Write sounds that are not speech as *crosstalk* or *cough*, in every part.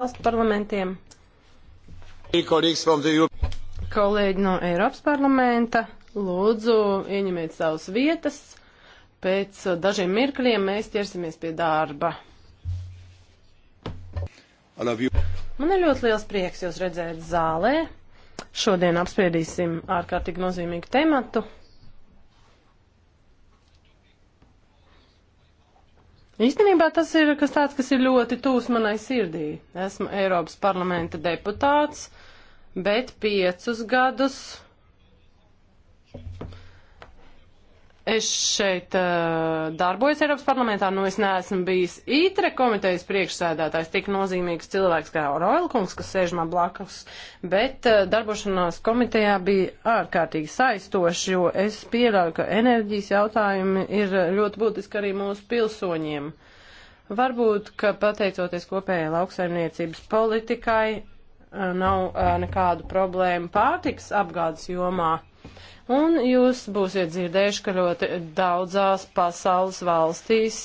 valstu parlamentiem. Kolēģi no Eiropas parlamenta, lūdzu, ieņemiet savas vietas. Pēc dažiem mirkļiem mēs ķersimies pie darba. Man ir ļoti liels prieks jūs redzēt zālē. Šodien apspriedīsim ārkārtīgi nozīmīgu tematu Īstenībā tas ir kas tāds, kas ir ļoti tūs manai sirdī. Esmu Eiropas parlamenta deputāts, bet piecus gadus Es šeit uh, darbojos Eiropas parlamentā, nu es neesmu bijis ITRE komitejas priekšsēdētājs, tik nozīmīgs cilvēks kā Roilkungs, kas sēž man blakus, bet uh, darbošanās komitejā bija ārkārtīgi saistoši, jo es pieļauju, ka enerģijas jautājumi ir ļoti būtiski arī mūsu pilsoņiem. Varbūt, ka pateicoties kopējai lauksaimniecības politikai, uh, nav uh, nekādu problēmu pārtiks apgādes jomā. Uh, Un jūs būsiet dzirdējuši, ka ļoti daudzās pasaules valstīs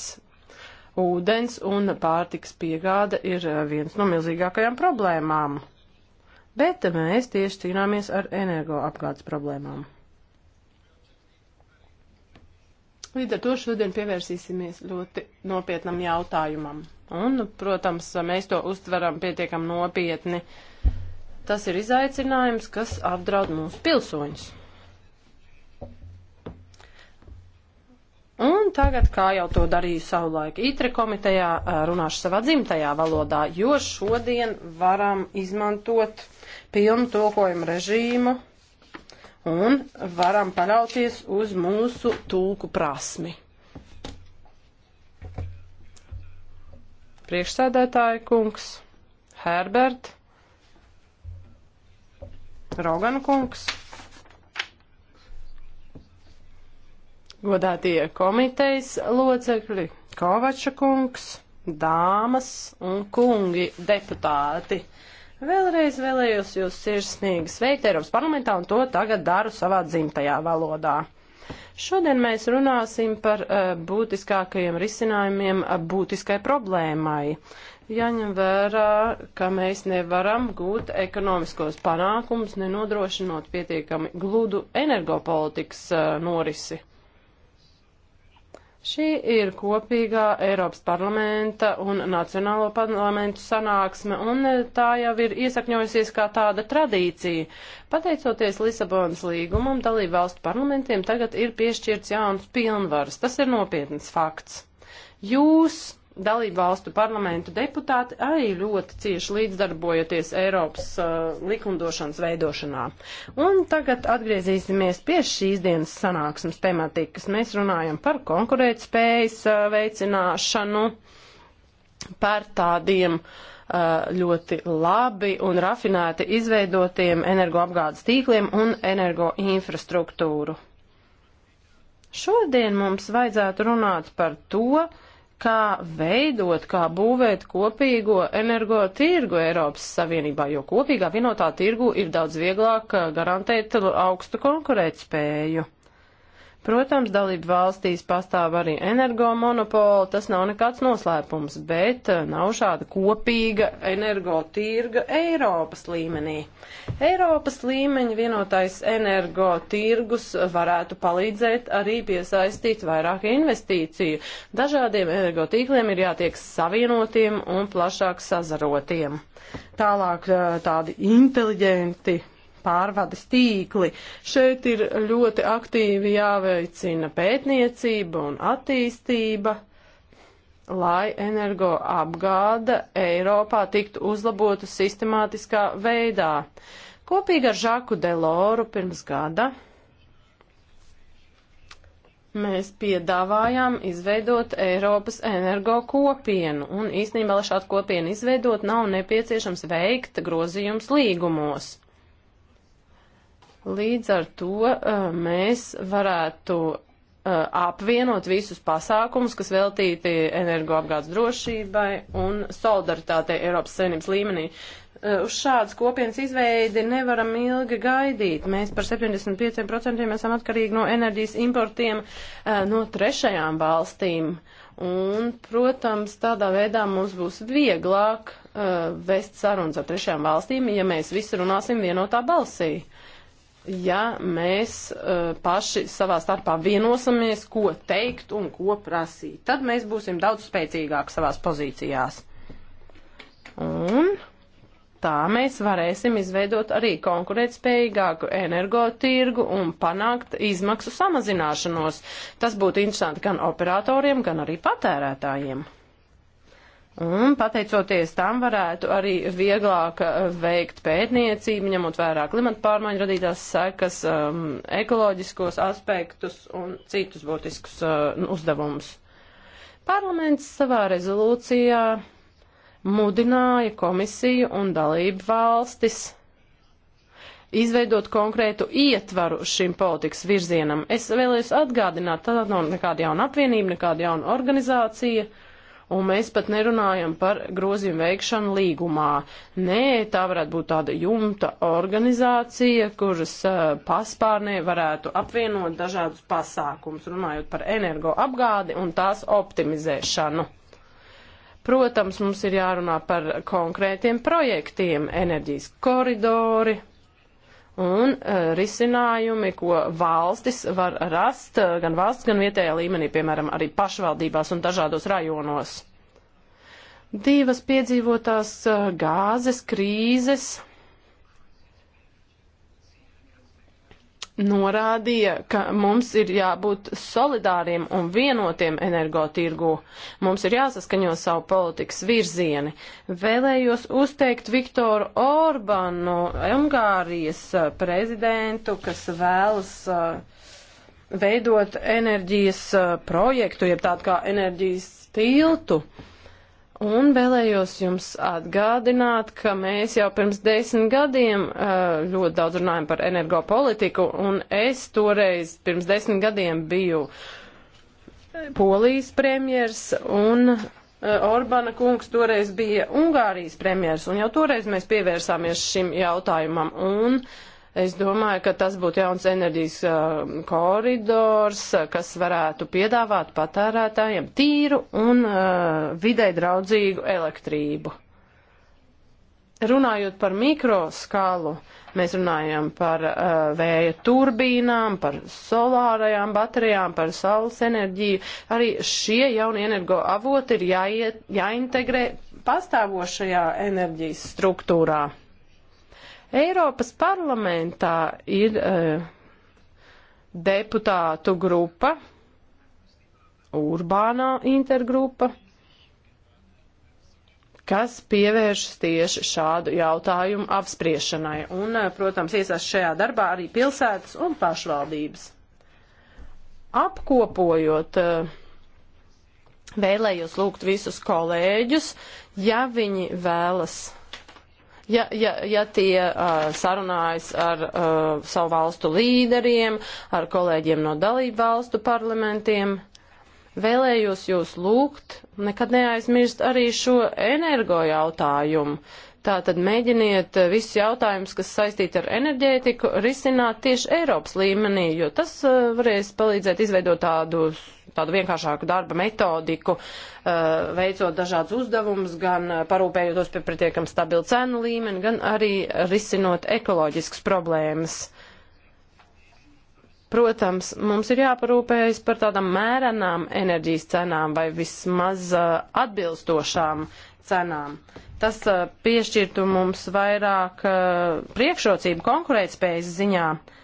ūdens un pārtiks piegāde ir eh, viens no milzīgākajām problēmām. Bet mēs tieši cīnāmies ar energoapgādes problēmām. Līdz ar to šodien pievērsīsimies ļoti nopietnam jautājumam. Un, protams, mēs to uztveram pietiekam nopietni. Tas ir izaicinājums, kas apdraud mūsu pilsoņus. Un tagad, kā jau to darīju savulaik ITRE komitejā, runāšu savā dzimtajā valodā, jo šodien varam izmantot pilnu tulkojumu režīmu un varam paļauties uz mūsu tulku prasmi. Priekšsēdētāja kungs, Herbert, Rogana kungs. godātie komitejas locekļi, Kovača kungs, dāmas un kungi deputāti. Vēlreiz vēlējos jūs sirsnīgi sveikt Eiropas parlamentā un to tagad daru savā dzimtajā valodā. Šodien mēs runāsim par uh, būtiskākajiem risinājumiem uh, būtiskai problēmai. Jaņem vērā, ka mēs nevaram gūt ekonomiskos panākumus, nenodrošinot pietiekami gludu energopolitikas uh, norisi. Šī ir kopīgā Eiropas parlamenta un Nacionālo parlamentu sanāksme, un tā jau ir iesakņojusies kā tāda tradīcija. Pateicoties Lisabonas līgumam, dalību valstu parlamentiem tagad ir piešķirts jauns pilnvaras. Tas ir nopietns fakts. Jūs dalību valstu parlamentu deputāti arī ļoti cieši līdzdarbojoties Eiropas uh, likumdošanas veidošanā. Un tagad atgriezīsimies pie šīs dienas sanāksmes tematikas. Mēs runājam par konkurētspējas uh, veicināšanu, par tādiem uh, ļoti labi un rafinēti izveidotiem energoapgādes tīkliem un energoinfrastruktūru. Šodien mums vajadzētu runāt par to, uh, kā veidot, kā būvēt kopīgo energo tirgu Eiropas Savienībā, jo kopīgā vienotā tirgu ir daudz vieglāk uh, garantēt augstu konkurētspēju. spēju. Protams, dalību valstīs pastāv arī energomonopoli, tas nav nekāds noslēpums, bet eh, nav šāda kopīga energotirga Eiropas līmenī. Eiropas līmeņa vienotais energotirgus varētu palīdzēt arī piesaistīt vairāk investīciju. Dažādiem energotīkliem ir jātiek savienotiem un plašāk sazarotiem. Tālāk eh, tādi inteliģenti pārvades tīkli. Šeit ir ļoti aktīvi jāveicina pētniecība un attīstība, lai energoapgāda Eiropā tiktu uzlabota sistemātiskā veidā. Kopīgi ar Žaku Deloru pirms gada mēs piedāvājām izveidot Eiropas energo kopienu, un īstenībā, lai šādu kopienu izveidot, nav nepieciešams veikt grozījums līgumos. Līdz ar to eh, mēs varētu eh, apvienot visus pasākumus, kas veltīti energoapgādes drošībai un solidaritātei Eiropas Savienības līmenī. Eh, uz šādas kopienas izveidi nevaram ilgi gaidīt. Mēs par 75% esam atkarīgi no enerģijas importiem no trešajām valstīm. Un, protams, tādā veidā mums būs vieglāk uh, vest sarunas ar trešajām valstīm, ja mēs visi runāsim vienotā balsī ja mēs uh, paši savā starpā vienosimies, ko teikt un ko prasīt. Tad mēs būsim daudz spēcīgāki savās pozīcijās. Un tā mēs varēsim izveidot arī konkurētspējīgāku energotirgu un panākt izmaksu samazināšanos. Tas būtu interesanti gan operatoriem, gan arī patērētājiem. Un pateicoties tam varētu arī vieglāk eh, veikt pētniecību, ņemot vērā klimata pārmaiņu radītās sekas, um, ekoloģiskos aspektus un citus būtiskus uh, uzdevumus. Parlaments savā rezolūcijā mudināja komisiju un dalību valstis izveidot konkrētu ietvaru šim politikas virzienam. Es vēlējos atgādināt, tā nav nekāda jauna apvienība, nekāda jauna organizācija. Uh, un mēs pat nerunājam par grozījumu veikšanu līgumā. Nē, tā varētu būt tāda jumta organizācija, kuras uh, paspārnē varētu apvienot dažādus pasākums, runājot par energoapgādi un tās optimizēšanu. Protams, mums ir jārunā par konkrētiem projektiem, enerģijas koridori, un uh, risinājumi, ko valstis var rast uh, gan valsts, gan vietējā līmenī, piemēram, arī pašvaldībās un dažādos rajonos. Divas piedzīvotās uh, gāzes krīzes norādīja, ka mums ir jābūt solidāriem un vienotiem energotirgū. Mums ir jāsaskaņo savu politikas virzieni. Vēlējos uzteikt Viktoru Orbanu, Ungārijas eh, prezidentu, kas vēlas eh, veidot enerģijas eh, projektu, jeb tādu kā enerģijas tiltu. Uh, Un vēlējos jums atgādināt, ka mēs jau pirms desmit gadiem uh, ļoti daudz runājam par energopolitiku, un es toreiz pirms desmit gadiem biju Polijas premjers, un uh, Orbāna kungs toreiz bija Ungārijas premjers, un jau toreiz mēs pievērsāmies šim jautājumam. Un, uh, Es domāju, ka tas būtu jauns enerģijas uh, koridors, kas varētu piedāvāt patērētājiem tīru un uh, vidē draudzīgu elektrību. Runājot par mikroskalu, mēs runājam par uh, vēja turbīnām, par solārajām baterijām, par saules enerģiju. Arī šie jaunie energoavoti ir jāiet, jāintegrē pastāvošajā enerģijas struktūrā. Eiropas parlamentā ir uh, deputātu grupa, urbānā intergrupa, kas pievēršas tieši šādu jautājumu apspriešanai. Un, e, protams, iesaist šajā darbā arī pilsētas un pašvaldības. Apkopojot uh, vēlējos lūgt visus kolēģus, ja viņi vēlas ja, ja, ja tie uh, sarunājas ar uh, savu valstu līderiem, ar kolēģiem no dalību valstu parlamentiem, vēlējos jūs lūgt, nekad neaizmirst arī šo energo jautājumu. Tātad mēģiniet visus jautājumus, kas saistīti ar enerģētiku, risināt tieši Eiropas līmenī, jo tas varēs palīdzēt izveidot tādus tādu vienkāršāku darba metodiku, eh, veicot dažādas uzdevumus, gan eh, parūpējoties par pietiekam stabilu cenu līmeni, gan arī risinot ekoloģiskas problēmas. Protams, mums ir jāparūpējas par tādām mērenām enerģijas cenām vai vismaz eh, atbilstošām cenām. Tas piešķirtu mums vairāk priekšrocību konkurētspējas ziņā. Uh,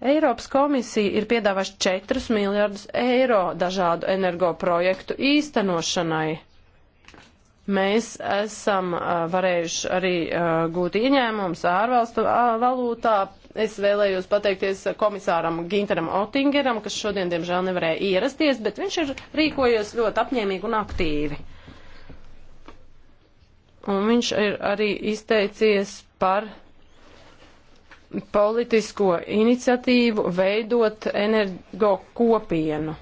Eiropas komisija ir piedāvājusi 4 miljardus eiro dažādu energoprojektu īstenošanai. Mēs esam uh, varējuši arī uh, gūt ieņēmumus ārvalstu uh, valūtā. Es vēlējos pateikties komisāram Ginteram Otingeram, kas šodien, diemžēl, nevarēja ierasties, bet viņš ir rīkojies ļoti apņēmīgi un aktīvi. Un viņš ir arī izteicies par politisko iniciatīvu veidot energo kopienu.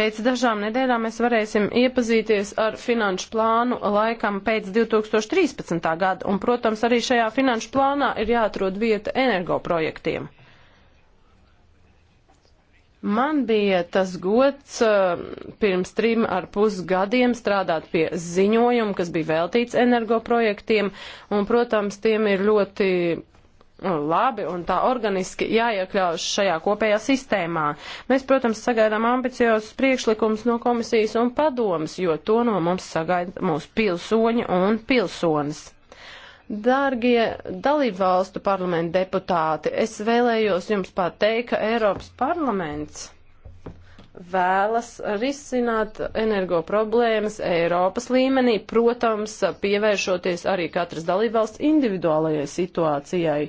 Pēc dažām nedēļām mēs varēsim iepazīties ar finanšu plānu laikam pēc 2013. gada, un, protams, arī šajā finanšu plānā ir jāatrod vieta energoprojektiem. Man bija tas gods uh, pirms trim ar pus gadiem strādāt pie ziņojuma, kas bija veltīts energoprojektiem, un, protams, tiem ir ļoti uh, labi un tā organiski jāiekļaujas šajā kopējā sistēmā. Mēs, protams, sagaidām ambiciozus priekšlikumus no komisijas un padomas, jo to no mums sagaida mūsu pilsoņi un pilsonis. Dārgie dalībvalstu parlamentu deputāti, es vēlējos jums pateikt, ka Eiropas parlaments vēlas risināt energo problēmas Eiropas līmenī, protams, pievēršoties arī katras dalībvalsts individuālajai situācijai,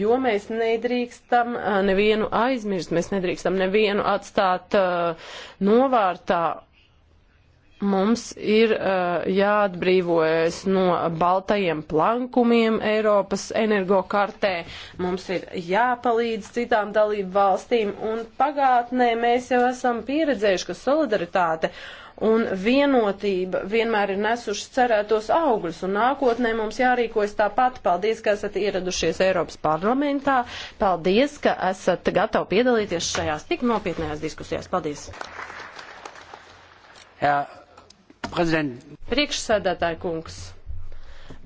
jo mēs nedrīkstam eh, nevienu aizmirst, mēs nedrīkstam nevienu atstāt uh, novārtā mums ir uh, jāatbrīvojas no baltajiem plankumiem Eiropas energokartē, mums ir jāpalīdz citām dalību valstīm, un pagātnē mēs jau esam pieredzējuši, ka solidaritāte un vienotība vienmēr ir nesušas cerētos augļus, un nākotnē mums jārīkojas tāpat. Paldies, ka esat ieradušies Eiropas parlamentā, paldies, ka esat gatavi piedalīties šajās tik nopietnējās diskusijās. Paldies! Yeah. Prezident. Priekšsēdētāja kungs.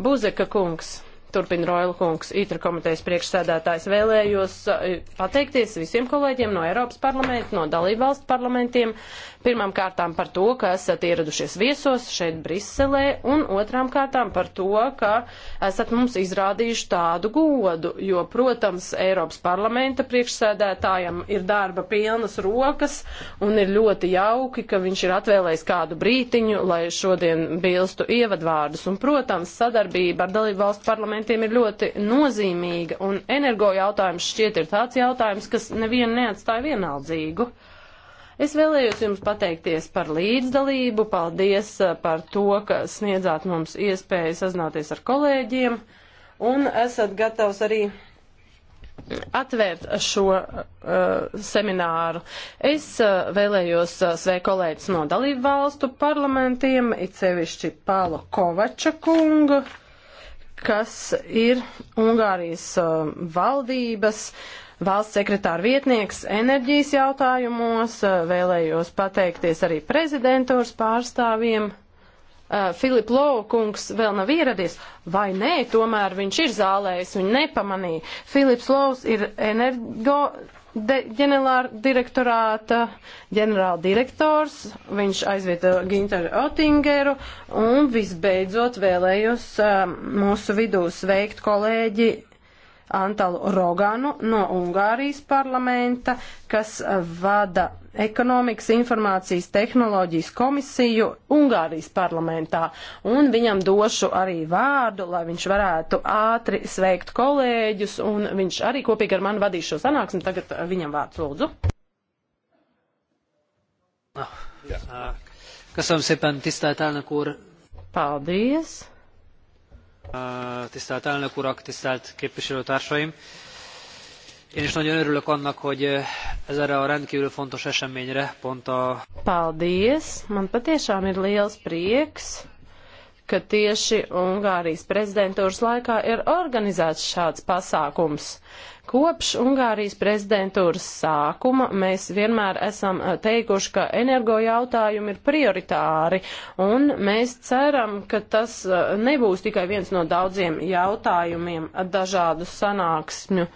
Buzeka kungs. Turpina Roila kungs, ITRA komitejas priekšsēdētājs. Vēlējos eh, pateikties visiem kolēģiem no Eiropas parlamenta, no dalībvalstu parlamentiem, Pirmām kārtām par to, ka esat ieradušies viesos šeit Briselē, un otrām kārtām par to, ka esat mums izrādījuši tādu godu, jo, protams, Eiropas parlamenta priekšsēdētājam ir darba pilnas rokas, un ir ļoti jauki, ka viņš ir atvēlējis kādu brītiņu, lai šodien bilstu ievadvārdus. Un, protams, sadarbība ar dalību valstu parlamentiem ir ļoti nozīmīga, un energo jautājums šķiet ir tāds jautājums, kas nevienu neatstāja vienaldzīgu. Es vēlējos jums pateikties par līdzdalību, paldies eh, par to, ka sniedzāt mums iespēju sazināties ar kolēģiem un esat gatavs arī atvērt šo uh, semināru. Es uh, vēlējos uh, sveikt kolēģis no dalību valstu parlamentiem, it sevišķi Pālo Kovača kungu. Uh, kas ir Ungārijas uh, valdības valsts sekretāra vietnieks enerģijas jautājumos. Uh, vēlējos pateikties arī prezidentūras pārstāvjiem. Uh, Filip Laukungs vēl nav ieradies, vai nē, tomēr viņš ir zālējis, viņu nepamanīja. Filips Laus ir energo ģenerāla direktorāta ģenerāla direktors, viņš aizvieta Ginteru Otingeru un visbeidzot vēlējos um, mūsu vidū sveikt kolēģi Antalu Roganu no Ungārijas parlamenta, kas vada ekonomikas informācijas tehnoloģijas komisiju Ungārijas parlamentā, un viņam došu arī vārdu, lai viņš varētu ātri sveikt kolēģus, un viņš arī kopīgi ar mani vadīs šo sanāksmi. Tagad uh, viņam vārds lūdzu. Ah, ah, Köszönöm szépen, tisztelt elnök úr! Paldies! Ah, tisztelt elnök urak, tisztelt képviselőtársaim! Én is nagyon örülök annak, hogy eh, ez erre a rendkívül fontos eseményre pont a... Paldies! Man patiešām ir liels prieks, ka tieši Ungārijas prezidentūras laikā ir organizēts šāds pasākums. Kopš Ungārijas prezidentūras sākuma mēs vienmēr esam eh, teikuši, ka energo jautājumi ir prioritāri, un mēs ceram, ka tas eh, nebūs tikai viens no daudziem jautājumiem dažādu sanāksmju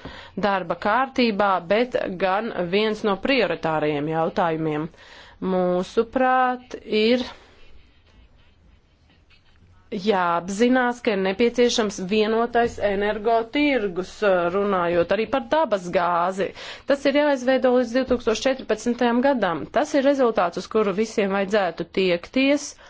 darba kārtībā, bet gan viens no prioritāriem jautājumiem. Mūsuprāt, ir jāapzinās, ka ir nepieciešams vienotais energotirgus, runājot arī par dabas gāzi. Tas ir jāizveido līdz 2014. gadam. Tas ir rezultāts, uz kuru visiem vajadzētu tiekties. Uh,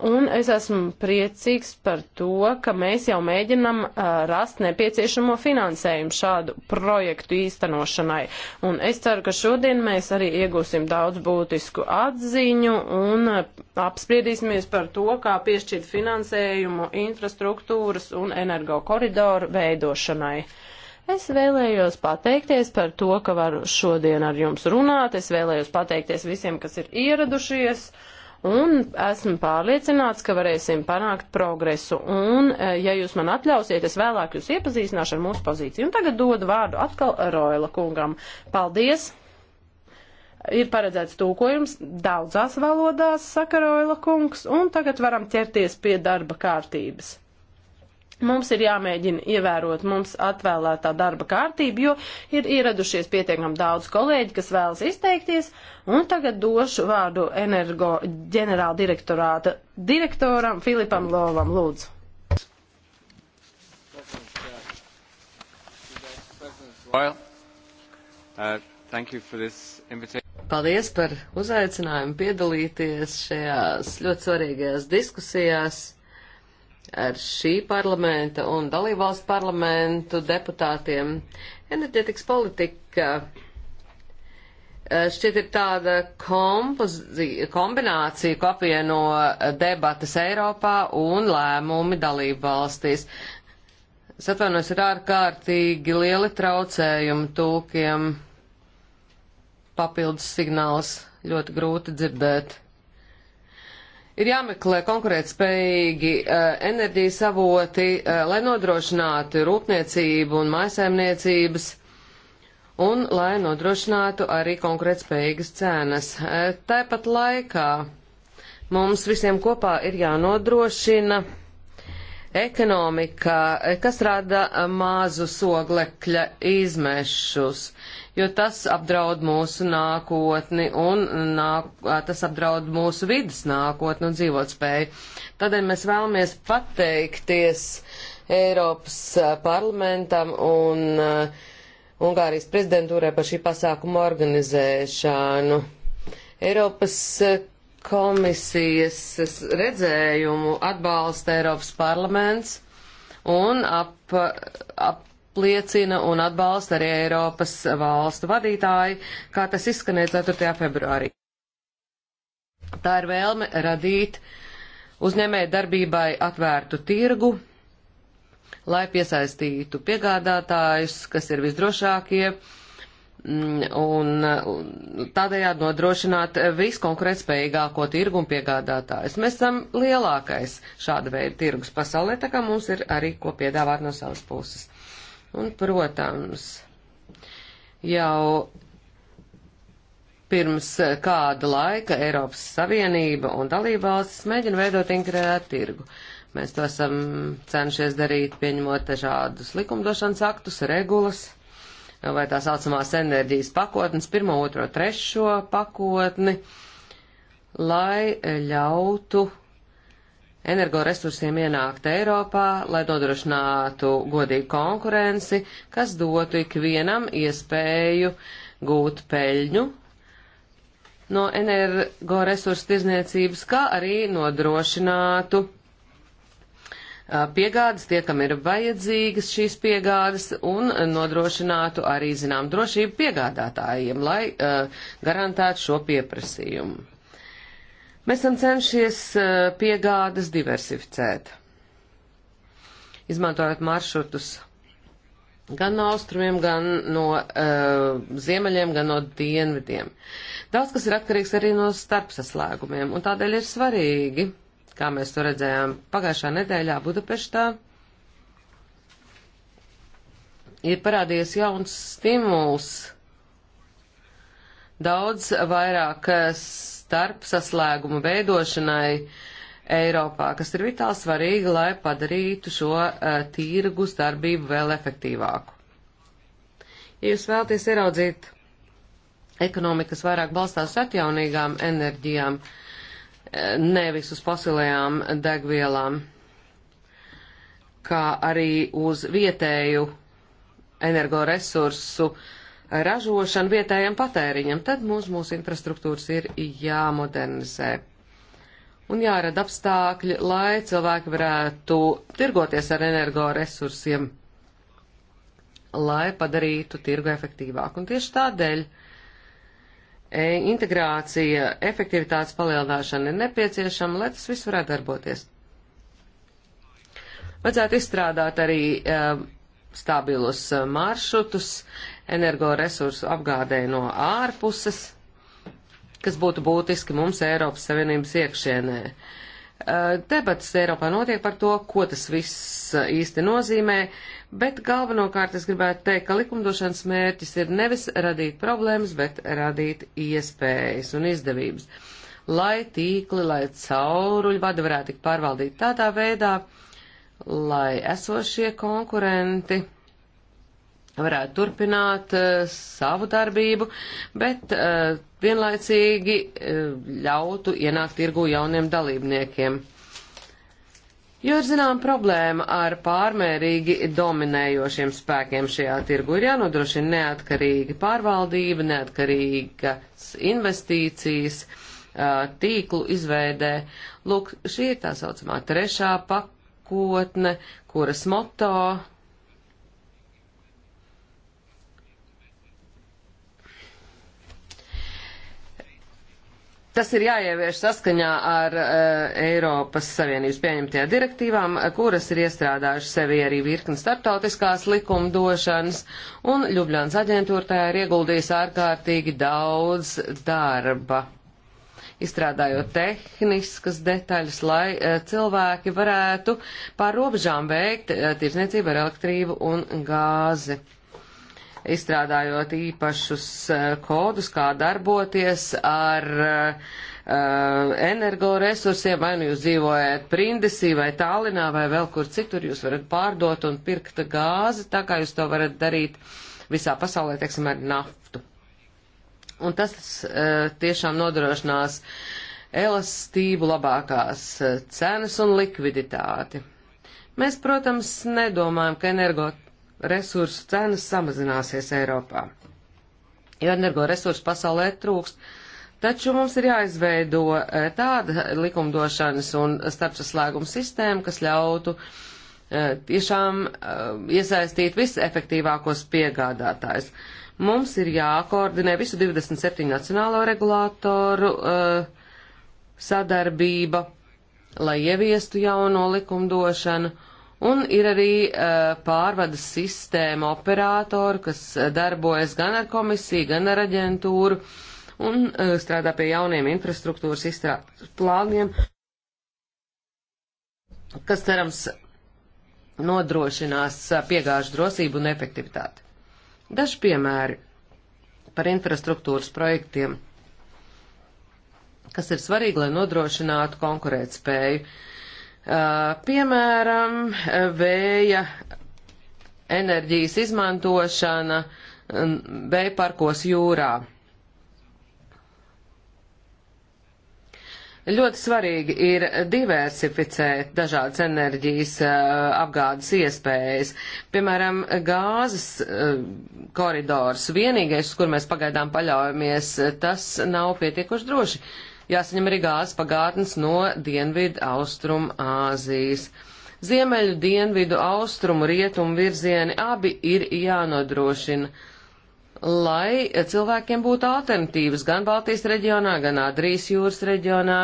Un es esmu priecīgs par to, ka mēs jau mēģinam uh, rast nepieciešamo finansējumu šādu projektu īstenošanai. Un es ceru, ka šodien mēs arī iegūsim daudz būtisku atziņu un uh, apspriedīsimies par to, kā piešķirt finansējumu infrastruktūras un energo koridoru veidošanai. Es vēlējos pateikties par to, ka varu šodien ar jums runāt. Es vēlējos pateikties visiem, kas ir ieradušies. Uh, un esmu pārliecināts, ka varēsim panākt progresu. Un, e, ja jūs man atļausiet, es vēlāk jūs iepazīstināšu ar mūsu pozīciju. Un tagad dodu vārdu atkal Roila kungam. Paldies! Ir paredzēts tūkojums daudzās valodās, saka Roila kungs, un tagad varam ķerties pie darba kārtības. Mums ir jāmēģina ievērot mums atvēlētā darba kārtība, jo ir ieradušies pietiekam daudz kolēģi, kas vēlas izteikties, un tagad došu vārdu energo ģenerāla direktorāta direktoram Filipam Lovam. Lūdzu. Uh, Paldies par uzaicinājumu piedalīties šajās ļoti svarīgajās diskusijās ar šī parlamenta un dalībvalstu parlamentu deputātiem. Enerģetikas politika e, šķiet ir tāda kombinācija, ko apvieno debatas Eiropā un lēmumi dalībvalstīs. Es atvainojos, ir ārkārtīgi lieli traucējumi tūkiem. Papildus signāls ļoti grūti dzirdēt. Ir jāmeklē konkurētspējīgi eh, enerģijas avoti, eh, lai nodrošinātu rūpniecību un maisaimniecības un lai nodrošinātu arī konkurētspējīgas cenas. Eh, tāpat laikā mums visiem kopā ir jānodrošina ekonomikā, eh, kas rada mazu soglekļa izmešus, jo tas apdraud mūsu nākotni un nāk, eh, tas apdraud mūsu vidas nākotni un dzīvotspēju. Tādēļ mēs vēlamies pateikties Eiropas eh, parlamentam un Ungārijas prezidentūrai par šī pasākuma organizēšanu. Eiropas komisijas redzējumu atbalsta Eiropas parlaments un ap, apliecina un atbalsta arī Eiropas valstu vadītāji, kā tas izskanēja 4. februārī. Tā ir vēlme radīt uzņēmē darbībai atvērtu tirgu, lai piesaistītu piegādātājus, kas ir visdrošākie, un uh, tādējādi nodrošināt viskonkurētspējīgāko tirgu un piegādātājus. Mēs esam lielākais šāda veida tirgus pasaulē, tā kā mums ir arī ko piedāvāt no savas puses. Un, protams, jau pirms kāda laika Eiropas Savienība un dalībvalstis mēģina veidot integrētu tirgu. Mēs to esam cenšies darīt, pieņemot dažādus likumdošanas aktus, regulas vai tā saucamās enerģijas pakotnes, pirmo, otro, trešo pakotni, lai ļautu energoresursiem ienākt Eiropā, lai nodrošinātu godīgu konkurenci, kas dotu ikvienam iespēju gūt peļņu no energoresursu tirzniecības, kā arī nodrošinātu Uh, piegādes tie, kam ir vajadzīgas šīs piegādes, un nodrošinātu arī, zinām, drošību piegādātājiem, lai uh, garantētu šo pieprasījumu. Mēs esam cenšies uh, piegādes diversificēt, izmantojot maršrutus gan no austrumiem, gan no uh, ziemeļiem, gan no dienvidiem. Daudz kas ir atkarīgs arī no starpsaslēgumiem, un tādēļ ir svarīgi, uh, kā mēs to redzējām pagājušā nedēļā Budapeštā, ir parādījies jauns stimuls daudz vairāk starp saslēgumu veidošanai Eiropā, kas ir vitāli svarīgi, lai padarītu šo uh, eh, tirgu starpību vēl efektīvāku. Ja jūs vēlaties ieraudzīt ekonomikas vairāk balstās atjaunīgām enerģijām, uh, nevis uz fosilējām degvielām, kā arī uz vietēju energoresursu ražošanu vietējam patēriņam, tad mums mūsu infrastruktūras ir jāmodernizē. Un jārada apstākļi, lai cilvēki varētu tirgoties ar energoresursiem, lai padarītu tirgu efektīvāku. Un tieši tādēļ E, integrācija, efektivitātes palielināšana ir nepieciešama, lai tas viss varētu darboties. Vajadzētu izstrādāt arī uh, stabilus maršrutus energoresursu apgādē no ārpuses, kas būtu būtiski mums Eiropas Savienības iekšienē. Uh, e, Debats Eiropā notiek par to, ko tas viss īsti nozīmē. Uh, bet galvenokārt es gribētu teikt, ka likumdošanas mērķis ir nevis radīt problēmas, bet radīt iespējas un izdevības, lai tīkli, lai cauruļvadi varētu tik pārvaldīt tādā veidā, lai esošie konkurenti varētu turpināt uh, savu darbību, bet uh, vienlaicīgi uh, ļautu ienākt tirgu jauniem dalībniekiem. Uh, Jo ir zinām problēma ar pārmērīgi dominējošiem spēkiem šajā tirgu. Ir jānodrošina neatkarīga pārvaldība, neatkarīgas investīcijas, tīklu izveidē. Lūk, šī ir tā saucamā trešā pakotne, kuras moto Tas ir jāievieš saskaņā ar uh, Eiropas Savienības pieņemtajā direktīvām, kuras ir iestrādājuši sevi arī virkni starptautiskās likumdošanas, un Ljubljāns aģentūra tajā ir ieguldījis ārkārtīgi daudz darba izstrādājot tehniskas detaļas, lai uh, cilvēki varētu pār robežām veikt uh, eh, tirsniecību ar elektrību un gāzi izstrādājot īpašus eh, kodus, kā darboties ar uh, energoresursiem, vai nu jūs dzīvojat Prindesī vai Tālinā vai vēl kur citur, jūs varat pārdot un pirkt gāzi, tā kā jūs to varat darīt visā pasaulē, teiksim, ar naftu. Un tas uh, tiešām nodrošinās elastību labākās cenas un likviditāti. Mēs, protams, nedomājam, ka energo resursu cenas samazināsies Eiropā, jo energoresursu pasaulē trūkst. Taču mums ir jāizveido eh, tāda likumdošanas un starpsaslēguma sistēma, kas ļautu eh, tiešām eh, iesaistīt visefektīvākos piegādātājus. Mums ir jākoordinē visu 27 nacionālo regulātoru sadarbība, lai ieviestu jauno likumdošanu Un ir arī uh, pārvades sistēma operātori, kas eh, darbojas gan ar komisiju, gan ar aģentūru un uh, strādā pie jauniem infrastruktūras izstrādes plāniem, kas cerams nodrošinās piegāžu drosību un efektivitāti. Daži piemēri par infrastruktūras projektiem, kas ir svarīgi, lai nodrošinātu konkurētspēju. spēju Uh, piemēram, vēja enerģijas izmantošana um, vēja parkos jūrā. Ļoti svarīgi ir diversificēt dažādas enerģijas uh, apgādes iespējas. Piemēram, gāzes uh, koridors vienīgais, uz kur mēs pagaidām paļaujamies, tas nav pietiekuši droši jāsaņem arī gāzes pagātnes no Dienvidu Austrum Āzijas. Ziemeļu, dienvidu, austrumu, rietumu virzieni abi ir jānodrošina, lai cilvēkiem būtu alternatīvas gan Baltijas reģionā, gan Adrijas jūras reģionā,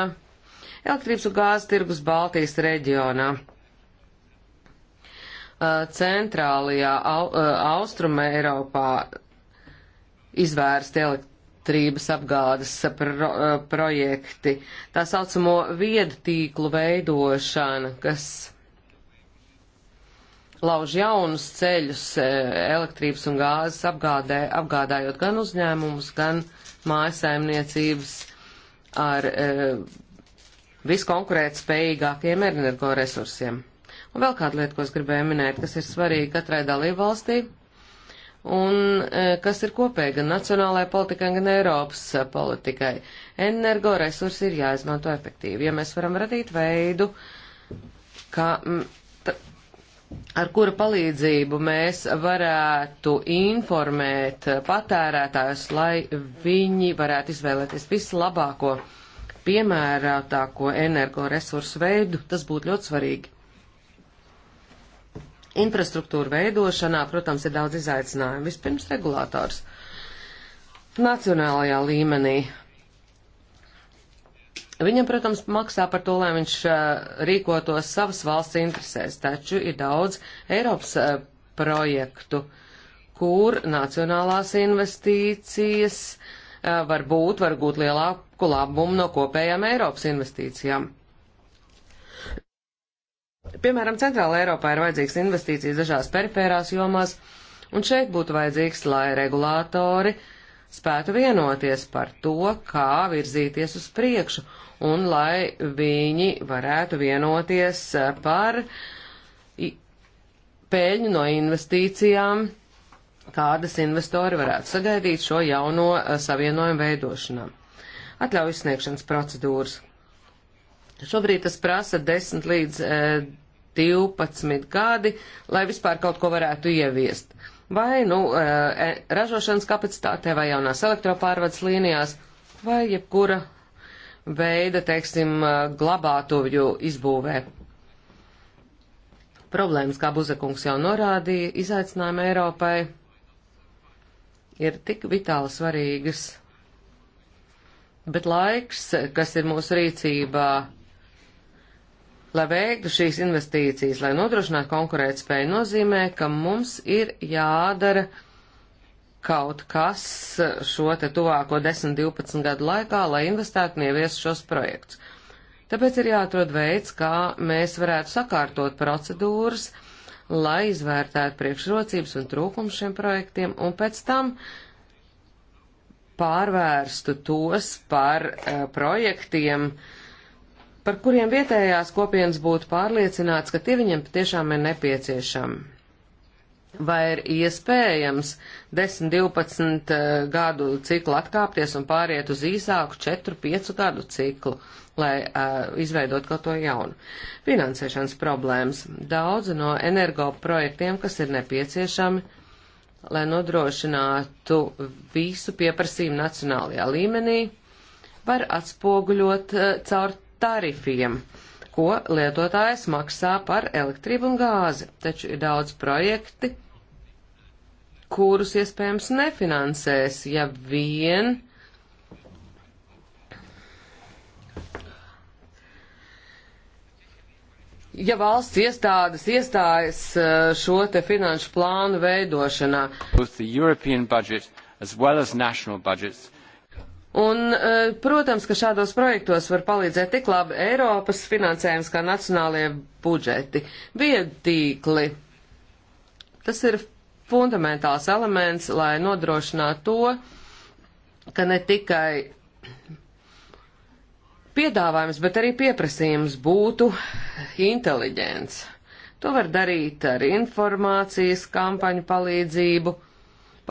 elektrības un gāzes tirgus Baltijas reģionā centrālajā au, austruma Eiropā izvērsti elekt elektrības apgādes eh, pro, eh, projekti, tā saucamo viedtīklu veidošana, kas lauž jaunus ceļus eh, elektrības un gāzes apgādē, apgādājot gan uzņēmumus, gan mājasaimniecības ar viskonkurētspējīgākiem energoresursiem. Un vēl kāda lieta, ko es gribēju minēt, kas ir svarīga katrai dalībvalstī un e, kas ir kopēji gan nacionālajai politikai, gan Eiropas e, politikai. Energoresursi ir jāizmanto efektīvi, ja mēs varam radīt veidu, kā, ar kura palīdzību mēs varētu informēt patērētājus, lai viņi varētu izvēlēties vislabāko, piemērotāko energoresursu veidu, tas būtu ļoti svarīgi infrastruktūra veidošanā, protams, ir daudz izaicinājumu. Vispirms regulātors. Nacionālajā līmenī. Viņam, protams, maksā par to, lai viņš eh, rīkotos savas valsts interesēs, taču ir daudz Eiropas eh, projektu, kur nacionālās investīcijas eh, var būt, var būt lielāku labumu no kopējām Eiropas investīcijām. Piemēram, Centrāla Eiropā ir vajadzīgs investīcijas dažās perifērās jomās, un šeit būtu vajadzīgs, lai regulātori spētu vienoties par to, kā virzīties uz priekšu, un lai viņi varētu vienoties par peļņu no investīcijām, kādas investori varētu sagaidīt šo jauno eh, savienojumu veidošanā. Atļauju izsniegšanas procedūras. Šobrīd tas prasa 10 līdz 12 e, gadi, lai vispār kaut ko varētu ieviest. Vai nu e, e, ražošanas kapacitātē, vai jaunās elektropārvades līnijās, vai jebkura veida, teiksim, glabātuvju izbūvē. Problēmas, kā Buzekungs jau norādīja, izaicinājumi Eiropai ir tik vitāli svarīgas bet laiks, kas ir mūsu rīcībā, Lai veiktu šīs investīcijas, lai nodrošinātu konkurētspēju, nozīmē, ka mums ir jādara kaut kas šo te tuvāko 10-12 gadu laikā, lai investētu un ieviestu šos projektus. Tāpēc ir jāatrod veids, kā mēs varētu sakārtot procedūras, lai izvērtētu priekšrocības un trūkums šiem projektiem un pēc tam pārvērstu tos par uh, projektiem, uh, par kuriem vietējās kopienas būtu pārliecināts, ka tie viņiem patiešām ir nepieciešami. Vai ir iespējams 10-12 eh, gadu ciklu atkāpties un pāriet uz īsāku 4-5 gadu ciklu, lai uh, izveidot kaut ko jaunu? Finansēšanas problēmas. Daudzi no energo projektiem, kas ir nepieciešami, lai nodrošinātu visu pieprasījumu nacionālajā līmenī, var atspoguļot uh, caur tarifiem, ko lietotājs maksā par elektrību un gāzi, taču ir daudz projekti, kurus iespējams nefinansēs, ja vien ja valsts iestādes iestājas eh, šo te finanšu plānu veidošanā. Both the European budget as well as national budgets Un, e, protams, ka šādos projektos var palīdzēt tik labi Eiropas finansējums kā nacionālie budžeti. Viedtīkli. Tas ir fundamentāls elements, lai nodrošinātu to, ka ne tikai piedāvājums, bet arī pieprasījums būtu inteliģents. To var darīt ar informācijas kampaņu palīdzību,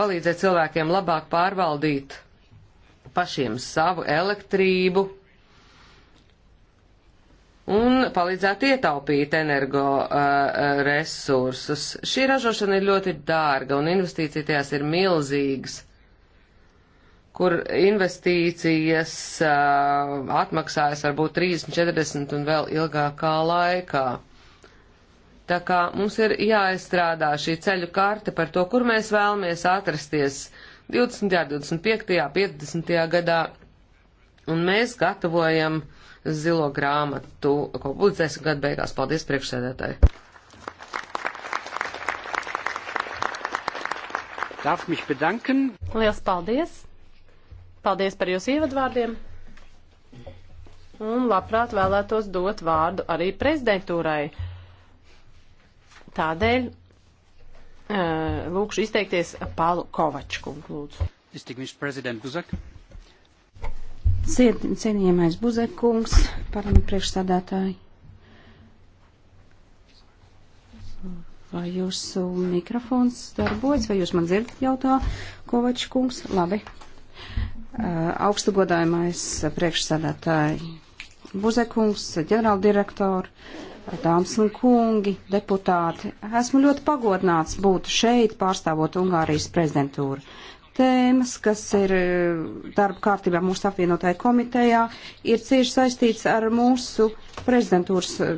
palīdzēt cilvēkiem labāk pārvaldīt pašiem savu elektrību un palīdzētu ietaupīt energo uh, uh, resursus. Šī ražošana ir ļoti dārga un investīcija tajās ir milzīgas kur investīcijas uh, atmaksājas varbūt 30, 40 un vēl ilgākā laikā. Tā kā mums ir jāizstrādā šī ceļu karte par to, kur mēs vēlamies atrasties uh, 20. 25. 50. gadā, un mēs gatavojam zilo grāmatu, ko publicēsim gadu beigās. Paldies priekšsēdētāji! Darf mich bedanken. Liels paldies! Paldies par jūsu ievadvārdiem! Un labprāt vēlētos dot vārdu arī prezidentūrai. Tādēļ Eh, lūkšu izteikties Pālu Kovačku, lūdzu. Distinguished President Buzek. Cienījamais Buzek kungs, parlamentu priekšsādātāji. Vai jūsu mikrofons darbojas, vai jūs man dzirdat, jautā Kovačs kungs? Labi. Uh, augstu godājumais priekšsēdētāji Buzekungs, ģenerāldirektori, Dāmas un kungi, deputāti, esmu ļoti pagodināts būt šeit, pārstāvot Ungārijas prezidentūru. Tēmas, kas ir eh, darba kārtībā mūsu apvienotāja komitejā, ir cieši saistīts ar mūsu prezidentūras eh,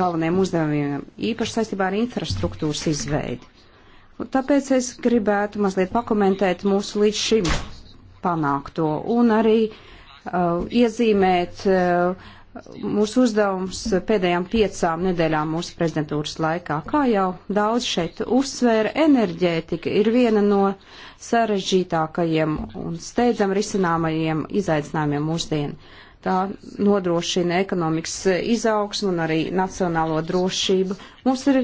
galvenajiem uzdevumiem, īpaši saistībā ar infrastruktūras izveidi. Un tāpēc es gribētu mazliet pakomentēt mūsu līdz šim panākto un arī uh, iezīmēt uh, mūsu uzdevums pēdējām piecām nedēļām mūsu prezidentūras laikā. Kā jau daudz šeit uzsvēra, enerģētika ir viena no sarežģītākajiem un steidzam risināmajiem izaicinājumiem mūsdien. Tā nodrošina ekonomikas izaugsmu un arī nacionālo drošību. Mums ir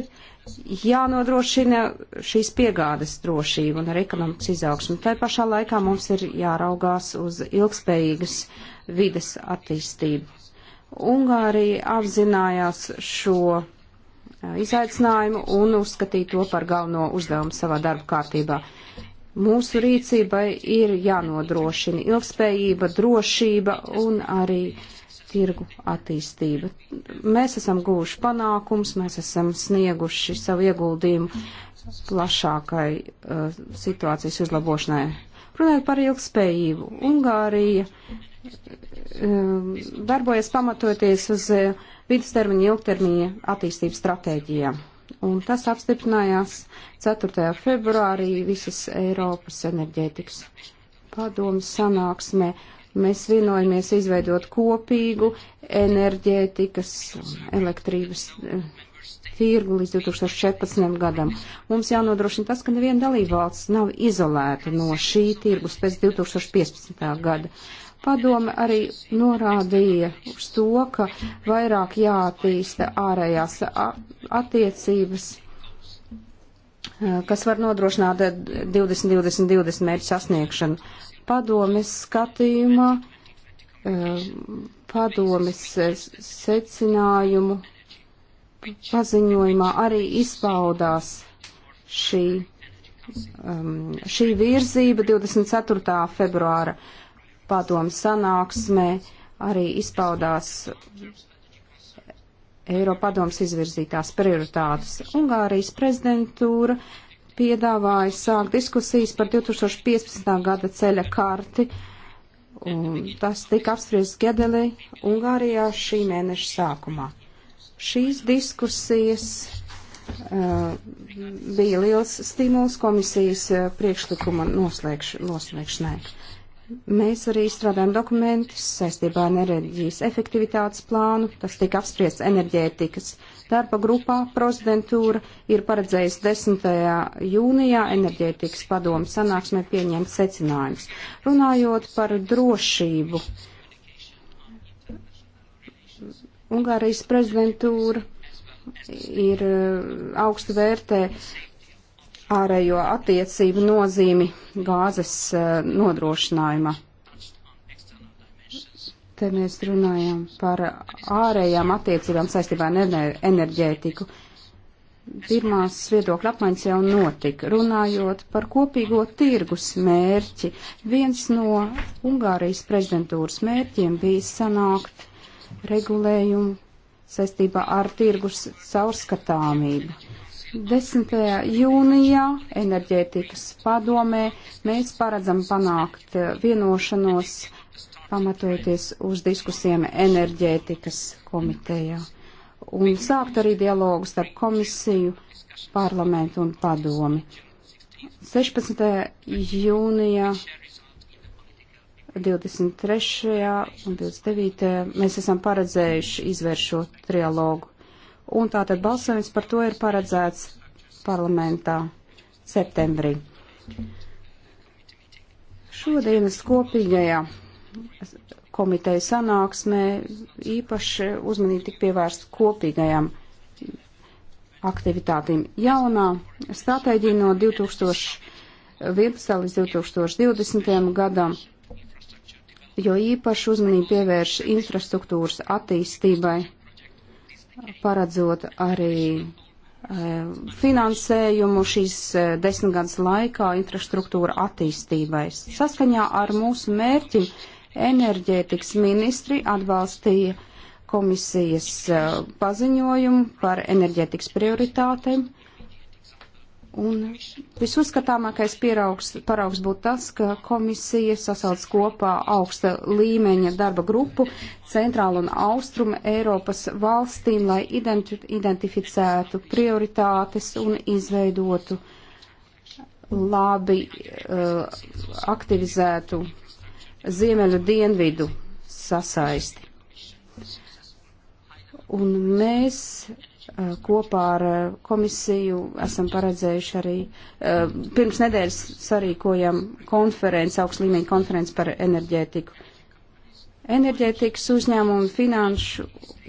jānodrošina šīs piegādes drošība un arī ekonomikas izaugsmu. Tā pašā laikā mums ir jāraugās uz ilgspējīgas vides attīstību Ungārija apzinājās šo izaicinājumu un uzskatīja to par galveno uzdevumu savā darba kārtībā. Mūsu rīcībai ir jānodrošina ilgspējība, drošība un arī tirgu attīstība. Mēs esam guvuši panākums, mēs esam snieguši savu ieguldījumu plašākai uh, situācijas uzlabošanai Runājot par ilgspējību, Ungārija um, darbojas pamatoties uz uh, vidustermiņa ilgtermiņa attīstības stratēģijām. Un tas apstiprinājās 4. februārī visas Eiropas enerģētikas padomas sanāksmē. Mēs vienojamies izveidot kopīgu enerģētikas un elektrības. Uh, tirgu līdz 2014. gadam. Mums jānodrošina tas, ka neviena dalībvalsts nav izolēta no šī tirgus pēc 2015. gada. Padome arī norādīja uz to, ka vairāk jātīsta ārējās attiecības eh, kas var nodrošināt 20-20-20 mērķu sasniegšanu. Padomes skatījumā, eh, padomes eh, secinājumu paziņojumā arī izpaudās šī, um, šī virzība 24. februāra padomu sanāksmē, arī izpaudās Eiropadoms izvirzītās prioritātes. Ungārijas prezidentūra piedāvāja sākt diskusijas par 2015. gada ceļa karti. Un tas tika apspriests Gedelī, Ungārijā šī mēneša sākumā. Šīs diskusijas uh, bija liels stimuls komisijas uh, priekšlikuma noslēgš, noslēgšanai. Mēs arī strādājam dokumentus saistībā ar enerģijas efektivitātes plānu, tas tika apspriests enerģētikas darba grupā. Prezidentūra ir paredzējusi 10. jūnijā enerģētikas padomu sanāksmē pieņemt secinājumus. Runājot par drošību. Uh, Ungārijas prezidentūra ir eh, augstu vērtē ārējo attiecību nozīmi gāzes eh, nodrošinājuma. Te mēs runājam par ārējām attiecībām saistībā ar enerģētiku. Pirmās viedokļa apmaiņas jau notika, runājot par kopīgo tirgus mērķi. Viens no Ungārijas prezidentūras mērķiem bija sanākt regulējumu saistībā ar tirgus caurskatāmību. 10. jūnijā enerģētikas padomē mēs paredzam panākt vienošanos, pamatojoties uz diskusijām enerģētikas komitejā, un sākt arī dialogu starp komisiju, parlamentu un padomi. 16. jūnijā 23. un 29. mēs esam paredzējuši izvēršot trialogu. Un tātad balsojums par to ir paredzēts parlamentā septembrī. Šodienas kopīgajā komiteja sanāksmē īpaši uzmanība tik pievērsta kopīgajām aktivitātīm. Jaunā stratēģija no 2011. līdz 2020. gadam jo īpaši uzmanību pievērš infrastruktūras attīstībai, paredzot arī e, finansējumu šīs e, desmitgades laikā infrastruktūra attīstībai. Saskaņā ar mūsu mērķi enerģētikas ministri atbalstīja komisijas e, paziņojumu par enerģētikas prioritātēm Un visuzskatāmākais pieraugs, paraugs būtu tas, ka komisija sasauc kopā augsta līmeņa darba grupu centrālu un austrumu Eiropas valstīm, lai identi identificētu prioritātes un izveidotu labi uh, aktivizētu ziemeļu dienvidu sasaisti. Un mēs Eh, kopā ar eh, komisiju esam paredzējuši arī, eh, pirms nedēļas sarīkojam konferenci, augsts līmeņa konferenci par enerģētiku. Enerģētikas uzņēmumi, finanšu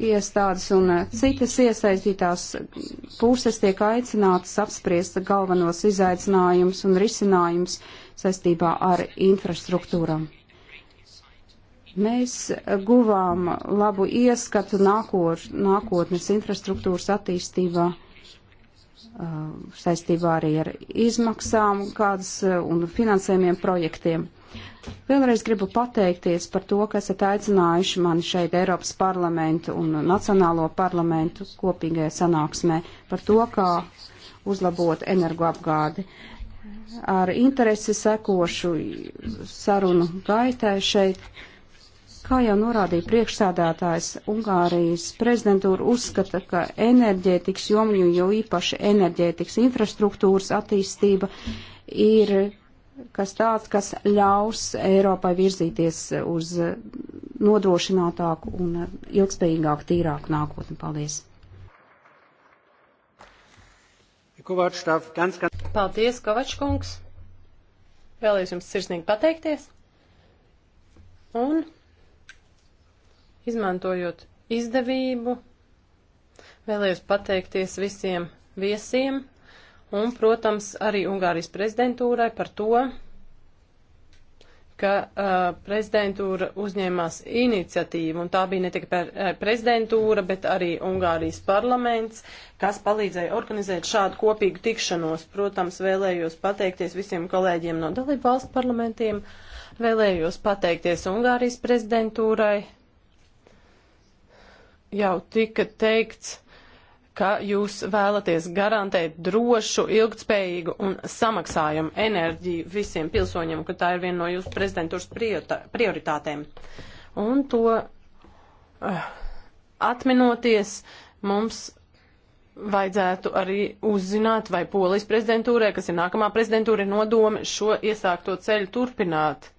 iestādes un citas iesaistītās puses tiek aicinātas apspriest galvenos izaicinājumus un risinājumus saistībā ar infrastruktūram. Mēs guvām labu ieskatu nākot, nākotnes infrastruktūras attīstībā uh, saistībā arī ar izmaksām kādas uh, un finansējumiem projektiem. Vēlreiz gribu pateikties par to, ka esat aicinājuši mani šeit Eiropas parlamentu un Nacionālo parlamentu kopīgajā sanāksmē par to, kā uzlabot energoapgādi. Ar interesi sekošu sarunu gaitai šeit Kā jau norādīja priekšsādātājs, Ungārijas prezidentūra uzskata, ka enerģētikas jomu, jo īpaši enerģētikas infrastruktūras attīstība ir kas tāds, kas ļaus Eiropai virzīties uz nodrošinātāku un ilgspējīgāku, tīrāku nākotni. Paldies! Paldies, Kovačkungs! Vēlējos jums sirsnīgi pateikties! Un izmantojot izdevību. Vēlējos pateikties visiem viesiem un, protams, arī Ungārijas prezidentūrai par to, ka uh, prezidentūra uzņēmās iniciatīvu, un tā bija ne tikai par, uh, prezidentūra, bet arī Ungārijas parlaments, kas palīdzēja organizēt šādu kopīgu tikšanos. Protams, vēlējos pateikties visiem kolēģiem no dalību valstu parlamentiem, vēlējos pateikties Ungārijas prezidentūrai, jau tika teikts, ka jūs vēlaties garantēt drošu, ilgtspējīgu un samaksājumu enerģiju visiem pilsoņiem, ka tā ir viena no jūsu prezidentūras prioritātēm. Un to uh, atminoties, mums vajadzētu arī uzzināt, vai polijas prezidentūrē, kas ir nākamā prezidentūra, ir nodome šo iesākto ceļu turpināt.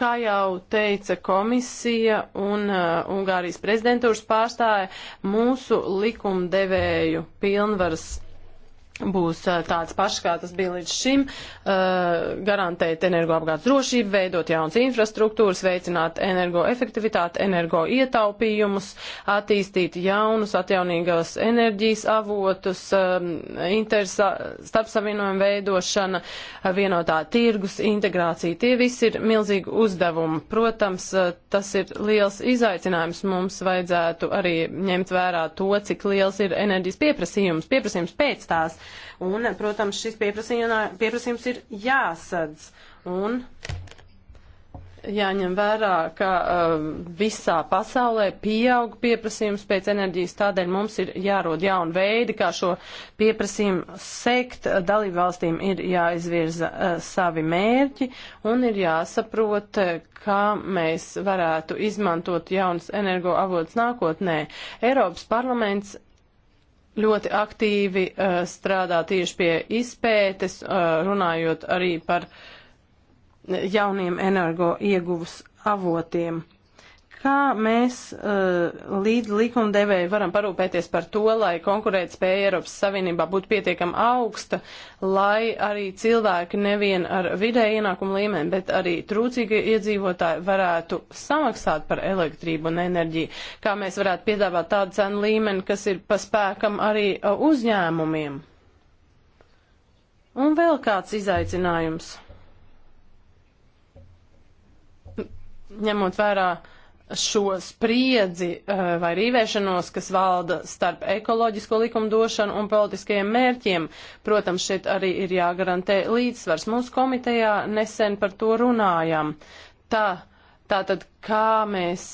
Kā jau teica komisija un uh, Ungārijas prezidentūras pārstāja, mūsu likumdevēju pilnvaras būs tāds pašs, kā tas bija līdz šim, garantēt energoapgādes drošību, veidot jaunas infrastruktūras, veicināt energoefektivitāti, energoietaupījumus, attīstīt jaunus atjaunīgās enerģijas avotus, starpsavienojumu veidošana, vienotā tirgus, integrācija. Tie visi ir milzīgi uzdevumi. Protams, tas ir liels izaicinājums. Mums vajadzētu arī ņemt vērā to, cik liels ir enerģijas pieprasījums, pieprasījums pēc tās Un, protams, šis pieprasījums ir jāsadz. Un jāņem vērā, ka uh, visā pasaulē pieaug pieprasījums pēc enerģijas, tādēļ mums ir jārod jauni veidi, kā šo pieprasījumu sekt. Dalībvalstīm ir jāizvirza uh, savi mērķi un ir jāsaprot, kā mēs varētu izmantot jaunas energoavotas nākotnē. Eiropas parlaments ļoti aktīvi uh, strādā tieši pie izpētes, uh, runājot arī par jauniem energo ieguvus avotiem. Kā mēs uh, līdz likumdevēju varam parūpēties par to, lai konkurētspēja Eiropas Savienībā būtu pietiekama augsta, lai arī cilvēki nevien ar vidēju ienākumu līmeni, bet arī trūcīgi iedzīvotāji varētu samaksāt par elektrību un enerģiju? Kā mēs varētu piedāvāt tādu cenu līmeni, kas ir paspēkam arī uh, uzņēmumiem? Un vēl kāds izaicinājums. Ņemot vērā uh, šo spriedzi eh, vai rīvēšanos, kas valda starp ekoloģisko likumdošanu un politiskajiem mērķiem. Protams, šeit arī ir jāgarantē līdzsvars. Mūsu komitejā nesen par to runājām. Tā, tātad, kā mēs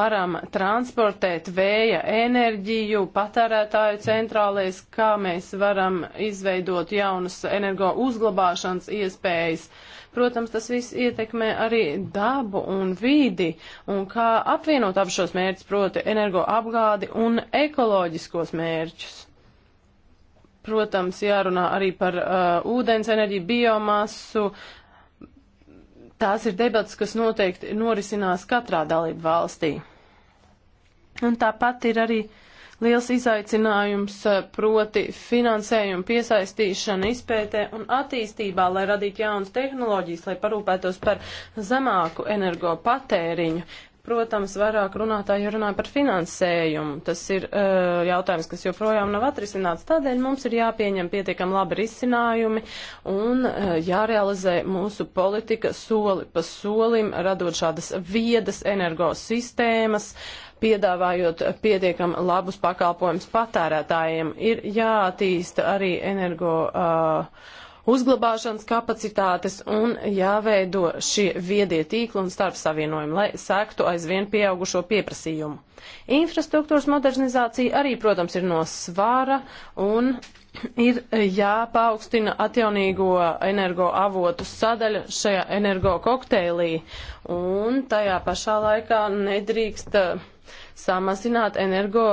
varam transportēt vēja enerģiju patērētāju centrālēs, kā mēs varam izveidot jaunas energo uzglabāšanas iespējas. Uh, Protams, tas viss ietekmē arī dabu un vīdi un kā apvienot ap šos mērķus, proti energoapgādi un ekoloģiskos mērķus. Protams, jārunā arī par uh, ūdens enerģiju, biomasu, uh, tās ir debatas, kas noteikti norisinās katrā dalību valstī. Un tāpat ir arī Liels izaicinājums eh, proti finansējumu piesaistīšana izpētē un attīstībā, lai radītu jaunas tehnoloģijas, lai parūpētos par zemāku energo patēriņu. Protams, vairāk runātāji jau runāja par finansējumu. Tas ir uh, jautājums, kas joprojām nav atrisināts. Tādēļ mums ir jāpieņem pietiekam labi risinājumi un uh, jārealizē mūsu politika soli pa solim, radot šādas viedas energosistēmas, uh, piedāvājot pietiekam labus pakalpojumus patērētājiem. Ir jātīsta arī energo uh, uzglabāšanas kapacitātes un jāveido šie viedie tīkli un starpsavienojumi, lai sektu aizvien pieaugušo pieprasījumu. Infrastruktūras modernizācija arī, protams, ir no svara un ir jāpaukstina atjaunīgo energoavotu sadaļa šajā energo kokteilī un tajā pašā laikā nedrīkst uh, samazināt energo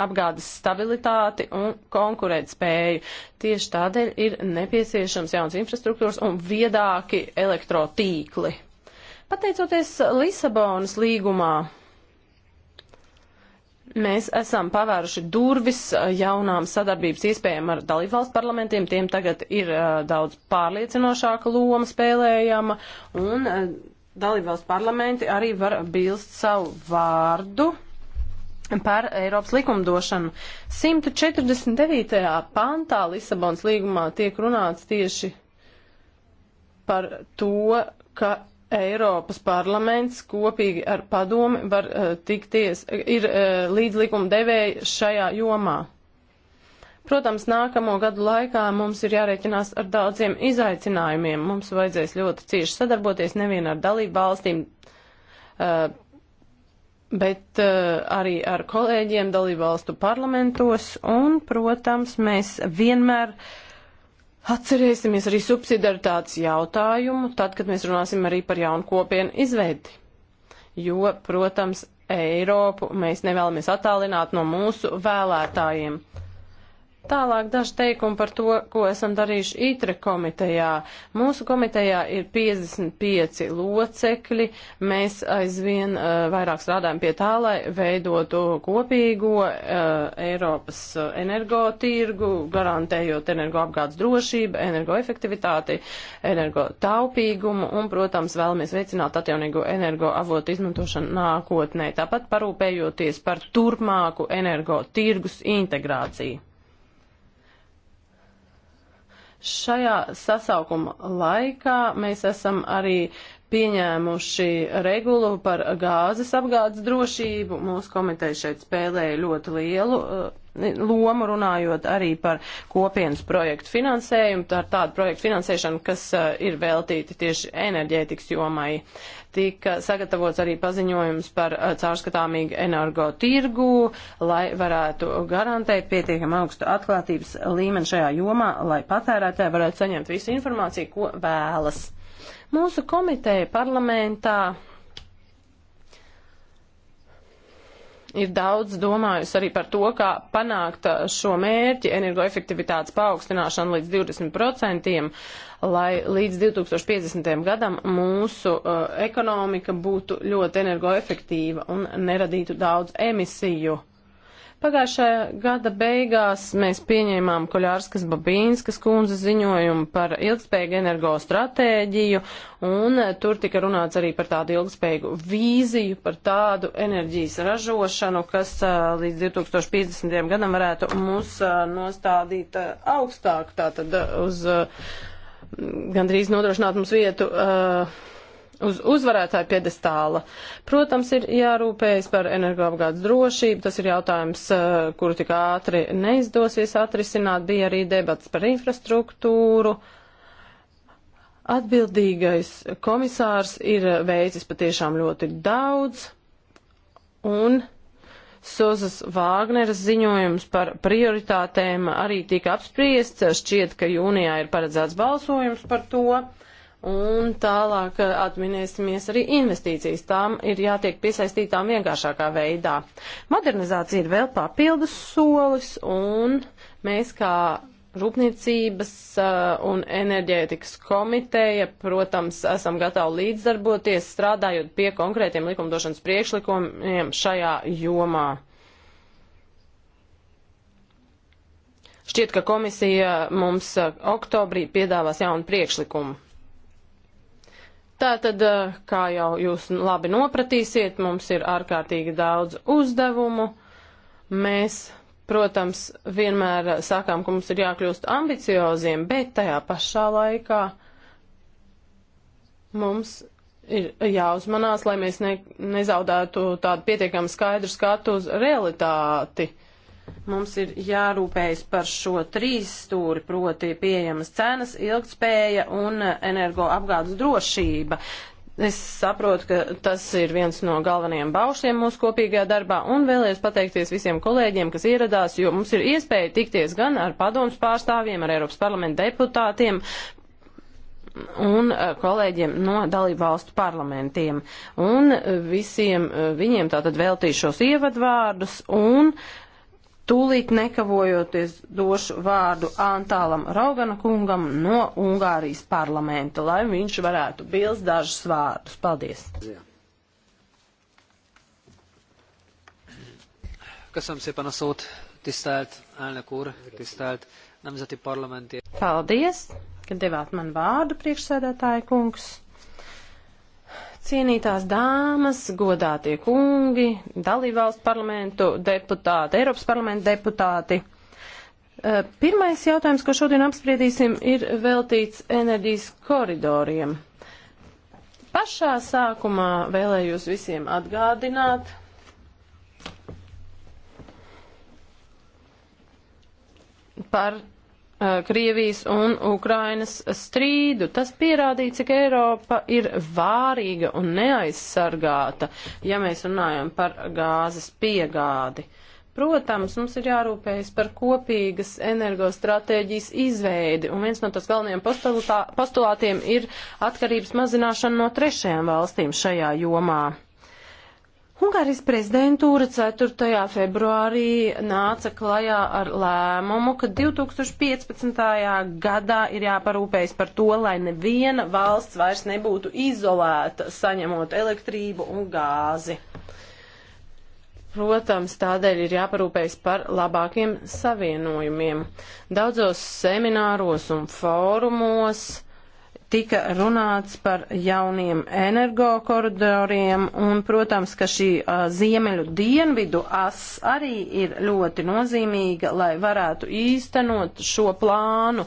apgādes stabilitāti un konkurētspēju. Tieši tādēļ ir nepieciešams jauns infrastruktūras un viedāki elektrotīkli. Pateicoties Lisabonas līgumā, Mēs esam pavēruši durvis jaunām sadarbības iespējām ar dalībvalstu parlamentiem. Tiem tagad ir uh, daudz pārliecinošāka loma spēlējama, un uh, dalībvalsts parlamenti arī var bilst savu vārdu par Eiropas likumdošanu. 149. pantā Lisabonas līgumā tiek runāts tieši par to, ka Eiropas parlaments kopīgi ar padomi var uh, tikties, ir uh, eh, līdzlikuma devēja šajā jomā. Protams, nākamo gadu laikā mums ir jārēķinās ar daudziem izaicinājumiem. Mums vajadzēs ļoti cieši sadarboties nevien ar dalību valstīm, eh, bet eh, arī ar kolēģiem dalību valstu parlamentos. Un, protams, mēs vienmēr atcerēsimies arī subsidaritātes jautājumu, tad, kad mēs runāsim arī par jaunu kopienu izveidi. Jo, protams, Eiropu mēs nevēlamies attālināt no mūsu vēlētājiem. Tālāk daži teikumi par to, ko esam darījuši ITRE komitejā. Mūsu komitejā ir 55 locekļi. Mēs aizvien uh, vairāk strādājam pie tā, lai veidotu kopīgo uh, Eiropas eh, energotirgu, garantējot energoapgādes drošību, energoefektivitāti, energotaupīgumu un, protams, vēlamies veicināt atjaunīgo energoavotu izmantošanu nākotnē, tāpat parūpējoties par turpmāku energotirgus integrāciju. Šajā sasaukuma laikā mēs esam arī pieņēmuši regulu par gāzes apgādes drošību. Mūsu komiteja šeit spēlēja ļoti lielu eh, lomu runājot arī par kopienas projektu finansējumu, tā tādu projektu finansēšanu, kas eh, ir veltīti tieši enerģētikas jomai. Uh, tika sagatavots arī paziņojums par uh, caurskatāmīgu energotirgu, lai varētu garantēt pietiekam augstu atklātības līmeni šajā jomā, lai patērētāji varētu saņemt visu informāciju, ko vēlas. Mūsu komiteja parlamentā ir daudz domājusi arī par to, kā panākt uh, šo mērķi energoefektivitātes paaugstināšanu līdz 20%, lai līdz 2050. gadam mūsu uh, ekonomika būtu ļoti energoefektīva un neradītu daudz emisiju. Pagājušā gada beigās mēs pieņēmām Koļārskas Babīnskas kundze ziņojumu par ilgspējīgu energo stratēģiju, un tur tika runāts arī par tādu ilgspējīgu vīziju, par tādu enerģijas ražošanu, kas līdz 2050. gadam varētu mūs nostādīt augstāk, tātad uz gandrīz nodrošināt mums vietu uh, uz uzvarētāju piedestāla. Protams, ir jārūpējas par energoapgādes drošību, tas ir jautājums, eh, kuru tik ātri neizdosies atrisināt, bija arī debats par infrastruktūru. Atbildīgais komisārs ir veicis patiešām ļoti daudz, un Sozas Vāgneras ziņojums par prioritātēm arī tika apspriests, šķiet, ka jūnijā ir paredzēts balsojums par to. Uh, un tālāk eh, atminēsimies arī investīcijas. Tām ir jātiek piesaistītām vienkāršākā veidā. Modernizācija ir vēl papildus solis, un mēs kā Rūpniecības eh, un enerģētikas komiteja, protams, esam gatavi līdzdarboties, strādājot pie konkrētiem likumdošanas priekšlikumiem šajā jomā. Šķiet, ka komisija mums eh, oktobrī piedāvās jaunu priekšlikumu Tātad, eh, kā jau jūs labi nopratīsiet, mums ir ārkārtīgi daudz uzdevumu. Mēs, protams, vienmēr sakām, ka mums ir jākļūst ambicioziem, bet tajā pašā laikā mums ir jāuzmanās, lai mēs ne, nezaudētu tādu pietiekami skaidru skatu uz realitāti. Uh, Mums ir jārūpējas par šo trīs stūri, proti pieejamas cenas, ilgtspēja un eh, energoapgādes drošība. Es saprotu, ka tas ir viens no galvenajiem baušļiem mūsu kopīgajā darbā un vēlējos pateikties visiem kolēģiem, kas ieradās, jo mums ir iespēja tikties gan ar padomus pārstāvjiem, ar Eiropas parlamenta deputātiem, un eh, kolēģiem no dalību valstu parlamentiem. Un eh, visiem viņiem tātad veltīšos ievadvārdus un uh, Tūlīt nekavojoties došu vārdu Antālam Raugana kungam no Ungārijas parlamenta, lai viņš varētu bilst dažus vārdus. Paldies! Köszönöm szépen a szót, tisztelt elnök úr, tisztelt nemzeti parlamenti. Paldies, ka devāt man vārdu, priekšsēdētāja kungs. Cienītās dāmas, godātie kungi, dalībvalstu parlamentu deputāti, Eiropas parlamentu deputāti. Eh, pirmais jautājums, ko šodien apspriedīsim, ir veltīts enerģijas koridoriem. Pašā sākumā vēlējos visiem atgādināt, par Uh, Krievijas un Ukrainas strīdu. Tas pierādīja, cik Eiropa ir vārīga un neaizsargāta, ja mēs runājam par gāzes piegādi. Protams, mums ir jārūpējas par kopīgas energostratēģijas izveidi, un viens no tas galvenajiem postulātiem ir atkarības mazināšana no trešajām valstīm šajā jomā. Ungārijas prezidentūra 4. februārī nāca klajā ar lēmumu, ka 2015. gadā ir jāparūpējas par to, lai neviena valsts vairs nebūtu izolēta saņemot elektrību un gāzi. Protams, tādēļ ir jāparūpējas par labākiem savienojumiem. Daudzos semināros un fórumos tika runāts par jauniem energokoridoriem, un, protams, ka šī uh, ziemeļu dienvidu as arī ir ļoti nozīmīga, lai varētu īstenot šo plānu.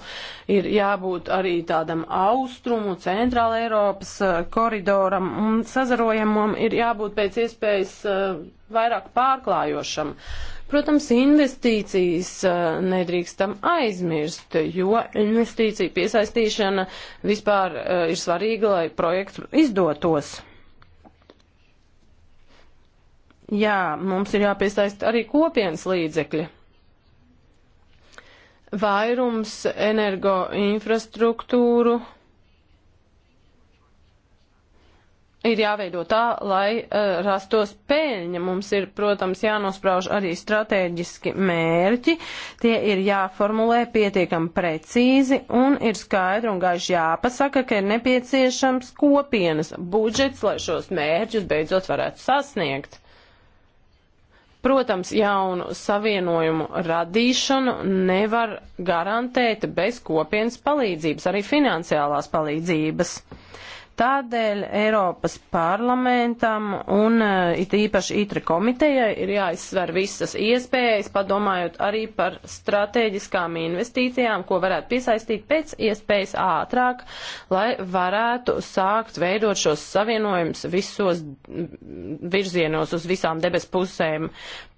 Ir jābūt arī tādam austrumu, centrāla Eiropas uh, koridoram, un sazarojamam ir jābūt pēc iespējas uh, vairāk pārklājošam. Uh, Protams, investīcijas uh, nedrīkstam aizmirst, jo investīcija piesaistīšana vispār uh, ir svarīga, lai projekts izdotos. Jā, mums ir jāpiesaist arī kopienas līdzekļi vairums energoinfrastruktūru ir jāveido tā, lai uh, rastos pēļņa. Mums ir, protams, jānosprauž arī strateģiski mērķi, tie ir jāformulē pietiekami precīzi un ir skaidri un gaiši jāpasaka, ka ir nepieciešams kopienas budžets, lai šos mērķus beidzot varētu sasniegt. Protams, jaunu savienojumu radīšanu nevar garantēt bez kopienas palīdzības, arī finansiālās palīdzības. Uh, Tādēļ Eiropas parlamentam un e, it īpaši ITRE komitejai ir jāizsver visas iespējas, padomājot arī par strateģiskām investīcijām, ko varētu piesaistīt pēc iespējas ātrāk, lai varētu sākt veidot šos savienojumus visos virzienos uz visām debes pusēm.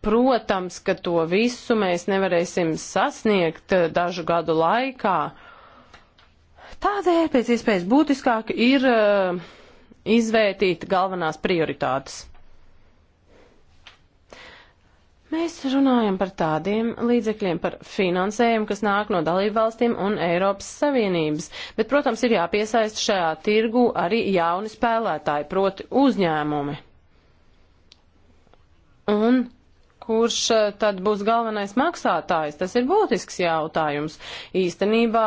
Protams, ka to visu mēs nevarēsim sasniegt e, dažu gadu laikā Tādēļ pēc iespējas būtiskāk ir uh, izvērtīt galvenās prioritātes. Mēs runājam par tādiem līdzekļiem, par finansējumu, kas nāk no dalību valstīm un Eiropas Savienības, bet, protams, ir jāpiesaist šajā tirgu arī jauni spēlētāji, proti uzņēmumi. Un kurš eh, tad būs galvenais maksātājs? Tas ir būtisks jautājums. Īstenībā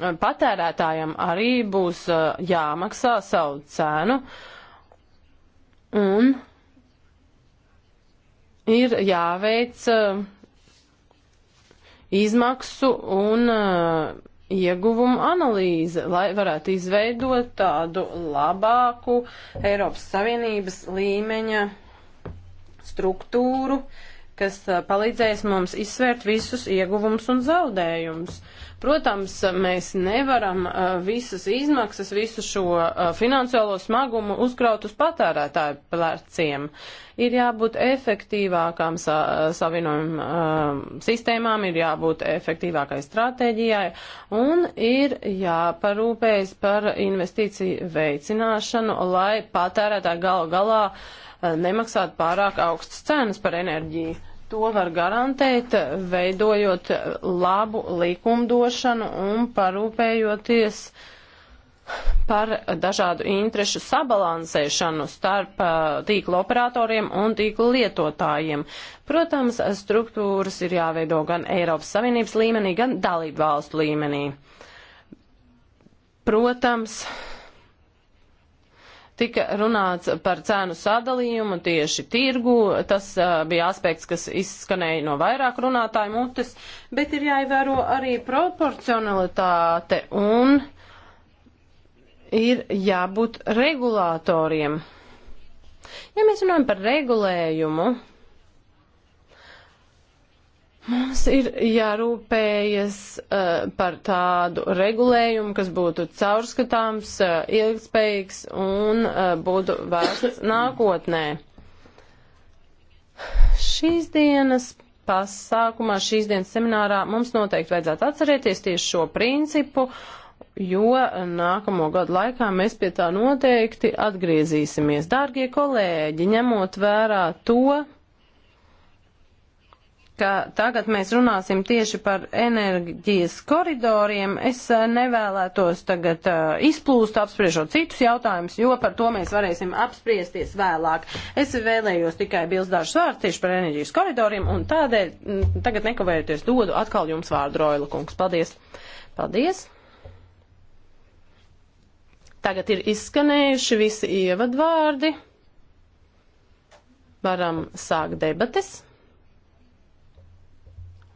patērētājam arī būs jāmaksā savu cenu un ir jāveic izmaksu un ieguvumu analīze, lai varētu izveidot tādu labāku Eiropas Savienības līmeņa struktūru, kas palīdzēs mums izsvērt visus ieguvumus un zaudējumus. Uh, Protams, mēs nevaram uh, visas izmaksas, visu šo uh, finansiālo smagumu uzkraut uz patērētāju pleciem. Ir jābūt efektīvākām sa uh, savienojuma sistēmām, ir jābūt efektīvākai stratēģijai un ir jāparūpējas par investīciju veicināšanu, lai patērētāji galu galā nemaksātu pārāk augstas cenas par enerģiju. To var garantēt, veidojot labu likumdošanu un parūpējoties par dažādu interešu sabalansēšanu starp tīkla operatoriem un tīkla lietotājiem. Protams, struktūras ir jāveido gan Eiropas Savienības līmenī, gan dalību valstu līmenī. Protams, tika runāts par cēnu sadalījumu tieši tirgu. Tas uh, bija aspekts, kas izskanēja no vairāk runātāju mutes, bet ir jāievēro arī proporcionalitāte un ir jābūt regulātoriem. Ja mēs runājam par regulējumu, Mums ir jārūpējas uh, par tādu regulējumu, kas būtu caurskatāms, uh, ilgspējīgs un uh, būtu vērsts nākotnē. Šīs dienas pasākumā, šīs dienas seminārā mums noteikti vajadzētu atcerēties tieši šo principu, jo nākamo gadu laikā mēs pie tā noteikti atgriezīsimies. Dārgie kolēģi, ņemot vērā to, ka tagad mēs runāsim tieši par enerģijas koridoriem. Es eh, nevēlētos tagad uh, izplūst apspriežot citus jautājumus, jo par to mēs varēsim apspriesties vēlāk. Es vēlējos tikai bilst dažus vārdus tieši par enerģijas koridoriem, un tādēļ m, mm, tagad nekavējoties dodu atkal jums vārdu, Roila kungs. Paldies! Paldies! Tagad ir izskanējuši visi ievadvārdi. Varam sākt debates.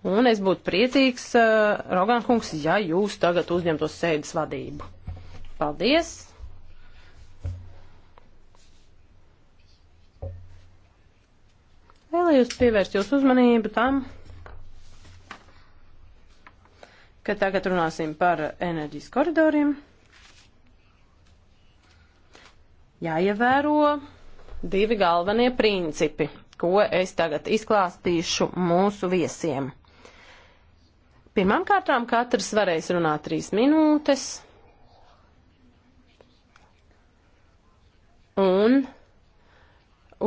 Un es būtu priecīgs, uh, eh, Rogankungs, ja jūs tagad uzņemtos sēdes vadību. Paldies! Vēlējos pievērst jūsu uzmanību tam, ka tagad runāsim par enerģijas koridoriem. Jāievēro divi galvenie principi, ko es tagad izklāstīšu mūsu viesiem. Pirmām kārtām katrs varēs runāt trīs minūtes. Un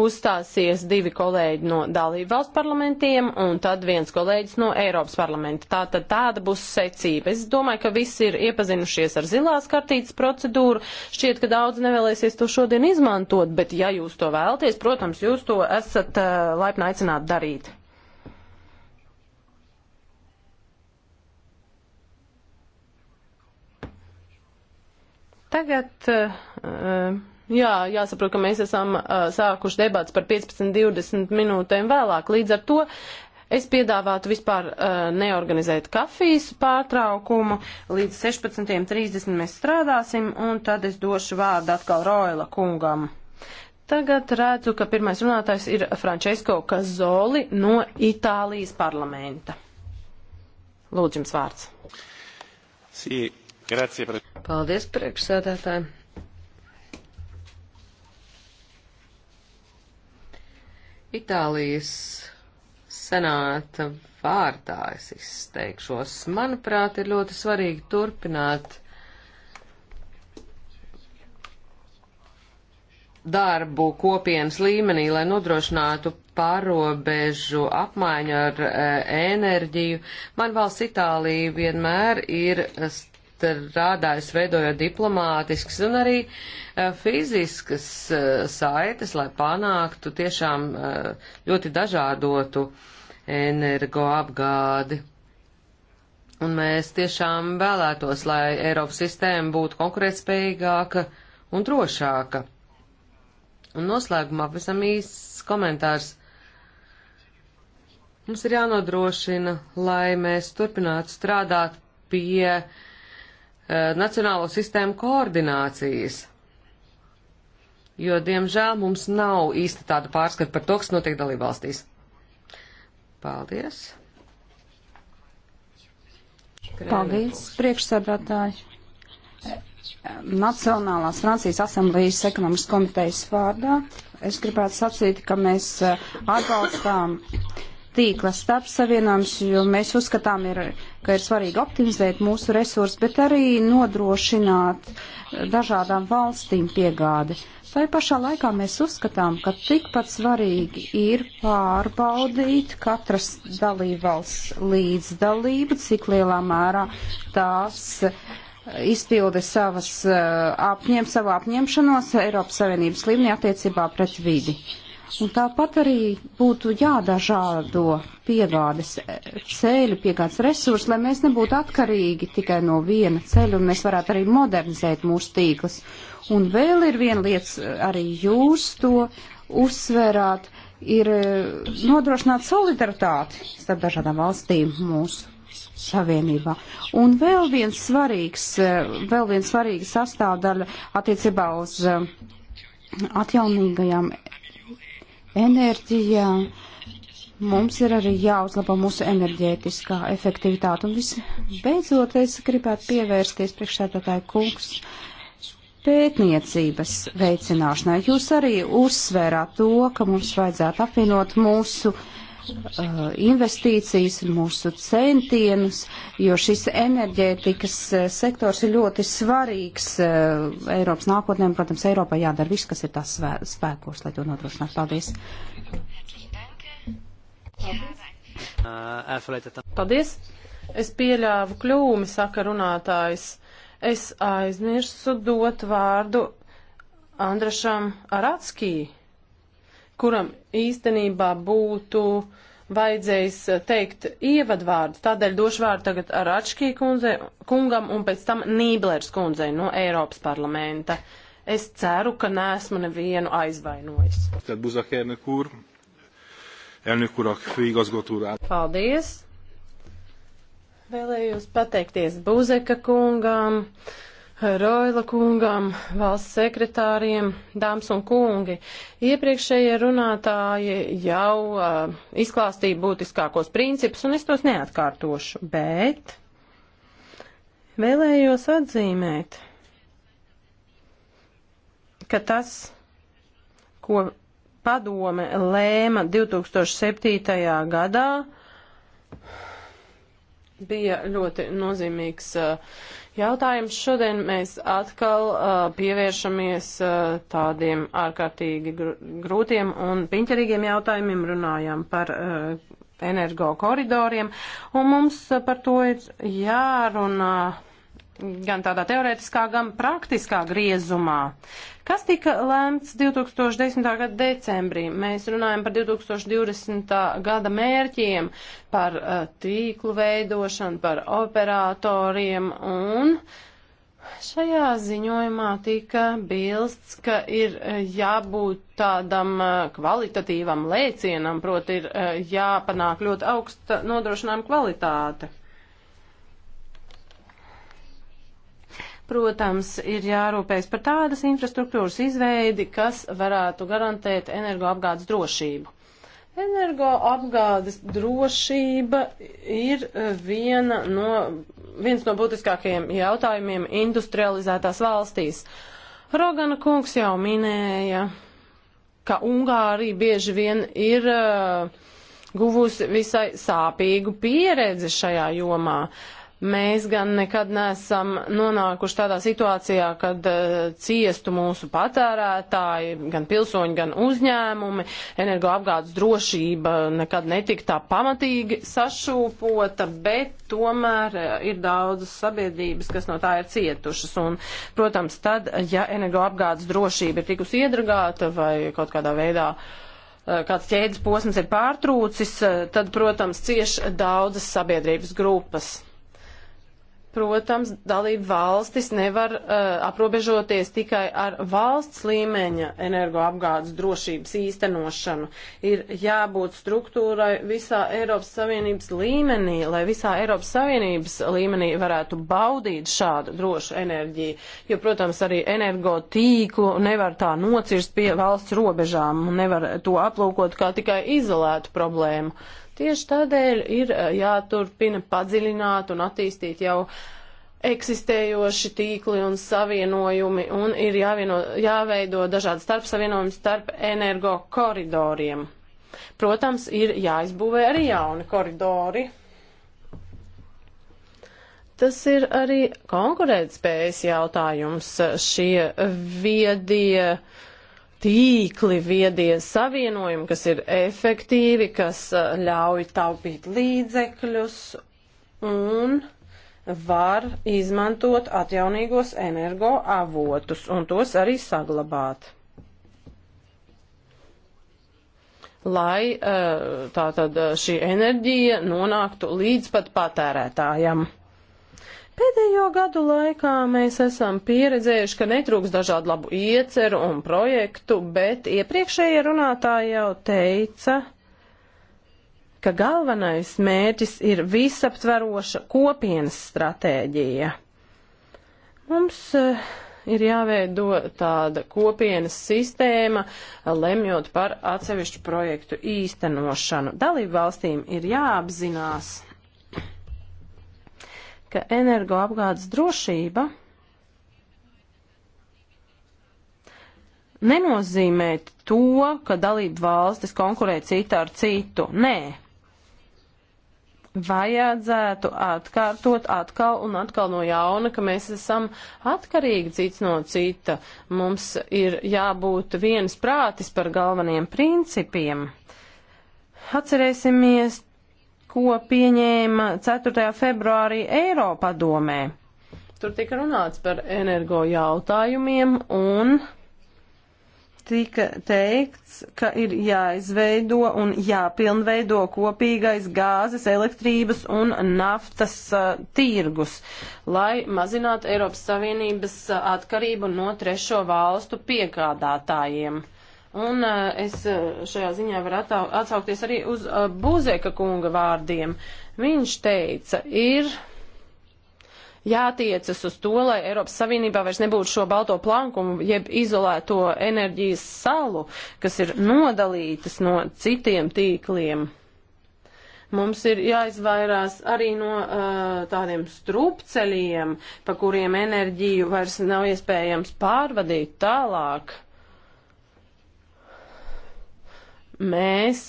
uzstāsies divi kolēģi no dalību valstu parlamentiem un tad viens kolēģis no Eiropas parlamenta. Tā tad tāda būs secība. Es domāju, ka visi ir iepazinušies ar zilās kartītes procedūru. Šķiet, ka daudz nevēlēsies to šodien izmantot, bet ja jūs to vēlaties, protams, jūs to esat uh, laipni aicināti darīt. Tagad. Uh, Jā, jāsaprot, ka mēs esam uh, sākuši debats par 15-20 minūtēm vēlāk. Līdz ar to es piedāvātu vispār uh, neorganizēt kafijas pārtraukumu. Līdz 16.30 mēs strādāsim, un tad es došu vārdu atkal Roila kungam. Tagad redzu, ka pirmais runātājs ir Francesco Kazoli no Itālijas parlamenta. Lūdzu, jums vārds. Sī, Grazie. Pre... Paldies, priekšsēdētāji. Itālijas senāta vārdā es izteikšos. Manuprāt, ir ļoti svarīgi turpināt darbu kopienas līmenī, lai nodrošinātu pārobežu apmaiņu ar e, enerģiju. Man valsts Itālija vienmēr ir strādājis, veidojot diplomātiskas un arī e, fiziskas e, saites, lai panāktu tiešām e, ļoti dažādotu energoapgādi. Un mēs tiešām vēlētos, lai Eiropas sistēma būtu konkurētspējīgāka un drošāka. Un noslēgumā pavisam īsts komentārs. Mums ir jānodrošina, lai mēs turpinātu strādāt pie uh, Eh, nacionālo sistēmu koordinācijas. Jo, diemžēl, mums nav īsti tāda pārskata par to, kas notiek dalībvalstīs. Paldies. Paldies, priekšsēdētāji. Nacionālās Francijas asamblējas ekonomikas komitejas vārdā es gribētu sacīt, ka mēs eh, atbalstām uh, tīkla starp savienojums, jo mēs uzskatām, ir, ka ir svarīgi optimizēt mūsu resursus, bet arī nodrošināt eh, dažādām valstīm piegādi. Tai pašā laikā mēs uzskatām, ka tikpat svarīgi ir pārbaudīt katras dalībvalsts līdzdalību, cik lielā mērā tās eh, izpilda savas eh, apņem, savu apņemšanos Eiropas Savienības līmenī attiecībā pret vidi. Uh, Un tāpat arī būtu jādažādo piegādes ceļu, piegādes resursi, lai mēs nebūtu atkarīgi tikai no viena ceļa un mēs varētu arī modernizēt mūsu tīklus. Un vēl ir viena lieta, arī jūs to uzsverāt, ir e, nodrošināt solidaritāti starp dažādām valstīm mūsu savienībā. Un vēl viens svarīgs, e, vēl viens svarīgs sastāvdaļa attiecībā uz e, atjaunīgajām enerģijā. Mums ir arī jāuzlabo mūsu enerģētiskā efektivitāte. Un visbeidzot, es gribētu pievērsties priekšsēdētāju kungs pētniecības veicināšanai. Jūs arī uzsvērāt to, ka mums vajadzētu apvienot mūsu uh, Uh, investīcijas un mūsu centienus, jo šis enerģētikas uh, sektors ir ļoti svarīgs uh, Eiropas nākotnē. Protams, Eiropai jādara viss, kas ir tās spēkos, lai to nodrošinātu. Paldies! Paldies! Es pieļāvu kļūmi, saka runātājs. Es aizmirsu dot vārdu Andrašam Aratskijai kuram īstenībā būtu vajadzējis teikt ievadvārdu. Tādēļ došu vārdu tagad Aračkī kundze, kungam un pēc tam Nīblers kundzei no Eiropas parlamenta. Es ceru, ka neesmu nevienu aizvainojis. Tad būs Ahērnek úr, Elnök urak, főigazgató úr. Paldies! Vēlējos pateikties Buzeka kungam. Uh, Roila kungam, valsts sekretāriem, dāmas un kungi. Iepriekšējie runātāji jau uh, izklāstīja būtiskākos principus, un es tos neatkārtošu, bet vēlējos atzīmēt, ka tas, ko padome lēma 2007. gadā, bija ļoti nozīmīgs uh, jautājums. Šodien mēs atkal uh, pievēršamies uh, tādiem ārkārtīgi grūtiem un piņķerīgiem jautājumiem, runājām par uh, energo koridoriem, un mums uh, par to ir jārunā gan tādā teorētiskā, gan praktiskā griezumā. Kas tika lēmts 2010. gada decembrī? Mēs runājam par 2020. gada mērķiem, par uh, tīklu veidošanu, par operatoriem un uh, Šajā ziņojumā tika bilsts, ka ir uh, jābūt tādam uh, kvalitatīvam lēcienam, proti ir uh, jāpanāk ļoti augsta nodrošinājuma kvalitāte. Protams, ir jārūpējas par tādas infrastruktūras izveidi, kas varētu garantēt energoapgādes drošību. Energoapgādes drošība ir viena no, viens no būtiskākajiem jautājumiem industrializētās valstīs. Rogana kungs jau minēja, ka Ungārija bieži vien ir uh, guvusi visai sāpīgu pieredzi šajā jomā. Uh, Mēs gan nekad neesam nonākuši tādā situācijā, kad uh, ciestu mūsu patērētāji, gan pilsoņi, gan uzņēmumi. Energoapgādes drošība nekad netika tā pamatīgi sašūpota, bet tomēr uh, ir daudzas sabiedrības, kas no tā ir cietušas. Un, protams, tad, ja energoapgādes drošība ir tikusi iedragāta vai kaut kādā veidā eh, kāds ķēdes posms ir pārtrūcis, tad, protams, cieši daudzas sabiedrības grupas. Protams, dalību valstis nevar uh, aprobežoties tikai ar valsts līmeņa energoapgādes drošības īstenošanu. Ir jābūt struktūrai visā Eiropas Savienības līmenī, lai visā Eiropas Savienības līmenī varētu baudīt šādu drošu enerģiju. Jo, protams, arī energotīklu nevar tā nocirst pie valsts robežām un nevar to aplūkot kā tikai izolētu problēmu Tieši tādēļ ir eh, jāturpina padziļināt un attīstīt jau eksistējoši tīkli un savienojumi, un ir jāvieno, jāveido dažādi starpsavienojumi starp energo koridoriem. Protams, ir jāizbūvē arī jauni koridori. Tas ir arī konkurētspējas jautājums. Šie viedie uh, tīkli, viedie savienojumi, kas ir efektīvi, kas uh, ļauj taupīt līdzekļus un var izmantot atjaunīgos energoavotus un tos arī saglabāt. Lai uh, tā tad uh, šī enerģija nonāktu līdz pat patērētājam. Pēdējo gadu laikā mēs esam pieredzējuši, ka netrūks dažādu labu ieceru un projektu, bet iepriekšējie runātāji jau teica, ka galvenais mērķis ir visaptveroša kopienas stratēģija. Mums uh, ir jāveido tāda kopienas sistēma, lemjot par atsevišķu projektu īstenošanu. Dalību valstīm ir jāapzinās, ka energoapgādes drošība nenozīmē to, ka dalību valstis konkurē cita ar citu. Nē, vajadzētu atkārtot atkal un atkal no jauna, ka mēs esam atkarīgi cits no cita. Mums ir jābūt viens prātis par galveniem principiem. Atcerēsimies ko pieņēma 4. februārī Eiropadomē. Tur tika runāts par energo jautājumiem un tika teikts, ka ir jāizveido un jāpilnveido kopīgais gāzes, elektrības un naftas uh, tirgus, lai mazinātu Eiropas Savienības atkarību no trešo valstu piegādātājiem. Uh, Un uh, es uh, šajā ziņā varu atsaukties arī uz uh, Buzeka kunga vārdiem. Viņš teica, ir jātiecas uz to, lai Eiropas Savienībā vairs nebūtu šo balto plankumu, jeb izolēto enerģijas salu, kas ir nodalītas no citiem tīkliem. Mums ir jāizvairās arī no uh, tādiem strupceļiem, pa kuriem enerģiju vairs nav iespējams pārvadīt tālāk. mēs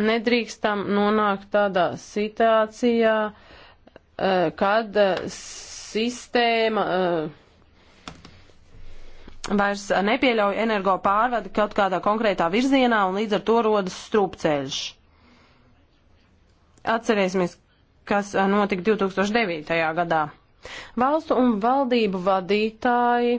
nedrīkstam nonākt tādā situācijā, eh, kad eh, sistēma eh, vairs nepieļauj energo pārvadi kaut kādā konkrētā virzienā un līdz ar to rodas strupceļš. Atcerēsimies, kas notika 2009. gadā. Valstu un valdību vadītāji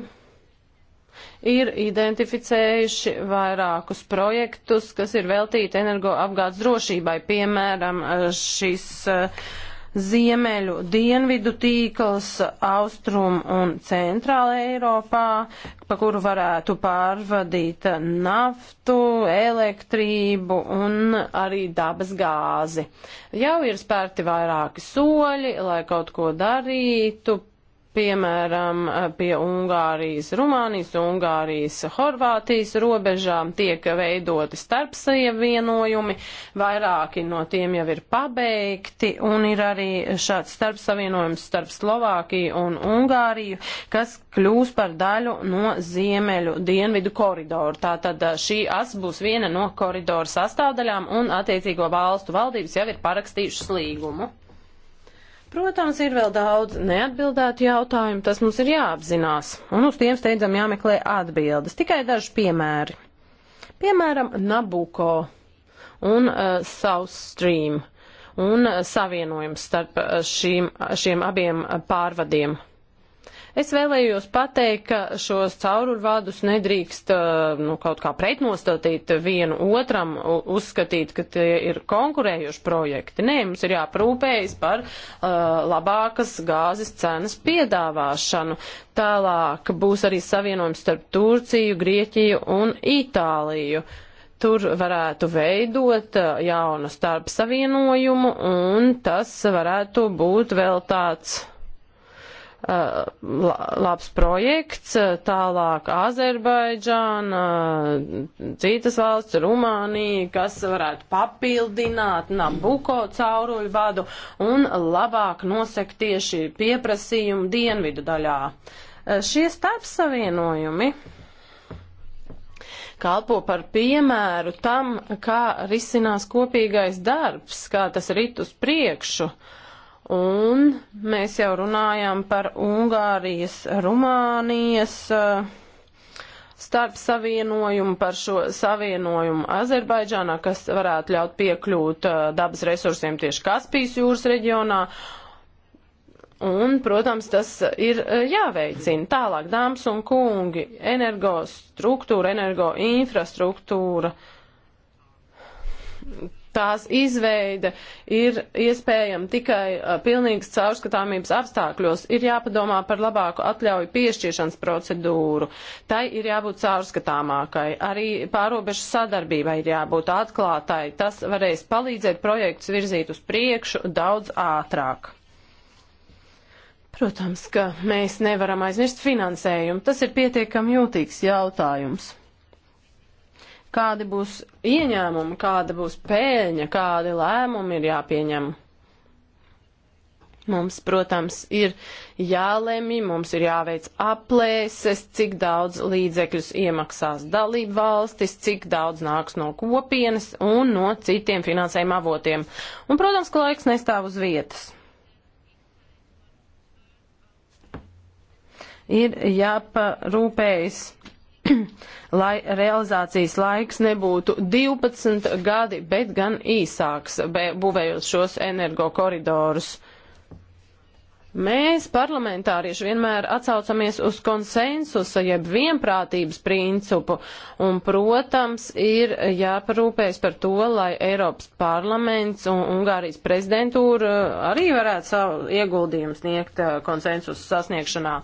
ir identificējuši vairākus projektus, kas ir veltīti energoapgādes drošībai, piemēram, eh, šis eh, ziemeļu dienvidu tīkls austrum un centrāla Eiropā, pa kuru varētu pārvadīt naftu, elektrību un arī dabas gāzi. Jau ir spērti vairāki soļi, lai kaut ko darītu, piemēram, pie Ungārijas, Rumānijas, Ungārijas, Horvātijas robežām tiek veidoti starpsavienojumi, vairāki no tiem jau ir pabeigti, un ir arī šāds starpsavienojums starp Slovākiju un Ungāriju, kas kļūs par daļu no ziemeļu dienvidu koridoru. Tātad šī as būs viena no koridoru sastāvdaļām, un attiecīgo valstu valdības jau ir parakstījušas līgumu. Protams, ir vēl daudz neatbildētu jautājumu, tas mums ir jāapzinās, un uz tiem steidzam jāmeklē atbildes. Tikai daži piemēri. Piemēram, Nabuko un uh, South Stream un uh, savienojums starp uh, šīm, šiem abiem uh, pārvadiem. Es vēlējos pateikt, ka šos caururvadus nedrīkst eh, nu, kaut kā pretnostatīt vienu otram, uzskatīt, ka tie ir konkurējuši projekti. Nē, mums ir jāprūpējas par uh, labākas gāzes cenas piedāvāšanu. Tālāk būs arī savienojums starp Turciju, Grieķiju un Itāliju tur varētu veidot eh, jaunu starpsavienojumu, un tas varētu būt vēl tāds Eh, labs projekts, eh, tālāk Azerbaidžāna, eh, citas valsts, Rumānija, kas varētu papildināt Nabuko cauruļu vadu un labāk nosekt tieši pieprasījumu dienvidu daļā. Šie starpsavienojumi kalpo par piemēru tam, kā risinās kopīgais darbs, kā tas rit uz priekšu. Uh, Un mēs jau runājam par Ungārijas, Rumānijas eh, starp savienojumu, par šo savienojumu Azerbaidžānā, kas varētu ļaut piekļūt eh, dabas resursiem tieši Kaspijas jūras reģionā. Un, protams, tas ir eh, jāveicina. Tālāk, dāmas un kungi, energo struktūra, energo infrastruktūra tās izveide ir iespējama tikai uh, pilnīgas caurskatāmības apstākļos, ir jāpadomā par labāku atļauju piešķiršanas procedūru. Tai ir jābūt caurskatāmākai. Arī pārobežu sadarbībai ir jābūt atklātai. Tas varēs palīdzēt projekts virzīt uz priekšu daudz ātrāk. Protams, ka mēs nevaram aizmirst finansējumu. Tas ir pietiekami jūtīgs jautājums kādi būs ieņēmumi, kāda būs pēļņa, kādi lēmumi ir jāpieņem. Mums, protams, ir jālemj, mums ir jāveic aplēses, cik daudz līdzekļus iemaksās dalību valstis, cik daudz nāks no kopienas un no citiem finansējuma avotiem. Un, protams, ka laiks nestāv uz vietas. Ir jāparūpējas *clears throat* lai realizācijas laiks nebūtu 12 gadi, bet gan īsāks, būvējot šos energo koridorus. Uh, Mēs, parlamentārieši, vienmēr atsaucamies uz konsensusa, jeb vienprātības principu, un, protams, ir jāparūpējas par to, lai Eiropas parlaments un Ungārijas prezidentūra arī varētu savu ieguldījumu sniegt uh, konsensusa sasniegšanā.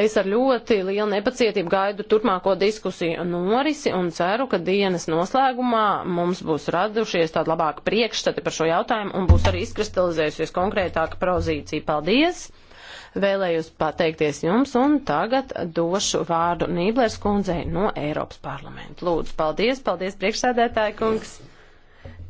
Es ar ļoti lielu nepacietību gaidu turpmāko diskusiju norisi un ceru, ka dienas noslēgumā mums būs radušies tāda labāka priekšstati par šo jautājumu un būs arī izkristalizējusies konkrētāka prozīcija. Paldies! Paldies! Vēlējos pateikties jums un tagad došu vārdu Nīblers kundzei no Eiropas parlamenta. Lūdzu, paldies, paldies priekšsēdētāji kungs!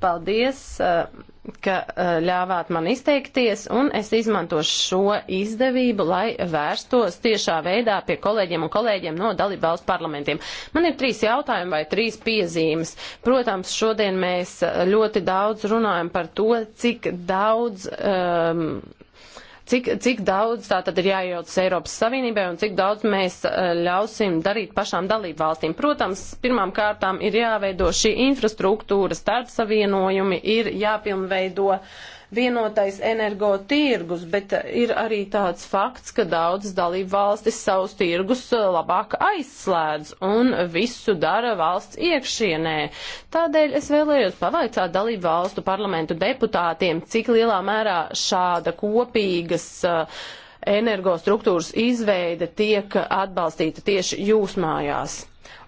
Paldies, eh, ka eh, ļāvāt man izteikties, un es izmantošu šo izdevību, lai vērstos tiešā veidā pie kolēģiem un kolēģiem no dalību valstu parlamentiem. Man ir trīs jautājumi vai trīs piezīmes. Protams, šodien mēs eh, ļoti daudz runājam par to, cik daudz. Um, cik, cik daudz tā tad ir jājaucas Eiropas Savienībai un cik daudz mēs eh, ļausim darīt pašām dalību valstīm. Protams, pirmām kārtām ir jāveido šī infrastruktūra, starpsavienojumi, ir jāpilnveido uh, vienotais energo tirgus, bet ir arī tāds fakts, ka daudzas dalību valstis savus tirgus eh, labāk aizslēdz un visu dara valsts iekšienē. Tādēļ es vēlējos pavaicāt dalību valstu parlamentu deputātiem, cik lielā mērā šāda kopīgas uh, energostruktūras izveide tiek atbalstīta tieši jūs mājās.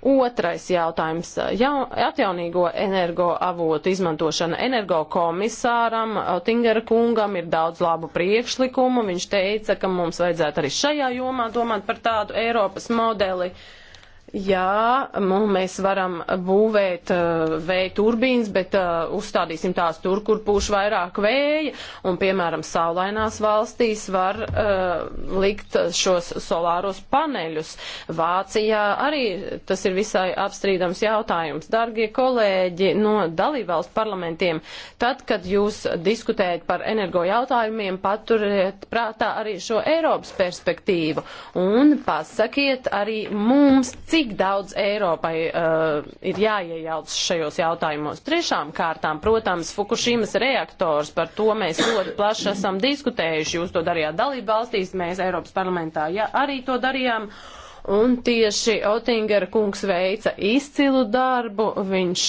Otrais jautājums ja, - atjaunīgo energoavotu izmantošana. Energo komisāram uh, Tingera kungam ir daudz labu priekšlikumu. Viņš teica, ka mums vajadzētu arī šajā jomā domāt par tādu Eiropas modeli. Uh, Jā, mēs varam būvēt uh, vēja turbīnas, bet uh, uzstādīsim tās tur, kur pūš vairāk vēja. Un, piemēram, saulainās valstīs var uh, likt šos solāros paneļus. Vācijā arī tas ir visai apstrīdams jautājums. Dargie kolēģi no dalībvalstu parlamentiem, tad, kad jūs diskutējat par energo jautājumiem, paturiet prātā arī šo Eiropas perspektīvu un pasakiet arī mums, cik cik daudz Eiropai uh, ir jāiejauc šajos jautājumos. Trešām kārtām, protams, Fukushimas reaktors, par to mēs ļoti plaši esam diskutējuši. Jūs to darījāt dalību valstīs, mēs Eiropas parlamentā ja, arī to darījām. Un tieši Otingera kungs veica izcilu darbu, viņš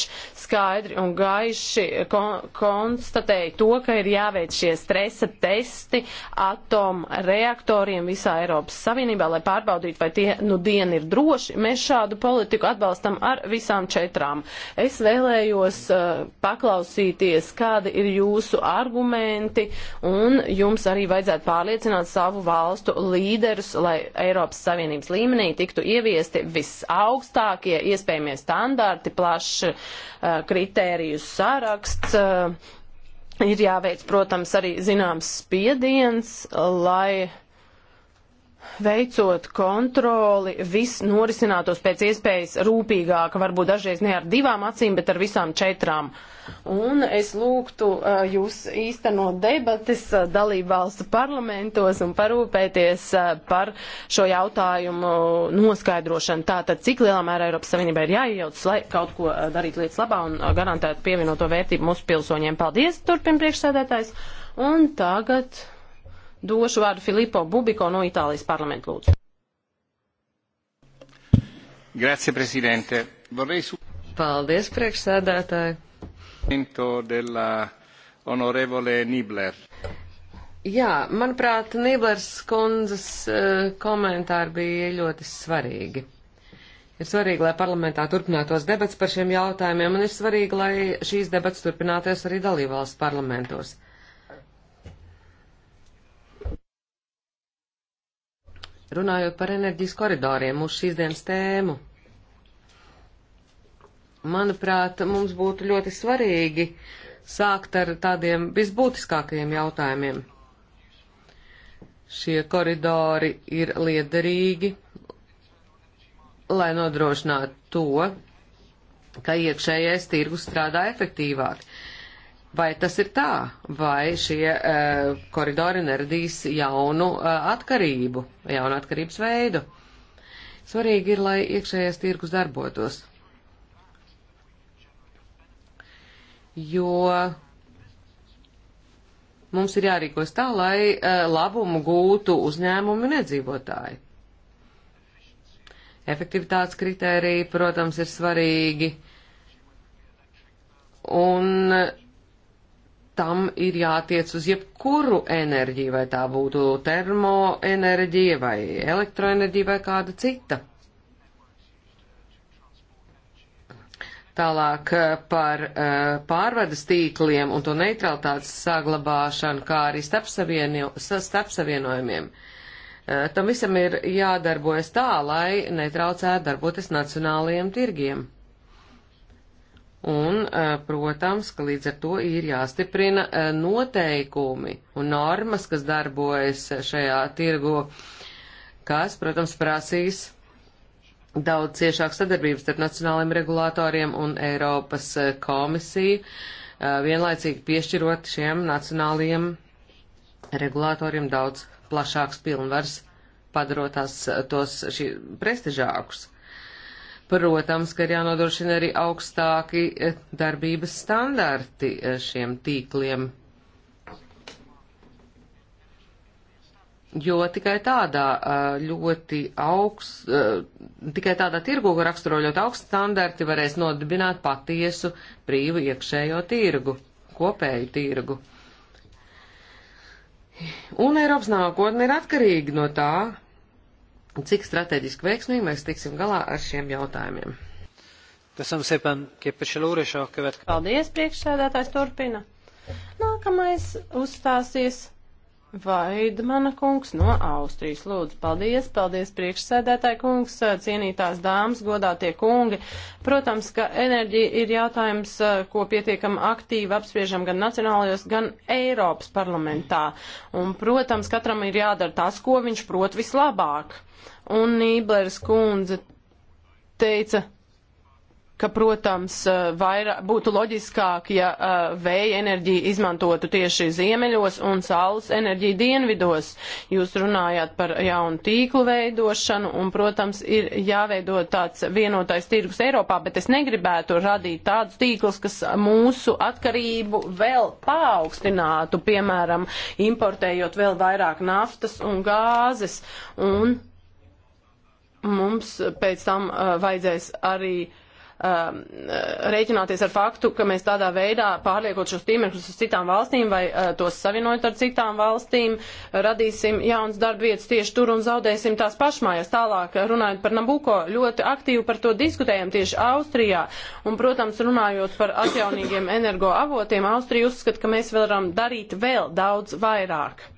skaidri un gaiši kon konstatēja to, ka ir jāveic šie stresa testi atomreaktoriem visā Eiropas Savienībā, lai pārbaudītu, vai tie nu dienu ir droši. Mēs šādu politiku atbalstam ar visām četrām. Es vēlējos uh, paklausīties, kādi ir jūsu argumenti, un jums arī vajadzētu pārliecināt savu valstu līderus, lai Eiropas Savienības līmenī tiktu ieviesti visaugstākie iespējamie standarti, plašs uh, kritērijus saraksts. Eh, ir jāveic, protams, arī zināms spiediens, lai veicot kontroli, viss norisinātos pēc iespējas rūpīgāk, varbūt dažreiz ne ar divām acīm, bet ar visām četrām. Un es lūgtu uh, jūs īstenot debates uh, dalību valstu parlamentos un parūpēties uh, par šo jautājumu noskaidrošanu. Tātad, cik lielā mērā Eiropas Savienībā ir jāiejaucas, lai kaut ko uh, darītu lietas labā un uh, garantētu pievienoto vērtību mūsu pilsoņiem. Paldies, turpin priekšsēdētājs. Un tagad Došu vārdu Filipo Bubiko no Itālijas parlamenta lūdzu. Grazie, prezidente. Vorrei su... Paldies, priekšsēdētāji. Della onorevole Nibler. Jā, manuprāt, Nīblers kundzes uh, komentāri bija ļoti svarīgi. Ir svarīgi, lai parlamentā turpinātos debats par šiem jautājumiem, un ir svarīgi, lai šīs debats turpinātos arī dalībvalsts parlamentos. Runājot par enerģijas koridoriem, mūsu šīs dienas tēmu, manuprāt, mums būtu ļoti svarīgi sākt ar tādiem visbūtiskākajiem jautājumiem. Šie koridori ir liederīgi, lai nodrošinātu to, ka iekšējais tirgus strādā efektīvāk. Uh, Vai tas ir tā, vai šie uh, koridori neradīs jaunu uh, atkarību, jaunu atkarības veidu? Svarīgi ir, lai iekšējais tirgus darbotos. Jo mums ir jārīkos tā, lai uh, labumu gūtu uzņēmumi un iedzīvotāji. Efektivitātes kritērija, protams, ir svarīgi. Un uh, tam ir jātiec uz jebkuru enerģiju, vai tā būtu termoenerģija, vai elektroenerģija, vai kāda cita. Tālāk eh, par eh, pārvades tīkliem un to neutralitātes saglabāšanu, kā arī starpsavienojumiem. Eh, tam visam ir jādarbojas tā, lai netraucētu darboties nacionālajiem tirgiem. Un, eh, protams, ka līdz ar to ir jāstiprina eh, noteikumi un normas, kas darbojas eh, šajā tirgu, kas, protams, prasīs daudz ciešāku sadarbību starp nacionālajiem regulātoriem un Eiropas komisiju, vienlaicīgi piešķirot šiem nacionālajiem regulātoriem daudz plašāks pilnvars, padarot tās, tos prestižākus. Protams, ka ir jānodrošina arī augstāki eh, darbības standarti eh, šiem tīkliem. Jo tikai tādā eh, ļoti augsts, tikai tādā tirgu, kur raksturo ļoti augsts standarti, varēs nodibināt patiesu brīvu iekšējo tirgu, kopēju tirgu. Un Eiropas nākotne ir atkarīga no tā, cik strateģiski veiksmīgi mēs tiksim galā ar šiem jautājumiem. Paldies, priekšsēdētājs turpina. Nākamais uzstāsies Vaidmana kungs no Austrijas. Lūdzu, paldies, paldies priekšsēdētāji kungs, cienītās dāmas, godātie kungi. Protams, ka enerģija ir jautājums, ko pietiekam aktīvi apspriežam gan nacionālajos, gan Eiropas parlamentā. Un, protams, katram ir jādara tas, ko viņš prot vislabāk. Un Nībleres kundze teica, ka, protams, eh, vairāk, būtu loģiskāk, ja eh, vēja enerģiju izmantotu tieši ziemeļos un saules enerģiju dienvidos. Jūs runājāt par jaunu tīklu veidošanu un, protams, ir jāveido tāds vienotais tirgus Eiropā, bet es negribētu radīt tādus tīklus, kas mūsu atkarību vēl paaugstinātu, piemēram, importējot vēl vairāk naftas un gāzes. Un mums pēc tam uh, vajadzēs arī uh, um, rēķināties ar faktu, ka mēs tādā veidā pārliekot šos tīmeklus uz citām valstīm vai uh, tos savienojot ar citām valstīm, radīsim jaunas darba vietas tieši tur un zaudēsim tās pašmājas. Tālāk runājot par Nabuko, ļoti aktīvi par to diskutējam tieši Austrijā. Un, protams, runājot par atjaunīgiem energoavotiem, Austrija uzskata, ka mēs varam darīt vēl daudz vairāk.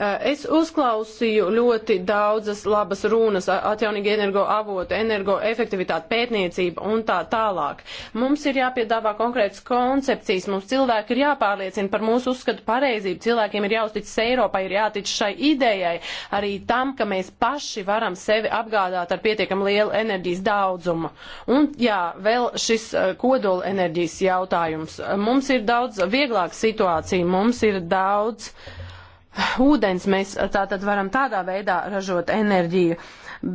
Eh, es uzklausīju ļoti daudzas labas runas - atjaunīgi energo avotu, energo efektivitāte, pētniecība un tā tālāk. Mums ir jāpiedāvā konkrētas koncepcijas, mums cilvēki ir jāpārliecina par mūsu uzskatu pareizību, cilvēkiem ir jāuzticas Eiropai, ir jātic šai idejai, arī tam, ka mēs paši varam sevi apgādāt ar pietiekam lielu enerģijas daudzumu. Un jā, vēl šis eh, kodola enerģijas jautājums. Mums ir daudz vieglāka situācija, mums ir daudz. Uh, ūdens mēs tātad varam tādā veidā ražot enerģiju.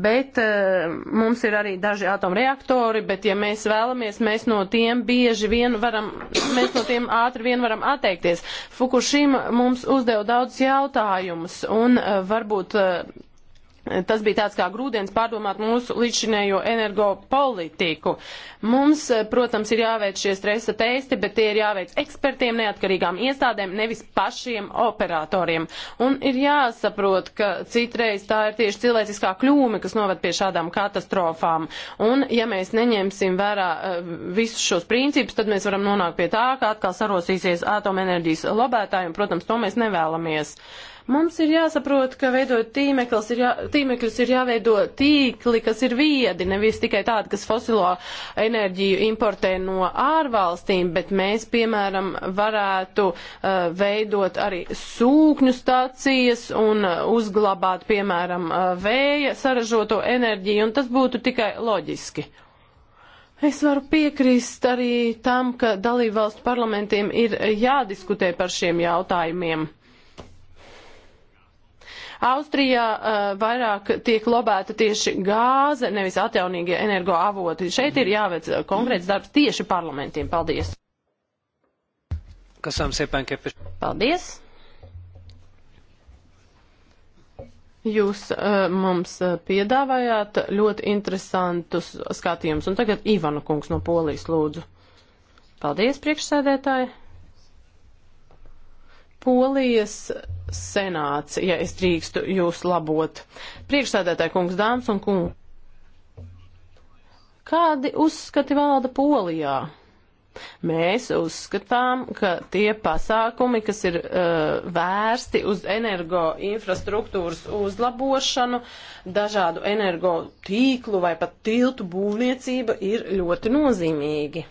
Bet uh, mums ir arī daži atomreaktori, bet ja mēs vēlamies, mēs no tiem bieži vien varam, mēs no tiem ātri vien varam atteikties. Fukushima mums uzdeva daudz jautājumus un uh, varbūt uh, Tas bija tāds kā grūdienis pārdomāt mūsu līdzinējo energopolitiku. Mums, eh, protams, ir jāveic šie stresa testi, bet tie ir jāveic ekspertiem, neatkarīgām iestādēm, nevis pašiem operatoriem. Un ir jāsaprot, ka citreiz tā ir tieši cilvēciskā kļūme, kas noved pie šādām katastrofām. Un ja mēs neņemsim vērā eh, visus šos principus, tad mēs varam nonākt pie tā, ka atkal sarosīsies atomenerģijas lobētāji, un, protams, to mēs nevēlamies. Uh, Mums ir jāsaprot, ka veidot tīmekļus ir, jā, tīmekļus ir jāveido tīkli, kas ir viedi, nevis tikai tādi, kas fosilo enerģiju importē no ārvalstīm, bet mēs, piemēram, varētu uh, veidot arī sūkņu stācijas un uh, uzglabāt, piemēram, uh, vēja saražoto enerģiju, un tas būtu tikai loģiski. Es varu piekrist arī tam, ka dalībvalstu parlamentiem ir jādiskutē par šiem jautājumiem. Austrijā uh, vairāk tiek lobēta tieši gāze, nevis atjaunīgie energoavoti. Šeit ir jāveic eh, konkrēts darbs tieši parlamentiem. Paldies! Köszönöm szépen, képviselő. Paldies! Jūs uh, mums piedāvājāt ļoti interesantus skatījumus. Un tagad Ivana kungs no Polijas lūdzu. Paldies, priekšsēdētāji. Polijas senāts, ja es drīkstu jūs labot. Priekšsēdētāji kungs dāmas un kungi. Kādi uzskati valda Polijā? Mēs uzskatām, ka tie pasākumi, kas ir uh, vērsti uz energo infrastruktūras uzlabošanu, dažādu energo tīklu vai pat tiltu būvniecība ir ļoti nozīmīgi.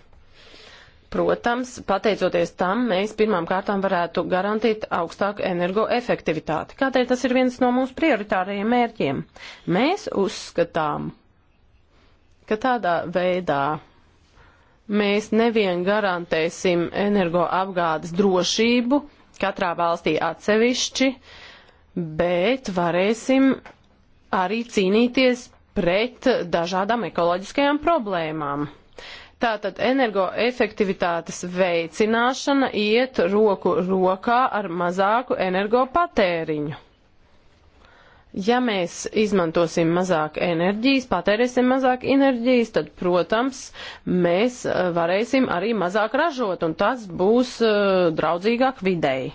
Protams, pateicoties tam, mēs pirmām kārtām varētu garantīt augstāku energoefektivitāti. Kādēļ tas ir viens no mūsu prioritārajiem mērķiem? Mēs uzskatām, ka tādā veidā mēs nevien garantēsim energoapgādes drošību katrā valstī atsevišķi, bet varēsim arī cīnīties pret dažādām ekoloģiskajām problēmām. Tātad energoefektivitātes veicināšana iet roku rokā ar mazāku energopatēriņu. Ja mēs izmantosim mazāk enerģijas, patērēsim mazāk enerģijas, tad, protams, mēs eh, varēsim arī mazāk ražot, un tas būs uh, draudzīgāk videi.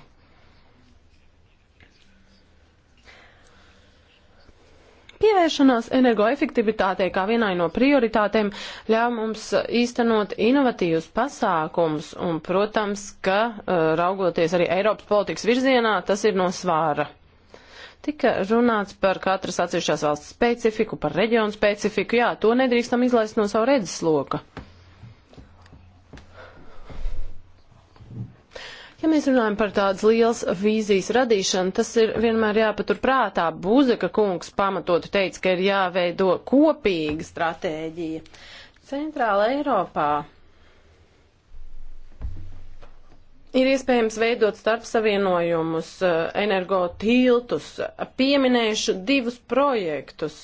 Pievēršanās energoefektivitātei kā vienai no prioritātēm ļauj mums īstenot inovatīvus pasākums, un, protams, ka uh, raugoties arī Eiropas politikas virzienā, tas ir no svāra. Tika runāts par katras atsevišķās valsts specifiku, par reģionu specifiku, jā, to nedrīkstam izlaist no savu redzesloka. loka. Ja mēs runājam par tādas liels vīzijas radīšanu, tas ir vienmēr jāpatur prātā. Būzeka kungs pamatot teica, ka ir jāveido kopīga stratēģija. Centrāla Eiropā Ir iespējams veidot starpsavienojumus, eh, energotīltus. Pieminēšu divus projektus.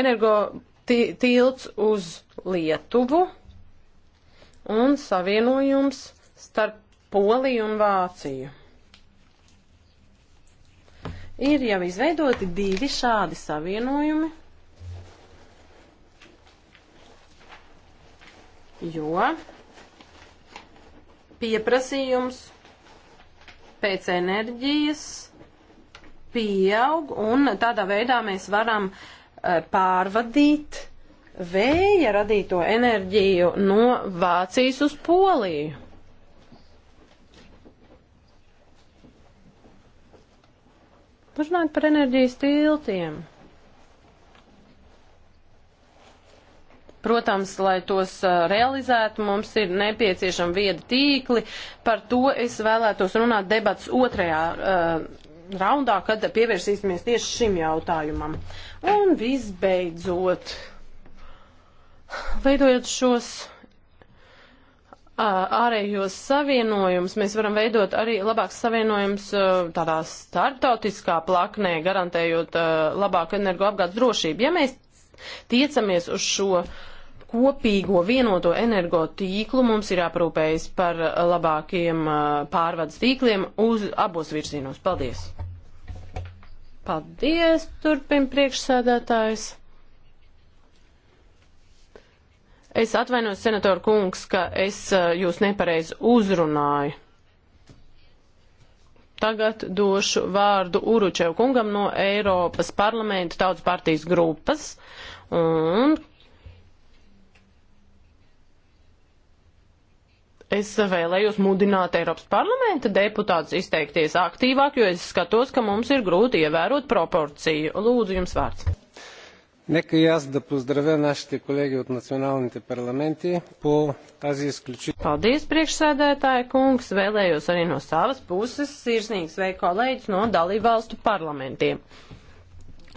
Energotīlts uz Lietuvu un savienojums starp Poliju un Vāciju. Ir jau izveidoti divi šādi savienojumi, jo pieprasījums pēc enerģijas pieaug, un tādā veidā mēs varam eh, pārvadīt vēja radīto enerģiju no Vācijas uz Poliju. Runājot par enerģijas tiltiem. Protams, lai tos uh, realizētu, mums ir nepieciešama vieda tīkli. Par to es vēlētos runāt debats otrajā uh, raundā, kad pievērsīsimies tieši šim jautājumam. Un visbeidzot, veidojot šos ārējos savienojumus, mēs varam veidot arī labāks savienojums tādā startautiskā plaknē, garantējot labāku energoapgādes drošību. Ja mēs tiecamies uz šo kopīgo vienoto energo tīklu, mums ir aprūpējis par labākiem pārvades tīkliem uz abos virzienos. Paldies! Paldies, turpin priekšsēdētājs! Es atvainojos, senator kungs, ka es jūs nepareiz uzrunāju. Tagad došu vārdu Uručev kungam no Eiropas parlamenta tautas partijas grupas. Un es vēlējos mudināt Eiropas parlamenta deputātus izteikties aktīvāk, jo es skatos, ka mums ir grūti ievērot proporciju. Lūdzu, jums vārds. Нека и аз да поздравя нашите колеги от националните парламенти по тази изключително. Paldies, priekšsēdētāja kungs! Vēlējos arī no savas puses sirsnīgi sveikt kolēģis no dalībvalstu parlamentiem.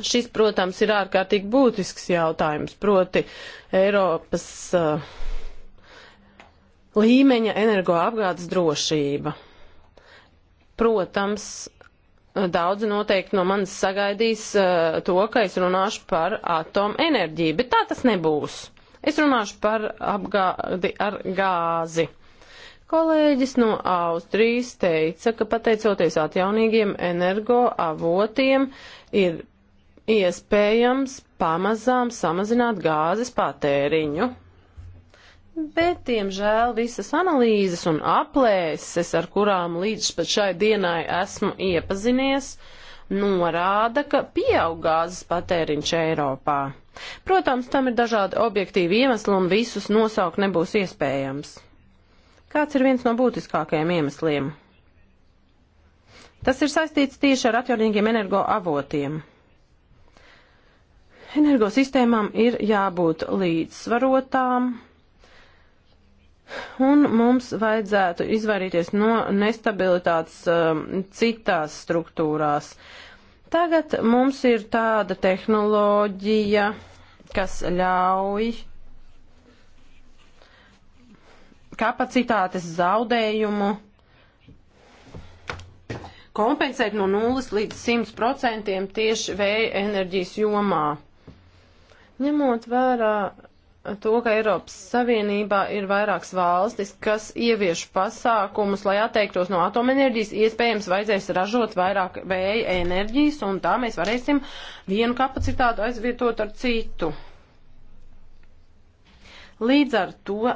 Šis, protams, ir ārkārtīgi būtisks jautājums, proti Eiropas uh, līmeņa energoapgādes drošība. Protams, daudzi noteikti no manis sagaidīs uh, to, ka es runāšu par atomenerģiju, bet tā tas nebūs. Es runāšu par apgādi ar gāzi. Kolēģis no Austrijas teica, ka pateicoties atjaunīgiem energoavotiem ir iespējams pamazām samazināt gāzes patēriņu. Bet, diemžēl, visas analīzes un aplēses, ar kurām līdz pat šai dienai esmu iepazinies, norāda, ka pieaug gāzes patēriņš Eiropā. Protams, tam ir dažādi objektīvi iemesli un visus nosaukt nebūs iespējams. Kāds ir viens no būtiskākajiem iemesliem? Tas ir saistīts tieši ar atjaunīgiem energoavotiem. Energosistēmām ir jābūt līdzsvarotām, Un mums vajadzētu izvairīties no nestabilitātes um, citās struktūrās. Tagad mums ir tāda tehnoloģija, kas ļauj kapacitātes zaudējumu kompensēt no 0 līdz 100% tieši vēja enerģijas jomā. Ņemot vērā to, ka Eiropas Savienībā ir vairākas valstis, kas ievieš pasākumus, lai atteiktos no atomenerģijas, iespējams vajadzēs ražot vairāk vēja enerģijas, un tā mēs varēsim vienu kapacitātu aizvietot ar citu. Līdz ar to uh,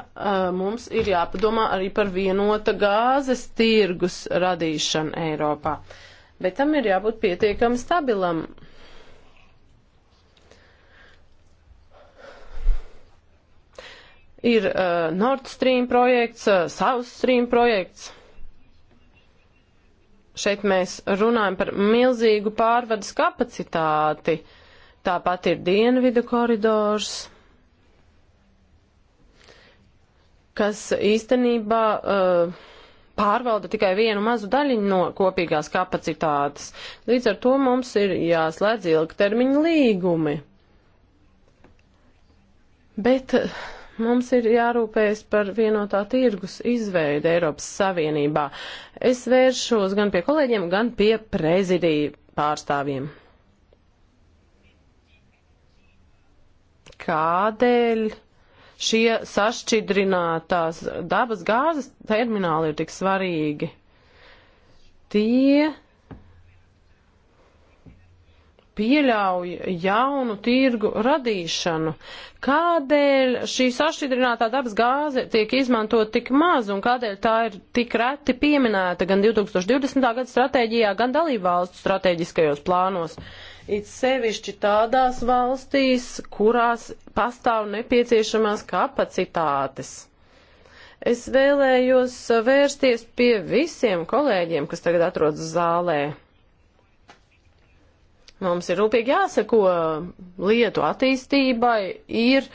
mums ir jāpadomā arī par vienota gāzes tirgus radīšanu Eiropā. Bet tam ir jābūt pietiekami stabilam. Ir uh, Nord Stream projekts, uh, South Stream projekts. Šeit mēs runājam par milzīgu pārvades kapacitāti. Tāpat ir dienvidu koridors, kas īstenībā. Uh, pārvalda tikai vienu mazu daļiņu no kopīgās kapacitātes. Līdz ar to mums ir jāslēdz ilgtermiņa līgumi. Bet uh, Mums ir jārūpējas par vienotā tirgus izveidu Eiropas Savienībā. Es vēršos gan pie kolēģiem, gan pie prezidiju pārstāvjiem. Kādēļ šie sašķidrinātās dabas gāzes termināli ir tik svarīgi? Tie pieļauj jaunu tirgu radīšanu. Kādēļ šī sašķidrinātā dabas gāze tiek izmantot tik maz un kādēļ tā ir tik reti pieminēta gan 2020. gada stratēģijā, gan dalību valstu stratēģiskajos plānos? It sevišķi tādās valstīs, kurās pastāv nepieciešamās kapacitātes. Es vēlējos vērsties pie visiem kolēģiem, kas tagad atrodas zālē Mums ir rūpīgi jāsako lietu attīstībai, ir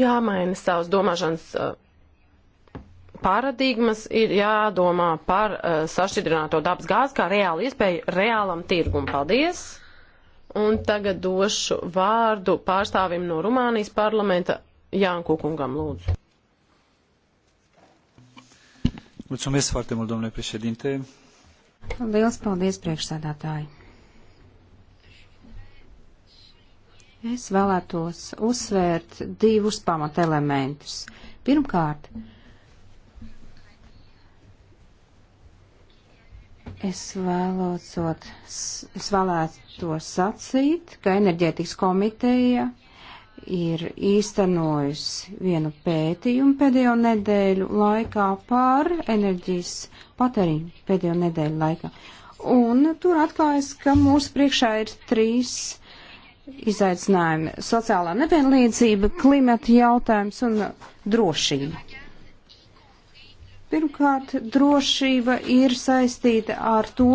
jāmaina savas domāšanas uh, paradigmas, ir jādomā par uh, sašķidrināto dabas gāzi kā reāli iespēju reālam tirgum. Paldies! Un tagad došu vārdu pārstāvim no Rumānijas parlamenta Jānku kungam lūdzu. Mulțumesc foarte mult, domnule președinte. Liels paldies, priekšsēdētāji. Es vēlētos uzsvērt divus pamatelementus. Pirmkārt, es vēlētos, es vēlētos sacīt, ka enerģētikas komiteja ir īstenojusi vienu pētījumu pēdējo nedēļu laikā par enerģijas patēriņu pēdējo nedēļu laikā. Un tur atklājas, ka mūsu priekšā ir trīs izaicinājumi - sociālā nevienlīdzība, klimata jautājums un drošība. Pirmkārt, drošība ir saistīta ar to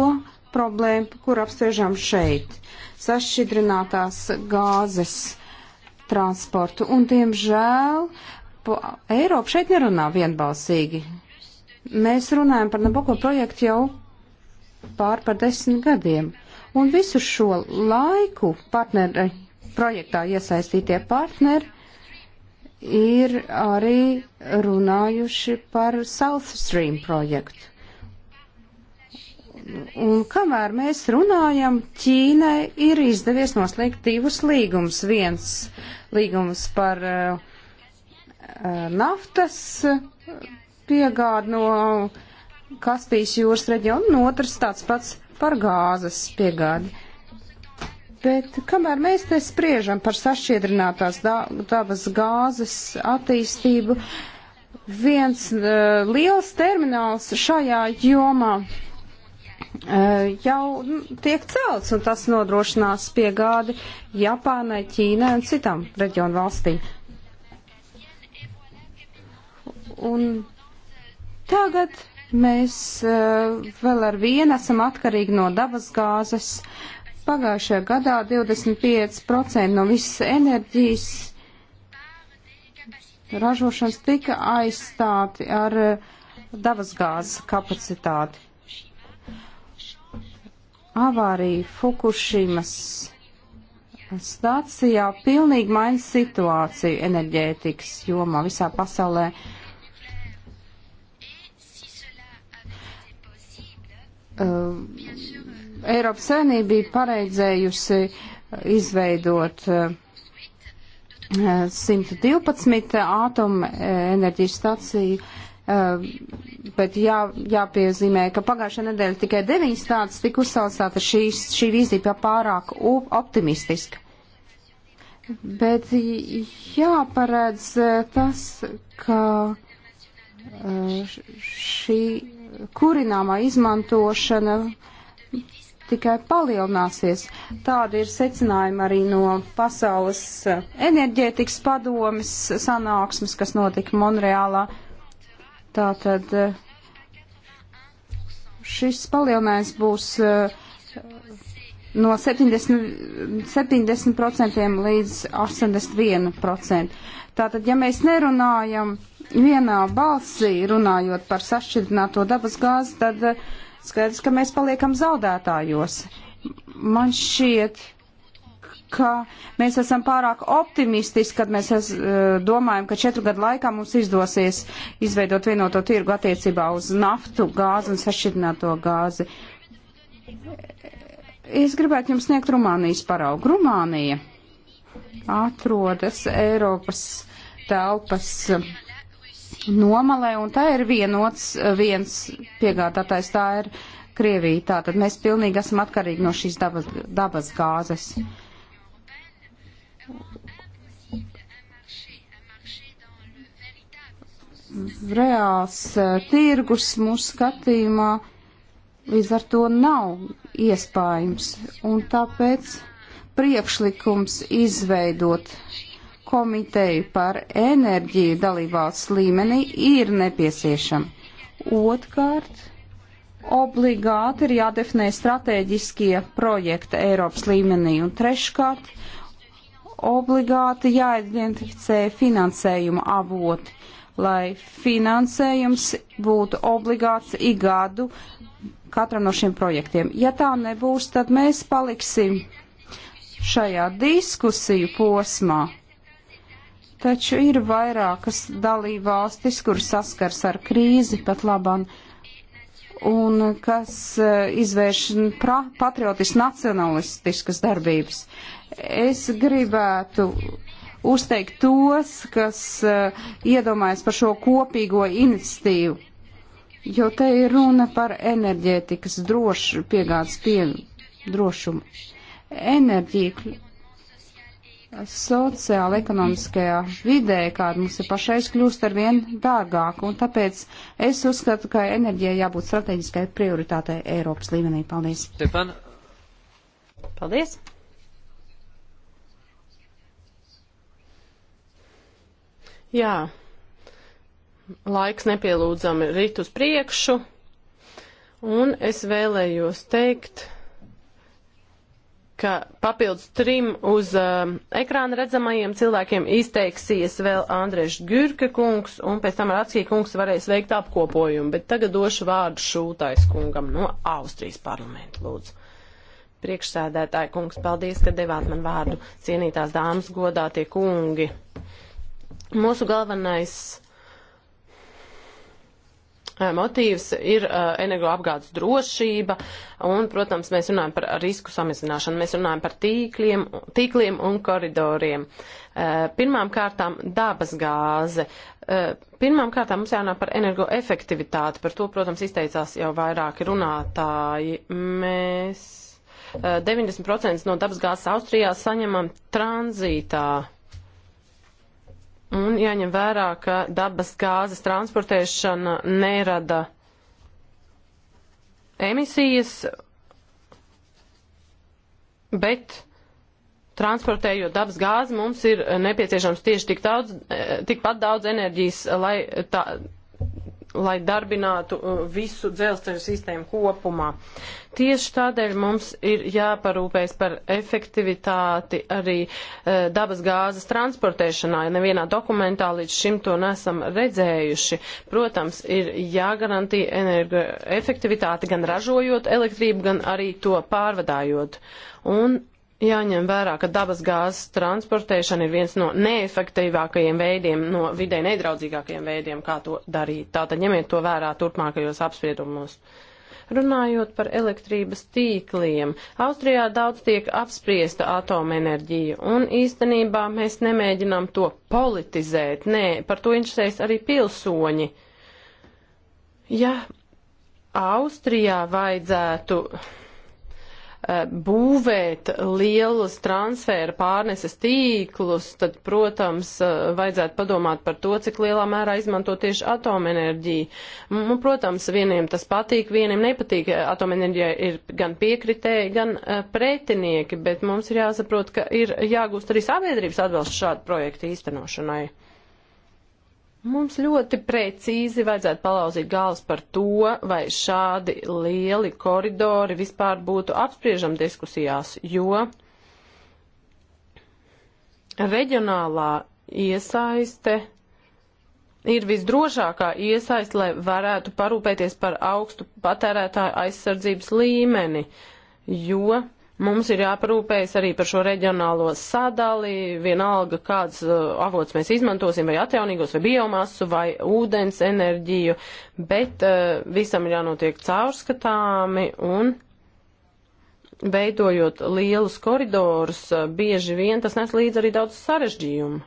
problēmu, kur apspriežam šeit - sašķidrinātās gāzes transportu. Un, diemžēl, Eiropa šeit nerunā vienbalsīgi. Mēs runājam par Nabuko projektu jau pār par desmit gadiem. Un visu šo laiku partneri, projektā iesaistītie partneri ir arī runājuši par South Stream projektu. Un kamēr mēs runājam, Ķīnai ir izdevies noslēgt divus līgumus. Viens līgums par uh, naftas piegādu no Kaspijas jūras reģiona, un otrs tāds pats par gāzes piegādi. Bet kamēr mēs te spriežam par sašķiedrinātās dabas gāzes attīstību, viens uh, liels termināls šajā jomā uh, jau nu, tiek celts, un tas nodrošinās piegādi Japānai, Ķīnai un citām reģionu valstīm. Un tagad Mēs eh, vēl ar vienu esam atkarīgi no dabas gāzes. Pagājušajā gadā 25% no visas enerģijas ražošanas tika aizstāti ar eh, dabas gāzes kapacitāti. Avārija Fukushimas stācijā pilnīgi maina situāciju enerģētikas jomā visā pasaulē. Uh, uh, Eiropas saimnība bija pareizējusi uh, izveidot uh, 112 ātoma enerģijas staciju, uh, bet jā, jāpiezīmē, ka pagājušā nedēļa tikai 9 stāsts tika uzsāstāta, šī vīzība pārāk optimistiska. Bet jāparedz uh, tas, ka uh, šī kurināmā izmantošana tikai palielināsies. Tāda ir secinājuma arī no Pasaules eh, enerģētikas padomes sanāksmes, kas notika Monreālā. Tātad eh, šis palielinājums būs eh, no 70%, 70 līdz 81%. Tātad, ja mēs nerunājam vienā balsī, runājot par sašķidrināto dabas gāzi, tad eh, skaidrs, ka mēs paliekam zaudētājos. Man šķiet, ka mēs esam pārāk optimistiski, kad mēs es, eh, domājam, ka četru gadu laikā mums izdosies izveidot vienoto tirgu attiecībā uz naftu, gāzi un sašķidrināto gāzi. Es gribētu jums sniegt Rumānijas paraugu. Rumānija atrodas Eiropas telpas eh, nomalē, un tā ir vienots, eh, viens piegādātājs, tā ir Krievija. Tātad mēs pilnīgi esam atkarīgi no šīs dabas, dabas gāzes. Reāls eh, tirgus mūsu skatījumā līdz ar to nav iespējams, un tāpēc priekšlikums izveidot komiteju par enerģiju dalībvalsts līmenī ir nepieciešama. Otkārt, obligāti ir jādefinē strateģiskie projekti Eiropas līmenī. Un treškārt, obligāti jāidentificē finansējuma avoti, lai finansējums būtu obligāts igādu katram no šiem projektiem. Ja tā nebūs, tad mēs paliksim šajā diskusiju posmā Taču ir vairākas dalībvalstis, kur saskars ar krīzi pat labam un kas eh, izvērš pra, patriotis nacionalistiskas darbības. Es gribētu uzteikt tos, kas uh, iedomājas par šo kopīgo iniciatīvu, jo te ir runa par enerģētikas drošu, piegādes pie, drošumu. Enerģija sociāla ekonomiskajā vidē, kāda mums ir pašais, kļūst ar vien dārgāku. Un tāpēc es uzskatu, ka enerģijai jābūt strateģiskai prioritātei Eiropas līmenī. Paldies! Stefan. Paldies! Jā, laiks nepielūdzami rit uz priekšu, un es vēlējos teikt, ka papildus trim uz um, ekrāna redzamajiem cilvēkiem izteiksies vēl Andrēš Gürka kungs, un pēc tam Ratskī kungs varēs veikt apkopojumu, bet tagad došu vārdu Šūtais kungam no Austrijas parlamenta, lūdzu. Priekšsēdētāji kungs, paldies, ka devāt man vārdu, cienītās dāmas, godātie kungi. Mūsu galvenais motīvs ir uh, energoapgādes drošība, un, protams, mēs runājam par risku samazināšanu, mēs runājam par tīkliem, tīkliem un koridoriem. Uh, pirmām kārtām dabas gāze. Uh, pirmām kārtām mums jārunā par energoefektivitāti, par to, protams, izteicās jau vairāki runātāji. Mēs 90% no dabas gāzes Austrijā saņemam tranzītā. Un jāņem vērā, ka dabas gāzes transportēšana nerada emisijas, bet transportējot dabas gāzi mums ir nepieciešams tieši tik daudz, eh, tikpat daudz enerģijas, lai tā, lai darbinātu uh, visu dzelzceļu sistēmu kopumā. Tieši tādēļ mums ir jāparūpēs par efektivitāti arī e, dabas gāzes transportēšanā, ja nevienā dokumentā līdz šim to nesam redzējuši. Protams, ir jāgarantī energoefektivitāti gan ražojot elektrību, gan arī to pārvadājot. Un Jāņem vērā, ka dabas gāzes transportēšana ir viens no neefektīvākajiem veidiem, no vidē nedraudzīgākajiem veidiem, kā to darīt. Tātad ņemiet to vērā turpmākajos apspriedumos. Runājot par elektrības tīkliem, Austrijā daudz tiek apspriesta atomenerģija, un īstenībā mēs nemēģinām to politizēt. Nē, par to interesēs arī pilsoņi. Ja Austrijā vajadzētu Eh, būvēt lielus transfēra pārneses tīklus, tad, protams, eh, vajadzētu padomāt par to, cik lielā mērā izmanto tieši atomenerģiju. Un, protams, vieniem tas patīk, vieniem nepatīk. Atomenerģijai ir gan piekritēji, gan eh, pretinieki, bet mums ir jāsaprot, ka ir jāgūst arī sabiedrības atbalsts šādu projektu īstenošanai. Mums ļoti precīzi vajadzētu palauzīt galvas par to, vai šādi lieli koridori vispār būtu apspriežami diskusijās, jo reģionālā iesaiste ir visdrošākā iesaiste, lai varētu parūpēties par augstu patērētāju aizsardzības līmeni, jo Mums ir jāparūpējas arī par šo reģionālo sadali, vienalga kāds uh, avots mēs izmantosim, vai atjaunīgos, vai biomasu, vai ūdens enerģiju, bet uh, visam ir jānotiek caurskatāmi un veidojot lielus koridorus, uh, bieži vien tas nes līdz arī daudz sarežģījumu.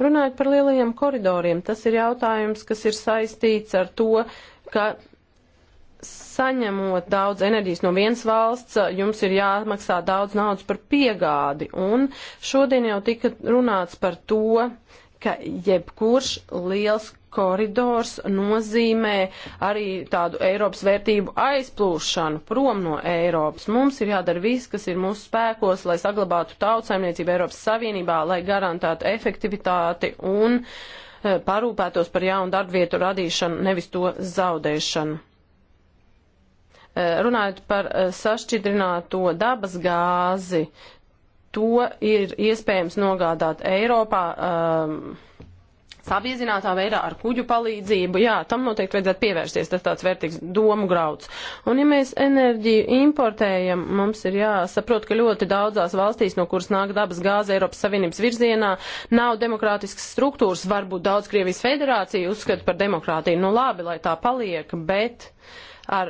Runājot par lielajiem koridoriem, tas ir jautājums, kas ir saistīts ar to, ka saņemot daudz enerģijas no vienas valsts, eh, jums ir jāmaksā daudz naudas par piegādi. Un šodien jau tika runāts par to, ka jebkurš liels koridors nozīmē arī tādu Eiropas vērtību aizplūšanu prom no Eiropas. Mums ir jādara viss, kas ir mūsu spēkos, lai saglabātu tautsaimniecību Eiropas Savienībā, lai garantētu efektivitāti un eh, parūpētos par jaunu darbvietu radīšanu, nevis to zaudēšanu. Runājot par eh, sašķidrināto dabas gāzi, to ir iespējams nogādāt Eiropā. Um, ehm, saviezinātā veidā ar kuģu palīdzību. Jā, tam noteikti vajadzētu pievērsties. Tas tāds vērtīgs domu grauds. Un ja mēs enerģiju importējam, mums ir jāsaprot, ka ļoti daudzās valstīs, no kuras nāk dabas gāze Eiropas Savienības virzienā, nav demokrātiskas struktūras. Varbūt daudz Krievijas federācija uzskata par demokrātiju. Nu labi, lai tā paliek, bet. Uh, ar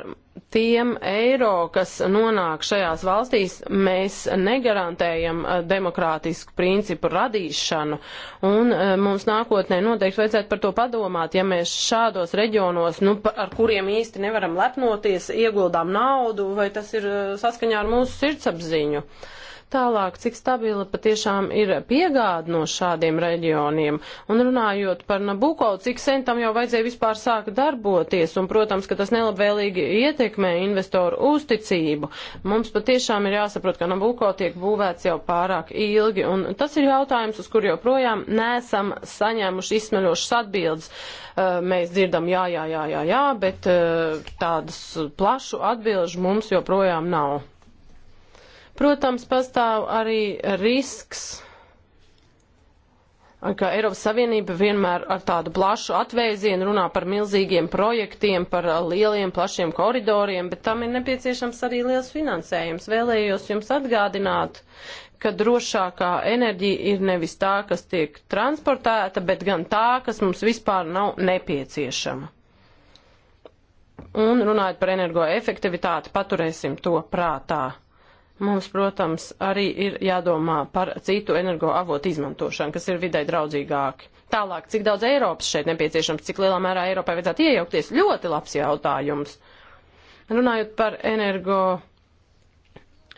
tiem eiro, kas nonāk šajās valstīs, mēs negarantējam eh, demokrātisku principu radīšanu, un eh, mums nākotnē noteikti vajadzētu par to padomāt, ja mēs šādos reģionos, nu, ar kuriem īsti nevaram lepnoties, ieguldām naudu, vai tas ir eh, saskaņā ar mūsu sirdsapziņu. Uh, Tālāk, cik stabila patiešām ir piegāda no šādiem reģioniem. Un runājot par Nabuko, cik sen tam jau vajadzēja vispār sākt darboties. Un, protams, ka tas nelabvēlīgi ietekmē investoru uzticību. Mums patiešām ir jāsaprot, ka Nabuko tiek būvēts jau pārāk ilgi. Un tas ir jautājums, uz kur joprojām nesam saņēmuši izsmeļošas atbildes. Uh, mēs dzirdam jā, jā, jā, jā, jā, bet uh, tādas plašu atbilžu mums joprojām nav. Protams, pastāv arī risks, ka Eiropas Savienība vienmēr ar tādu plašu atvēzienu runā par milzīgiem projektiem, par lieliem, plašiem koridoriem, bet tam ir nepieciešams arī liels finansējums. Vēlējos jums atgādināt, ka drošākā enerģija ir nevis tā, kas tiek transportēta, bet gan tā, kas mums vispār nav nepieciešama. Un runājot par energoefektivitāti, paturēsim to prātā. Mums, protams, arī ir jādomā par citu energoavotu izmantošanu, kas ir vidē draudzīgāki. Tālāk, cik daudz Eiropas šeit nepieciešams, cik lielā mērā Eiropai vajadzētu iejaukties, ļoti labs jautājums. Runājot par energo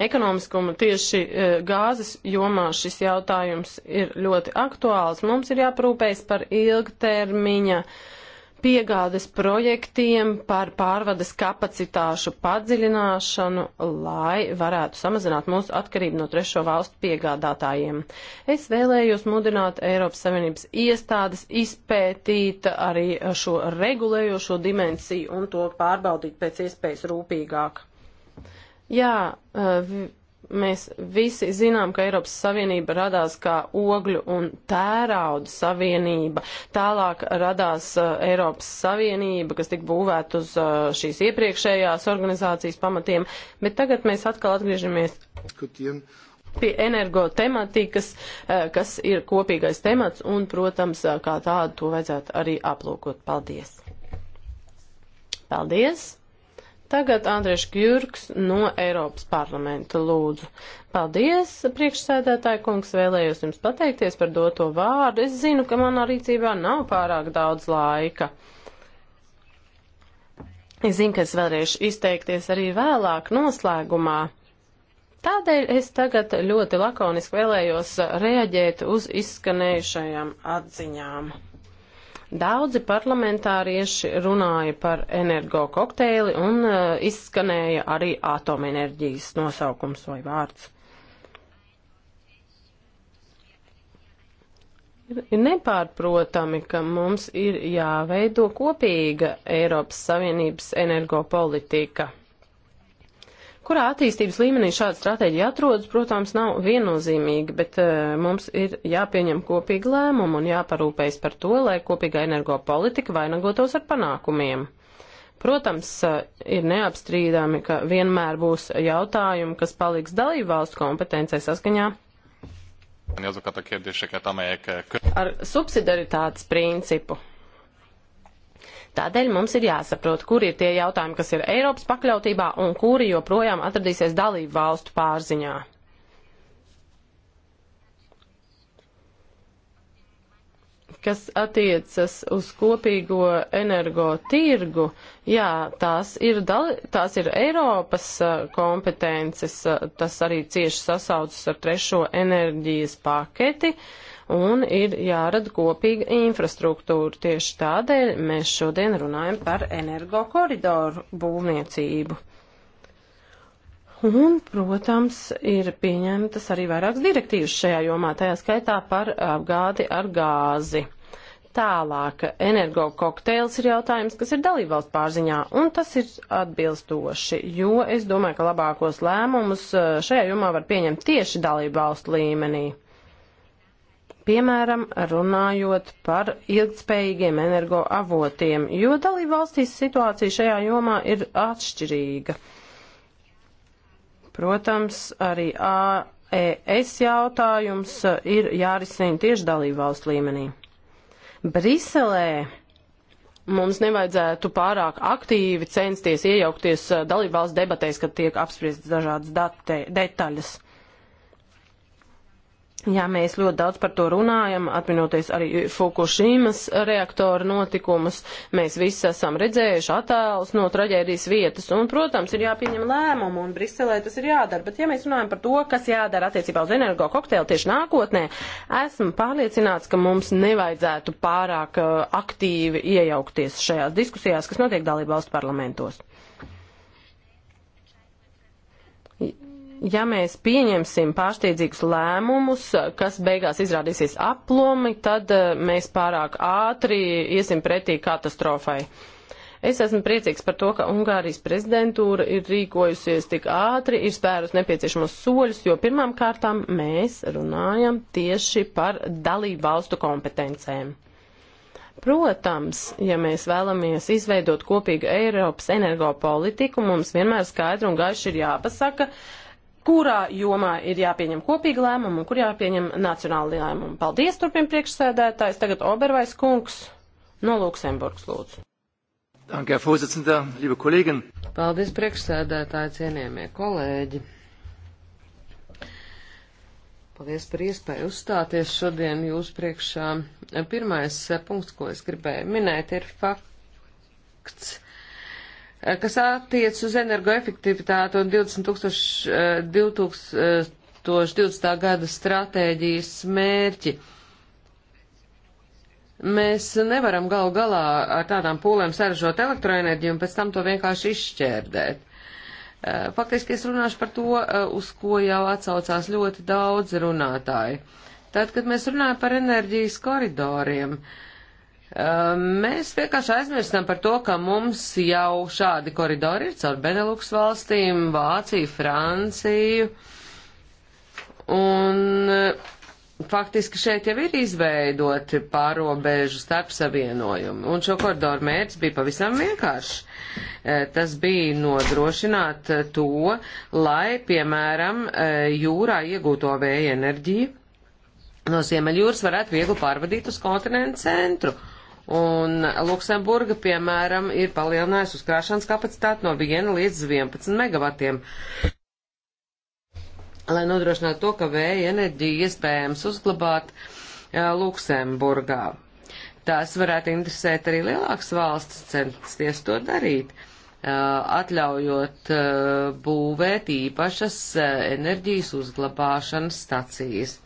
ekonomiskumu, tieši e, gāzes jomā šis jautājums ir ļoti aktuāls. Mums ir jāprūpējas par ilgtermiņa uh, piegādes projektiem par pārvades kapacitāšu padziļināšanu, lai varētu samazināt mūsu atkarību no trešo valstu piegādātājiem. Es vēlējos mudināt Eiropas Savienības iestādes izpētīt arī šo regulējošo dimensiju un to pārbaudīt pēc iespējas rūpīgāk. Jā, eh, Mēs visi zinām, ka Eiropas Savienība radās kā ogļu un tērauda savienība. Tālāk radās uh, Eiropas Savienība, kas tika būvēta uz uh, šīs iepriekšējās organizācijas pamatiem, bet tagad mēs atkal atgriežamies Kutien. pie energo tematikas, uh, kas ir kopīgais temats un, protams, uh, kā tādu to vajadzētu arī aplūkot. Paldies! Paldies! Tagad Andrieš Gjurks no Eiropas parlamenta lūdzu. Paldies, priekšsēdētāji kungs, vēlējos jums pateikties par doto vārdu. Es zinu, ka manā rīcībā nav pārāk daudz laika. Es zinu, ka es varēšu izteikties arī vēlāk noslēgumā. Tādēļ es tagad ļoti lakoniski vēlējos reaģēt uz izskanējušajām atziņām. Daudzi parlamentārieši runāja par energo kokteili un uh, izskanēja arī atomenerģijas nosaukums vai vārds. Ir nepārprotami, ka mums ir jāveido kopīga Eiropas Savienības energopolitika. Kurā attīstības līmenī šāda stratēģija atrodas, protams, nav viennozīmīga, bet uh, mums ir jāpieņem kopīgi lēmumu un jāparūpējas par to, lai kopīga energopolitika vainagotos ar panākumiem. Protams, eh, ir neapstrīdami, ka vienmēr būs jautājumi, kas paliks dalību valstu kompetencē saskaņā. Ar subsidaritātes principu Tādēļ mums ir jāsaprot, kur ir tie jautājumi, kas ir Eiropas pakļautībā un kuri joprojām atradīsies dalību valstu pārziņā. kas attiecas uz kopīgo energotirgu, jā, tās ir, dal, tās ir Eiropas kompetences, tas arī cieši sasaucas ar trešo enerģijas paketi, un ir jārada kopīga infrastruktūra. Tieši tādēļ mēs šodien runājam par energo koridoru būvniecību. Un, protams, ir pieņemtas arī vairākas direktīvas šajā jomā, tajā skaitā par apgādi ar gāzi. Tālāk, energo kokteils ir jautājums, kas ir dalībvalsts pārziņā, un tas ir atbilstoši, jo es domāju, ka labākos lēmumus eh, šajā jomā var pieņemt tieši dalībvalstu līmenī. Piemēram, runājot par ilgspējīgiem energoavotiem, jo dalībvalstīs situācija šajā jomā ir atšķirīga. Protams, arī AES jautājums ir jārisina tieši dalībvalstu līmenī. Briselē mums nevajadzētu pārāk aktīvi censties iejaukties dalībvalsts debatēs, kad tiek apspriestas dažādas date, detaļas. Jā, mēs ļoti daudz par to runājam, atminoties arī Fukushimas reaktoru notikumus. Mēs visi esam redzējuši attēlus no traģēdijas vietas, un, protams, ir jāpieņem lēmumu, un Briselē tas ir jādara. Bet, ja mēs runājam par to, kas jādara attiecībā uz energo kokteili tieši nākotnē, esmu pārliecināts, ka mums nevajadzētu pārāk uh, aktīvi iejaukties šajās diskusijās, kas notiek dalību valstu parlamentos. ja mēs pieņemsim pārsteidzīgus lēmumus, kas beigās izrādīsies aplomi, tad eh, mēs pārāk ātri iesim pretī katastrofai. Es esmu priecīgs par to, ka Ungārijas prezidentūra ir rīkojusies tik ātri, ir spērus nepieciešamos soļus, jo pirmām kārtām mēs runājam tieši par dalību valstu kompetencēm. Protams, ja mēs vēlamies izveidot kopīgu Eiropas energopolitiku, mums vienmēr skaidri un gaiši ir jāpasaka, uh, kurā jomā ir jāpieņem kopīga lēmuma un kur jāpieņem nacionāla lēmuma. Paldies, turpin priekšsēdētājs. Tagad Obervais kungs no Luksemburgas lūdzu. Danke, Herr Vorsitzender, liebe Kollegen. Paldies, priekšsēdētāji, cienījamie kolēģi. Paldies par iespēju uzstāties šodien jūsu priekšā. Pirmais eh, punkts, ko es gribēju minēt, ir fakts Eh, kas attiec uz energoefektivitāti un 20 tūkstoši, 2020. gada stratēģijas mērķi. Mēs nevaram gal galā ar tādām pūlēm saražot elektroenerģiju un pēc tam to vienkārši izšķērdēt. Eh, faktiski es runāšu par to, eh, uz ko jau atsaucās ļoti daudz runātāji. Tad, kad mēs runājam par enerģijas koridoriem, uh, Ehm, mēs vienkārši aizmirstam par to, ka mums jau šādi koridori ir caur Benelux valstīm, Vāciju, Franciju. Un eh, faktiski šeit jau ir izveidoti pārobežu starp savienojumi. Un šo koridoru mērķis bija pavisam vienkāršs. Eh, tas bija nodrošināt eh, to, lai, piemēram, jūrā iegūto vēja enerģiju no Ziemeļjūras varētu viegli pārvadīt uz kontinentu centru. Un Luksemburga, piemēram, ir palielinājusi uzkrāšanas kapacitāti no 1 līdz 11 megavatiem. Lai nodrošinātu to, ka vēja enerģija iespējams uzglabāt Luksemburgā. Tās varētu interesēt arī lielākas valstis censties to darīt, atļaujot būvēt īpašas enerģijas uzglabāšanas stacijas.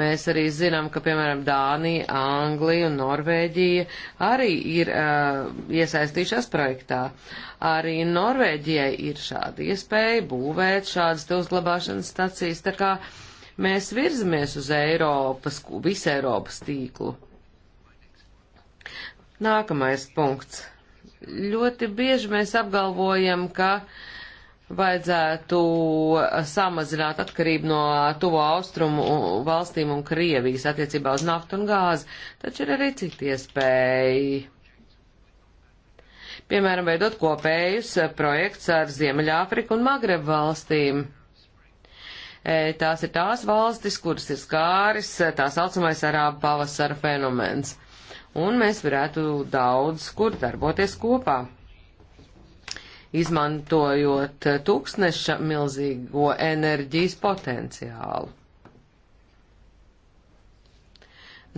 Mēs arī zinām, ka, piemēram, Dānija, Anglija un Norvēģija arī ir uh, iesaistījušās projektā. Arī Norvēģijai ir šāda iespēja būvēt šādas te uzglabāšanas stacijas, tā kā mēs virzamies uz Eiropas, visu Eiropas tīklu. Nākamais punkts. Ļoti bieži mēs apgalvojam, ka uh, vajadzētu samazināt atkarību no tuvo austrumu valstīm un Krievijas attiecībā uz naftu un gāzi, taču ir arī citi iespēji. Piemēram, veidot kopējus projekts ar Ziemeļāfriku un Magreb valstīm. E, tās ir tās valstis, kuras ir skāris tā saucamais arābu pavasara fenomens. Un mēs varētu daudz kur darboties kopā izmantojot eh, tūkstneša milzīgo enerģijas potenciālu.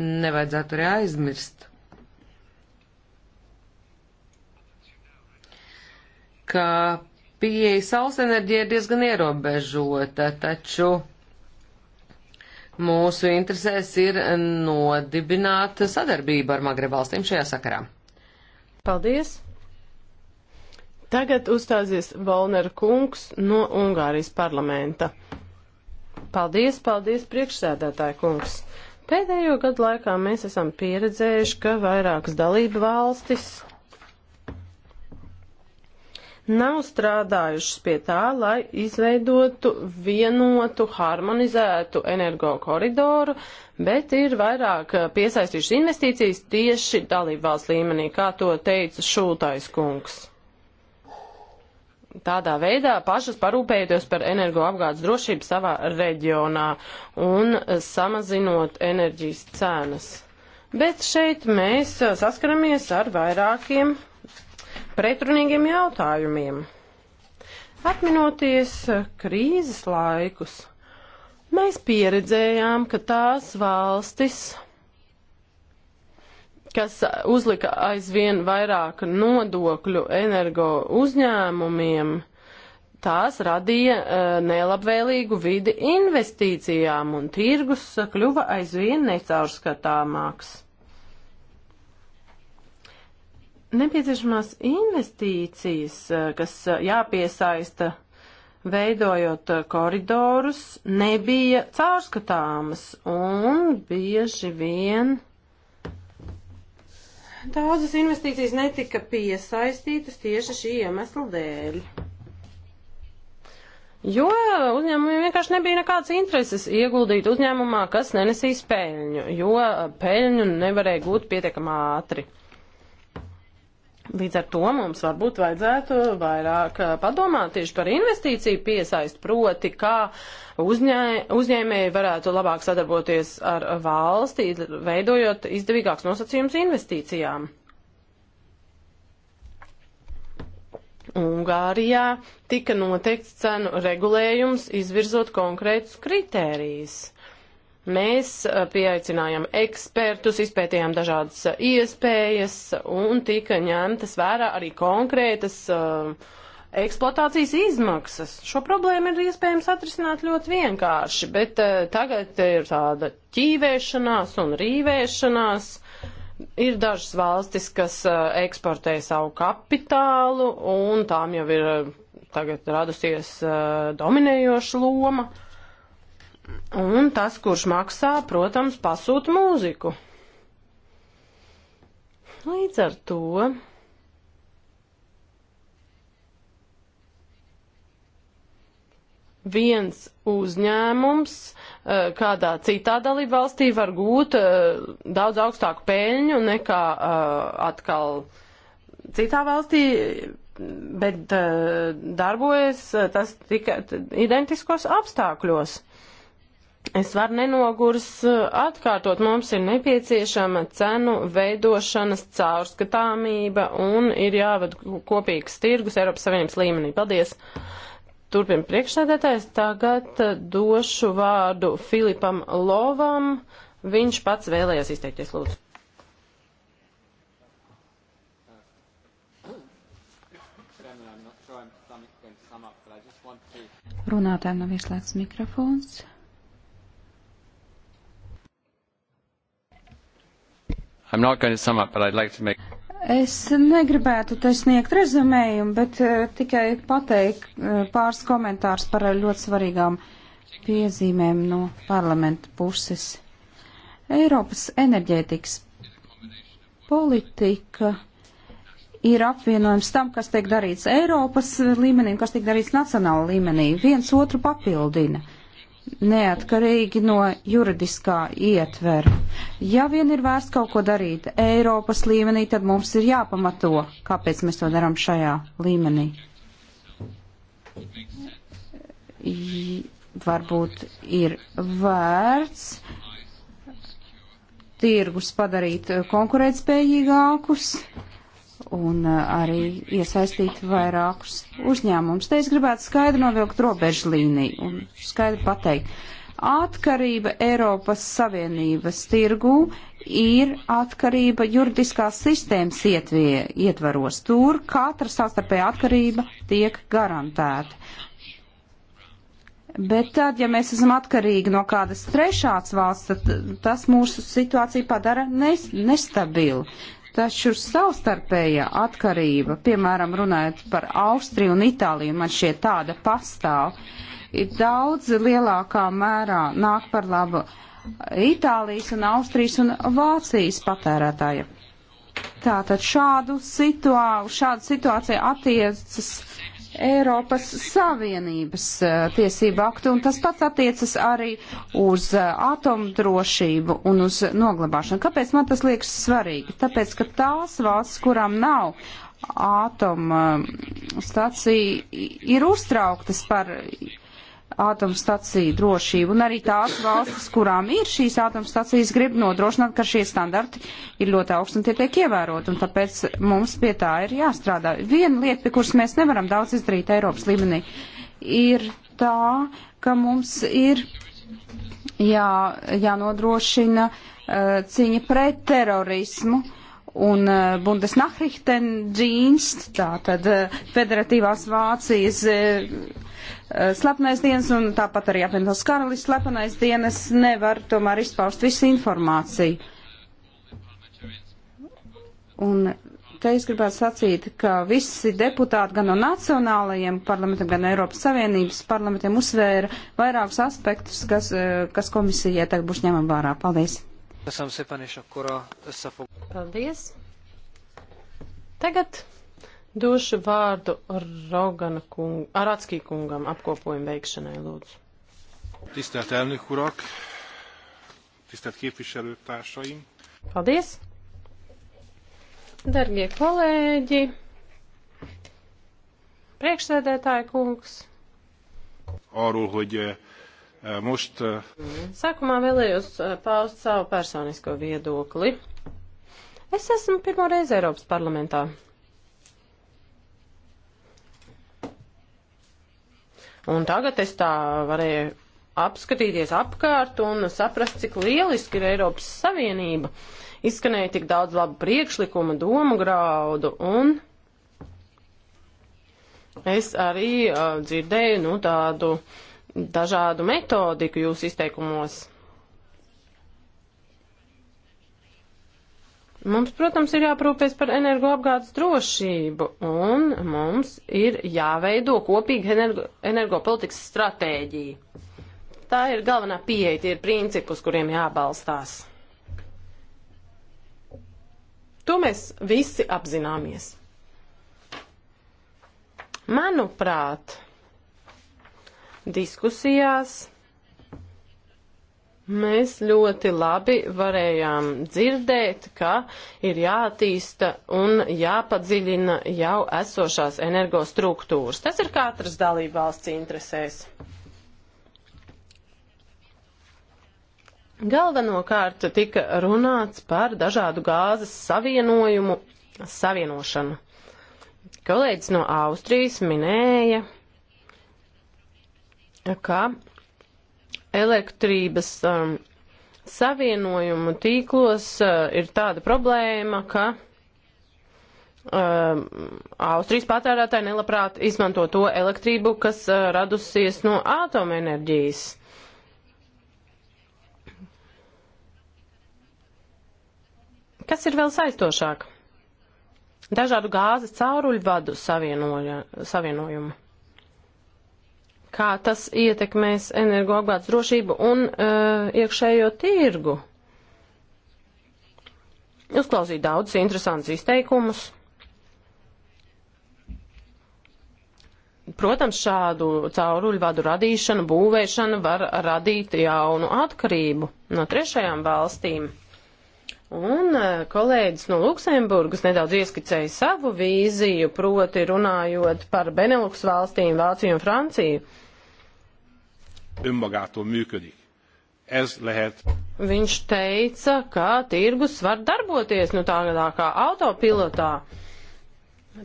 Nevajadzētu arī aizmirst, ka pieeja saules enerģija ir diezgan ierobežota, taču mūsu interesēs ir nodibināt sadarbību ar Magreb valstīm šajā sakarā. Paldies! Tagad uzstāsies Volner kungs no Ungārijas parlamenta. Paldies, paldies, priekšsēdētāja kungs. Pēdējo gadu laikā mēs esam pieredzējuši, ka vairākas dalība valstis nav strādājušas pie tā, lai izveidotu vienotu, harmonizētu energo koridoru, bet ir vairāk eh, piesaistījušas investīcijas tieši dalībvalsts līmenī, kā to teica Šultais kungs tādā veidā pašas parūpējoties par energoapgādes drošību savā reģionā un samazinot enerģijas cenas. Bet šeit mēs saskaramies ar vairākiem pretrunīgiem jautājumiem. Atminoties krīzes laikus, mēs pieredzējām, ka tās valstis, kas uzlika aizvien vairāk nodokļu energo uzņēmumiem, tās radīja uh, nelabvēlīgu vidi investīcijām, un tirgus kļuva aizvien necaurskatāmāks. Nepieciešamās investīcijas, eh, kas eh, jāpiesaista veidojot koridorus, nebija caurskatāmas un bieži vien uh, Daudzas investīcijas netika piesaistītas tieši šī iemesla dēļ. Jo uzņēmumiem vienkārši nebija nekādas intereses ieguldīt uzņēmumā, kas nenesīs peļņu, jo peļņu nevarēja gūt pietiekamā ātri. Līdz ar to mums varbūt vajadzētu vairāk padomāt tieši par investīciju piesaist, proti, kā uzņēmēji uzņēmē varētu labāk sadarboties ar valstī, veidojot izdevīgāks nosacījums investīcijām. Ungārijā tika noteikts cenu regulējums, izvirzot konkrētus kritērijus. Mēs pieaicinājām ekspertus, izpētījām dažādas iespējas un tika ņemtas vērā arī konkrētas uh, eksploatācijas izmaksas. Šo problēmu ir iespējams atrisināt ļoti vienkārši, bet uh, tagad ir tāda ķīvēšanās un rīvēšanās. Ir dažas valstis, kas uh, eksportē savu kapitālu un tām jau ir tagad radusies dominējoša loma. Un tas, kurš maksā, protams, pasūta mūziku. Līdz ar to. Viens uzņēmums eh, kādā citā dalībvalstī var gūt eh, daudz augstāku peļņu nekā eh, atkal citā valstī, bet darbojas tas tikai identiskos apstākļos. Es varu nenogurs eh, atkārtot, mums ir nepieciešama cenu veidošanas caurskatāmība un ir jāved kopīgs tirgus Eiropas Savienības līmenī. Paldies! Turpin priekšsēdētājs, tagad eh, došu vārdu Filipam Lovam. Viņš pats vēlējās izteikties, lūdzu. Runātājiem nav ieslēgts mikrofons. I'm not going to sum up, but I'd like to make. Es negribētu te sniegt rezumējumu, bet uh, tikai pateikt uh, eh, pāris komentārus par ļoti svarīgām piezīmēm no parlamenta puses. Eiropas enerģētikas politika ir apvienojums tam, kas tiek darīts Eiropas līmenī un kas tiek darīts nacionāla līmenī. Viens otru papildina. Uh, neatkarīgi no juridiskā ietvera. Ja vien ir vērts kaut ko darīt Eiropas līmenī, tad mums ir jāpamato, kāpēc mēs to darām šajā līmenī. Varbūt ir vērts tirgus padarīt konkurētspējīgākus, un uh, arī iesaistīt vairākus uzņēmumus. Te es gribētu skaidri novilkt robežu līniju un skaidri pateikt. Atkarība Eiropas Savienības tirgū ir atkarība juridiskās sistēmas ietvie, ietvaros. Tur katra savstarpēja atkarība tiek garantēta. Bet tad, ja mēs esam atkarīgi no kādas trešās valsts, tad tas mūsu situāciju padara nes nestabilu. Taču savstarpējā atkarība, piemēram, runājot par Austriju un Itāliju, man šie tāda pastāv, ir daudz lielākā mērā nāk par labu Itālijas un Austrijas un Vācijas patērētājiem. Tātad šādu situā, šāda situācija attiecas Eiropas Savienības e, tiesību aktu, un tas pats attiecas arī uz e, atomdrošību un uz noglabāšanu. Kāpēc man tas liekas svarīgi? Tāpēc, ka tās valsts, kurām nav atoma e, stacija, ir uztrauktas par atomstaciju drošību. Un arī tās valstis, kurām ir šīs atomstacijas, grib nodrošināt, ka šie standarti ir ļoti augsti un tie tiek ievērot. Un tāpēc mums pie tā ir jāstrādā. Viena lieta, pie kuras mēs nevaram daudz izdarīt Eiropas līmenī, ir tā, ka mums ir jā, jānodrošina uh, cīņa pret terorismu. Un uh, Bundesnachrichten dienst, tātad uh, Federatīvās Vācijas uh, Eh, slepenais dienas un tāpat arī apvienotās karalists slepenais dienas nevar tomēr izpaust visu informāciju. Un te es gribētu sacīt, ka visi deputāti gan no nacionālajiem parlamentiem, gan Eiropas Savienības parlamentiem uzsvēra vairākus aspektus, kas, eh, kas komisijai tagad būs ņemam vērā. Paldies! Paldies! Tagad Došu vārdu Rogana kung, Aratskī kungam apkopojumu veikšanai, lūdzu. Tisztelt elnök urak, tisztelt képviselőtársaim! Paldies! Dargie kolēģi, priekšsēdētāja kungs! Arról, hogy eh, most... Eh, Sākumā vēlējos eh, paust savu personisko viedokli. Es esmu pirmo reizi Eiropas parlamentā. Un tagad es tā varēju apskatīties apkārt un saprast, cik lieliski ir Eiropas Savienība. Izskanēja tik daudz labu priekšlikumu, domu graudu un es arī uh, dzirdēju nu, tādu dažādu metodiku jūsu izteikumos. Mums, protams, ir jāprūpēs par energoapgādes drošību, un mums ir jāveido kopīga energo, energopolitikas stratēģija. Tā ir galvenā pieeja, tie ir principi, uz kuriem jābalstās. To mēs visi apzināmies. Manuprāt, diskusijās Mēs ļoti labi varējām dzirdēt, ka ir jātīsta un jāpadziļina jau esošās energostruktūras. Tas ir katras dalībvalsts interesēs. Galvenokārt tika runāts par dažādu gāzes savienojumu, savienošanu. Kolēģis no Austrijas minēja, ka elektrības um, savienojumu tīklos uh, ir tāda problēma, ka uh, Austrijas patērētāji nelabprāt izmanto to elektrību, kas uh, radusies no atomenerģijas. Kas ir vēl saistošāk? Dažādu gāzes cauruļvadu savienojumu kā tas ietekmēs energoapgādes drošību un uh, iekšējo tirgu. Uzklausīju daudzus interesantus izteikumus. Protams, šādu cauruļvadu radīšana, būvēšana var radīt jaunu atkarību no trešajām valstīm. Un eh, kolēģis no Luksemburgas nedaudz ieskicēja savu vīziju, proti runājot par Benelux valstīm, Vāciju un Franciju önmagától működik. Ez lehet. Viņš teica, ka tirgus var darboties nu, tādā kā autopilotā.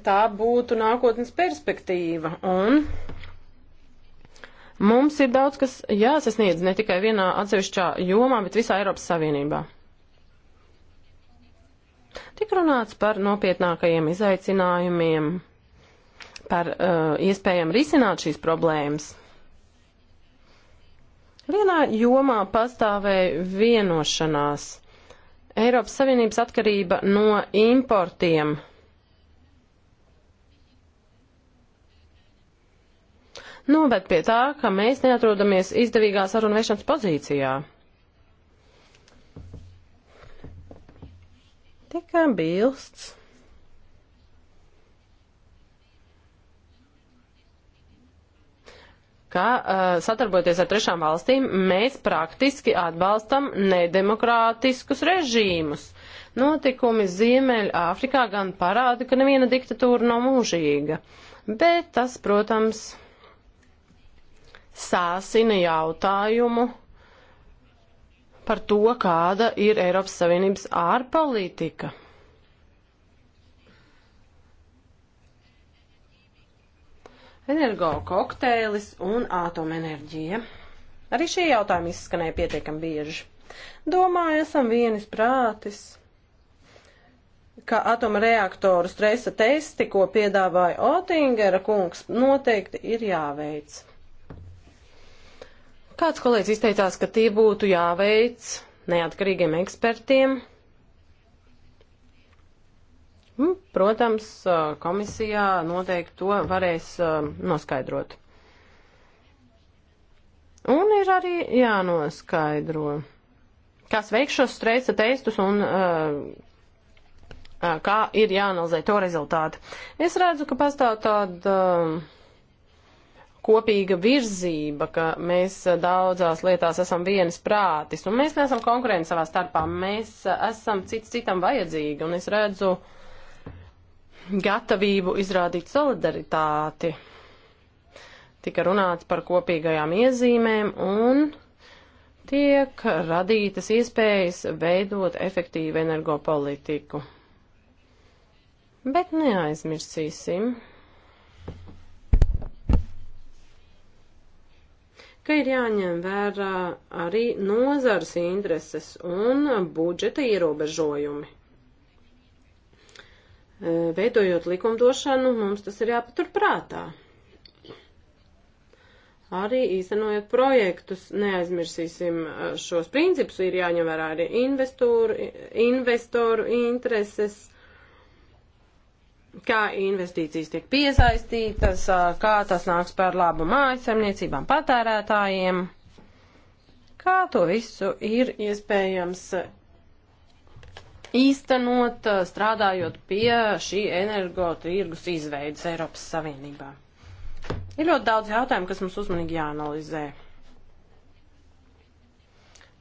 Tā būtu nākotnes perspektīva. Un mums ir daudz, kas jāsasniedz ne tikai vienā atsevišķā jomā, bet visā Eiropas Savienībā. Tik runāts par nopietnākajiem izaicinājumiem, par uh, iespējām risināt šīs problēmas. Vienā jomā pastāvēja vienošanās. Eiropas Savienības atkarība no importiem. Noved pie tā, ka mēs neatrodamies izdevīgā sarunu vešanas pozīcijā. Tikai bilsts. ka eh, sadarbojoties ar trešām valstīm, mēs praktiski atbalstam nedemokrātiskus režīmus. Notikumi Ziemeļa Āfrikā gan parāda, ka neviena diktatūra nav mūžīga, bet tas, protams, sāsina jautājumu par to, kāda ir Eiropas Savienības ārpolitika. Energo kokteilis un ātomenerģija. Arī šie jautājumi izskanēja pietiekami bieži. Domāju, esam vienis prātis ka atomreaktoru stresa testi, ko piedāvāja Otingera kungs, noteikti ir jāveic. Kāds kolēģis izteicās, ka tie būtu jāveic neatkarīgiem ekspertiem, Mm, protams, komisijā noteikti to varēs noskaidrot. Un ir arī jānoskaidro, kas veiks šos streisa testus un uh, kā ir jāanalizē to rezultāti. Es redzu, ka pastāv tāda kopīga virzība, ka mēs daudzās lietās esam vienas prātis, un mēs neesam konkurenti savā starpā, mēs esam cits citam vajadzīgi, un es redzu, uh, gatavību izrādīt solidaritāti. Tika runāts par kopīgajām iezīmēm un tiek radītas iespējas veidot efektīvu energopolitiku. Bet neaizmirsīsim, ka ir jāņem vērā arī nozares intereses un budžeta ierobežojumi. E, veidojot likumdošanu, mums tas ir jāpatur prātā. Arī īstenojot projektus, neaizmirsīsim e, šos principus, ir jāņem vērā arī investoru, investoru intereses, kā investīcijas tiek piesaistītas, e, kā tas nāks par labu mājasemniecībām, patērētājiem, kā to visu ir iespējams īstenot, strādājot pie šī energotirgus izveidas Eiropas Savienībā. Ir ļoti daudz jautājumu, kas mums uzmanīgi jāanalizē.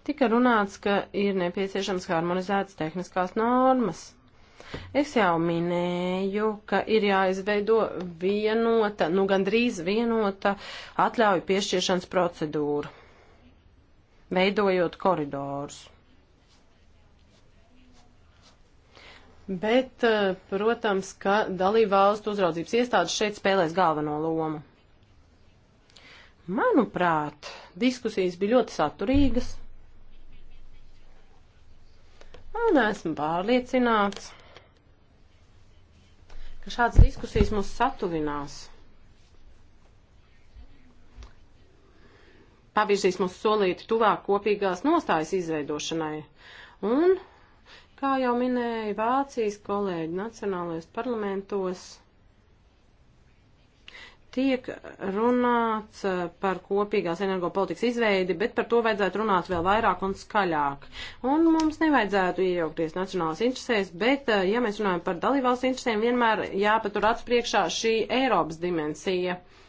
Tika runāts, ka ir nepieciešams harmonizētas tehniskās normas. Es jau minēju, ka ir jāizveido vienota, nu gandrīz vienota atļauju piešķiršanas procedūra, veidojot koridorus. Bet, eh, protams, ka dalībvalstu uzraudzības iestādes šeit spēlēs galveno lomu. Manuprāt, diskusijas bija ļoti saturīgas. Un esmu pārliecināts, ka šādas diskusijas mūs satuvinās. Pavirzīs mūs solīti tuvāk kopīgās nostājas izveidošanai. Un Kā jau minēja Vācijas kolēģi nacionālajos parlamentos, tiek runāts eh, par kopīgās energopolitikas izveidi, bet par to vajadzētu runāt vēl vairāk un skaļāk. Un mums nevajadzētu iejaukties nacionālās interesēs, bet, eh, ja mēs runājam par dalībvalsts interesēm, vienmēr jāpatur atspriekšā šī Eiropas dimensija. Uh,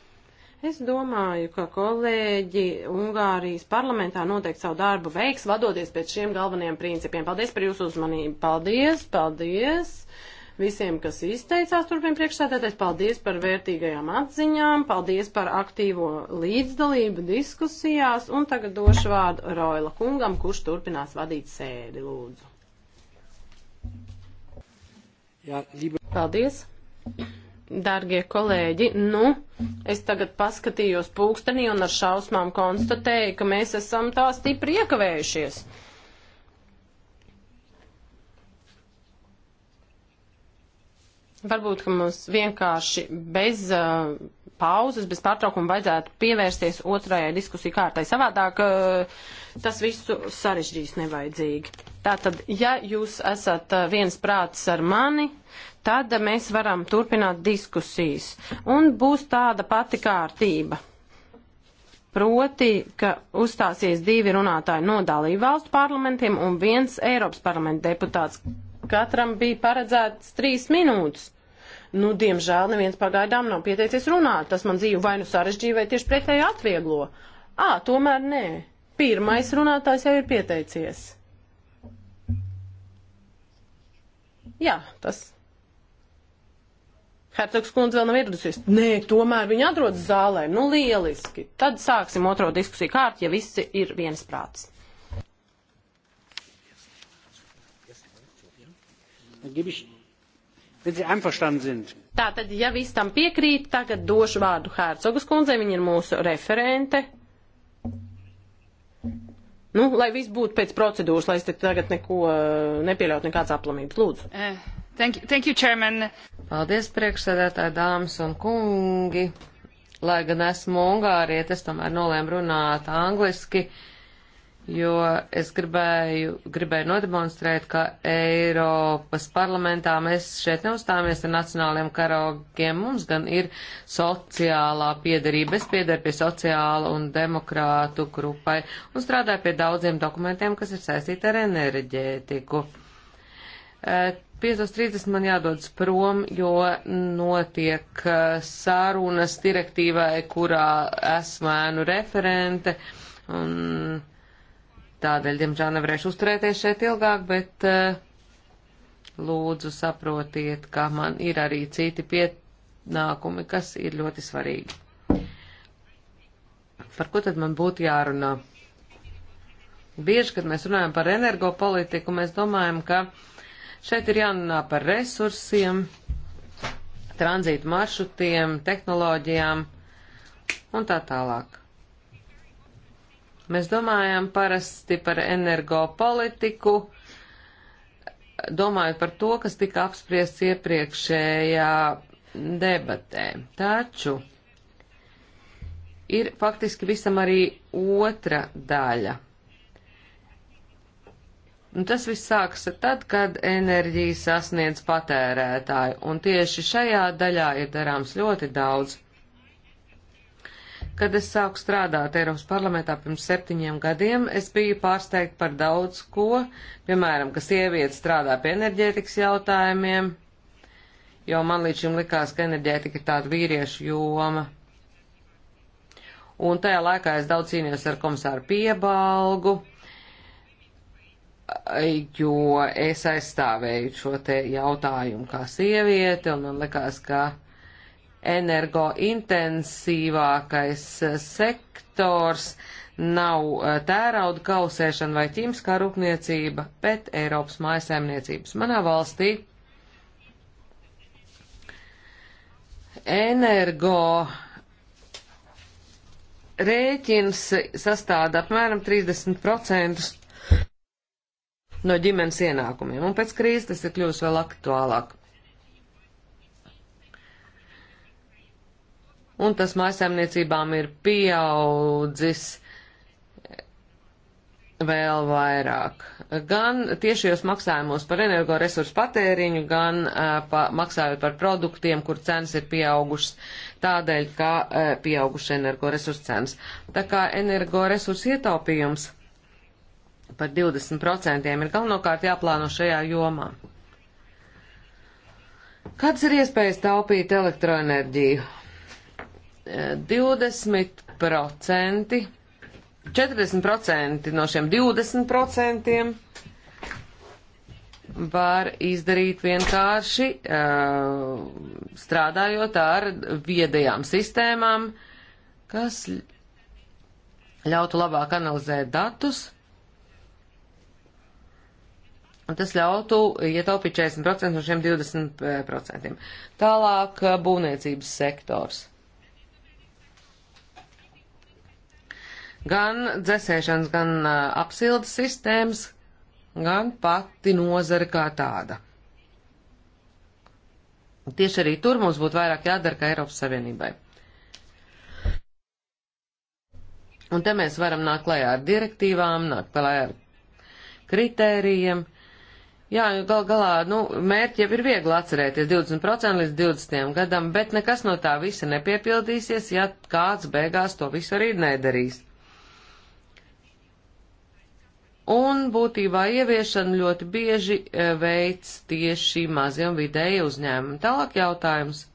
Es domāju, ka kolēģi Ungārijas parlamentā noteikti savu darbu veiks, vadoties pēc šiem galvenajiem principiem. Paldies par jūsu uzmanību. Paldies, paldies visiem, kas izteicās turpin priekšsēdētājs. Paldies par vērtīgajām atziņām, paldies par aktīvo līdzdalību diskusijās. Un tagad došu vārdu Roila kungam, kurš turpinās vadīt sēdi, lūdzu. Jā, liba... Paldies. Dargie kolēģi, nu, es tagad paskatījos pulkstenī un ar šausmām konstatēju, ka mēs esam tā stipri iekavējušies. Varbūt, ka mums vienkārši bez uh, pauzes, bez pārtraukuma vajadzētu pievērsties otrajai diskusiju kārtai. Savādāk uh, tas visu sarežģīs nevajadzīgi. Tātad, ja jūs esat uh, viens prāts ar mani, tad mēs varam turpināt diskusijas. Un būs tāda pati kārtība. Proti, ka uzstāsies divi runātāji no dalību valstu parlamentiem un viens Eiropas parlamenta deputāts. Katram bija paredzēts trīs minūtes. Nu, diemžēl neviens pagaidām nav pieteicies runāt. Tas man dzīvi vai nu sarežģīja, vai tieši pretēji atvieglo. Ā, tomēr nē. Pirmais runātājs jau ir pieteicies. Jā, tas Hercogs kundze vēl nav ieradusies. Nē, tomēr viņa atrodas zālē. Nu, lieliski. Tad sāksim otro diskusiju kārtu, ja visi ir viensprātis. Tā tad, ja viss tam piekrīt, tagad došu vārdu Hercogas kundzei, viņa ir mūsu referente. Nu, lai viss būtu pēc procedūras, lai es te tagad neko eh, nepieļautu, nekāds aplamības. Lūdzu. Eh. Thank you, thank you, chairman. Paldies, priekšsēdētāji, dāmas un kungi. Lai gan esmu ungāriet, es tomēr nolēmu runāt angliski, jo es gribēju, gribēju nodemonstrēt, ka Eiropas parlamentā mēs šeit neuzstāmies ar nacionāliem karogiem. Mums gan ir sociālā piedarība. Es piedaru pie sociāla un demokrātu grupai un strādāju pie daudziem dokumentiem, kas ir saistīti ar enerģētiku eh, 5.30 man jādodas prom, jo notiek eh, sārunas direktīvai, kurā esmu ēnu referente, un tādēļ, diemžēl, nevarēšu uzturēties šeit ilgāk, bet eh, lūdzu saprotiet, ka man ir arī citi pienākumi, kas ir ļoti svarīgi. Par ko tad man būtu jārunā? Bieži, kad mēs runājam par energopolitiku, mēs domājam, ka Šeit ir jārunā par resursiem, tranzītu maršrutiem, tehnoloģijām un tā tālāk. Mēs domājam parasti par energopolitiku, domājot par to, kas tika apspriests iepriekšējā debatē. Taču ir faktiski visam arī otra daļa – Un tas viss sākas tad, kad enerģija sasniedz patērētāju, un tieši šajā daļā ir darāms ļoti daudz. Kad es sāku strādāt Eiropas parlamentā pirms septiņiem gadiem, es biju pārsteigta par daudz ko, piemēram, ka sieviete strādā pie enerģētikas jautājumiem, jo man līdz šim likās, ka enerģētika ir tāda vīriešu joma. Un tajā laikā es daudz cīnījos ar komisāru piebalgu jo es aizstāvēju šo te jautājumu kā sieviete, un man likās, ka energointensīvākais sektors nav eh, tērauda kausēšana vai ķīmiskā rūpniecība, bet Eiropas mājasēmniecības. Manā valstī energo rēķins sastāda apmēram 30% no ģimenes ienākumiem, un pēc krīzes tas ir kļuvis vēl aktuālāk. Un tas mājasēmniecībām ir pieaudzis vēl vairāk. Gan tiešajos maksājumos par energoresursu patēriņu, gan uh, pa, maksājot par produktiem, kur cenas ir pieaugušas tādēļ, ka uh, pieaugušas energoresursu cenas. Tā kā energoresursu ietaupījums par 20% ir galvenokārt jāplāno šajā jomā. Kāds ir iespējas taupīt elektroenerģiju? 20%, eh, 40% no šiem 20% var izdarīt vienkārši eh, strādājot ar viedajām sistēmām, kas ļautu labāk analizēt datus Un tas ļautu ietaupīt 40% no šiem 20%. Tālāk eh, būvniecības sektors. Gan dzēsēšanas, gan eh, apsildes sistēmas, gan pati nozara kā tāda. Tieši arī tur mums būtu vairāk jādara kā Eiropas Savienībai. Un te mēs varam nākt klajā ar direktīvām, nākt klajā ar kritērijiem, Jā, gal galā, nu, mērķi jau ir viegli atcerēties 20% līdz 20. gadam, bet nekas no tā visa nepiepildīsies, ja kāds beigās to visu arī nedarīs. Un būtībā ieviešana ļoti bieži eh, veids tieši mazie un vidēji uzņēmumi. Tālāk jautājums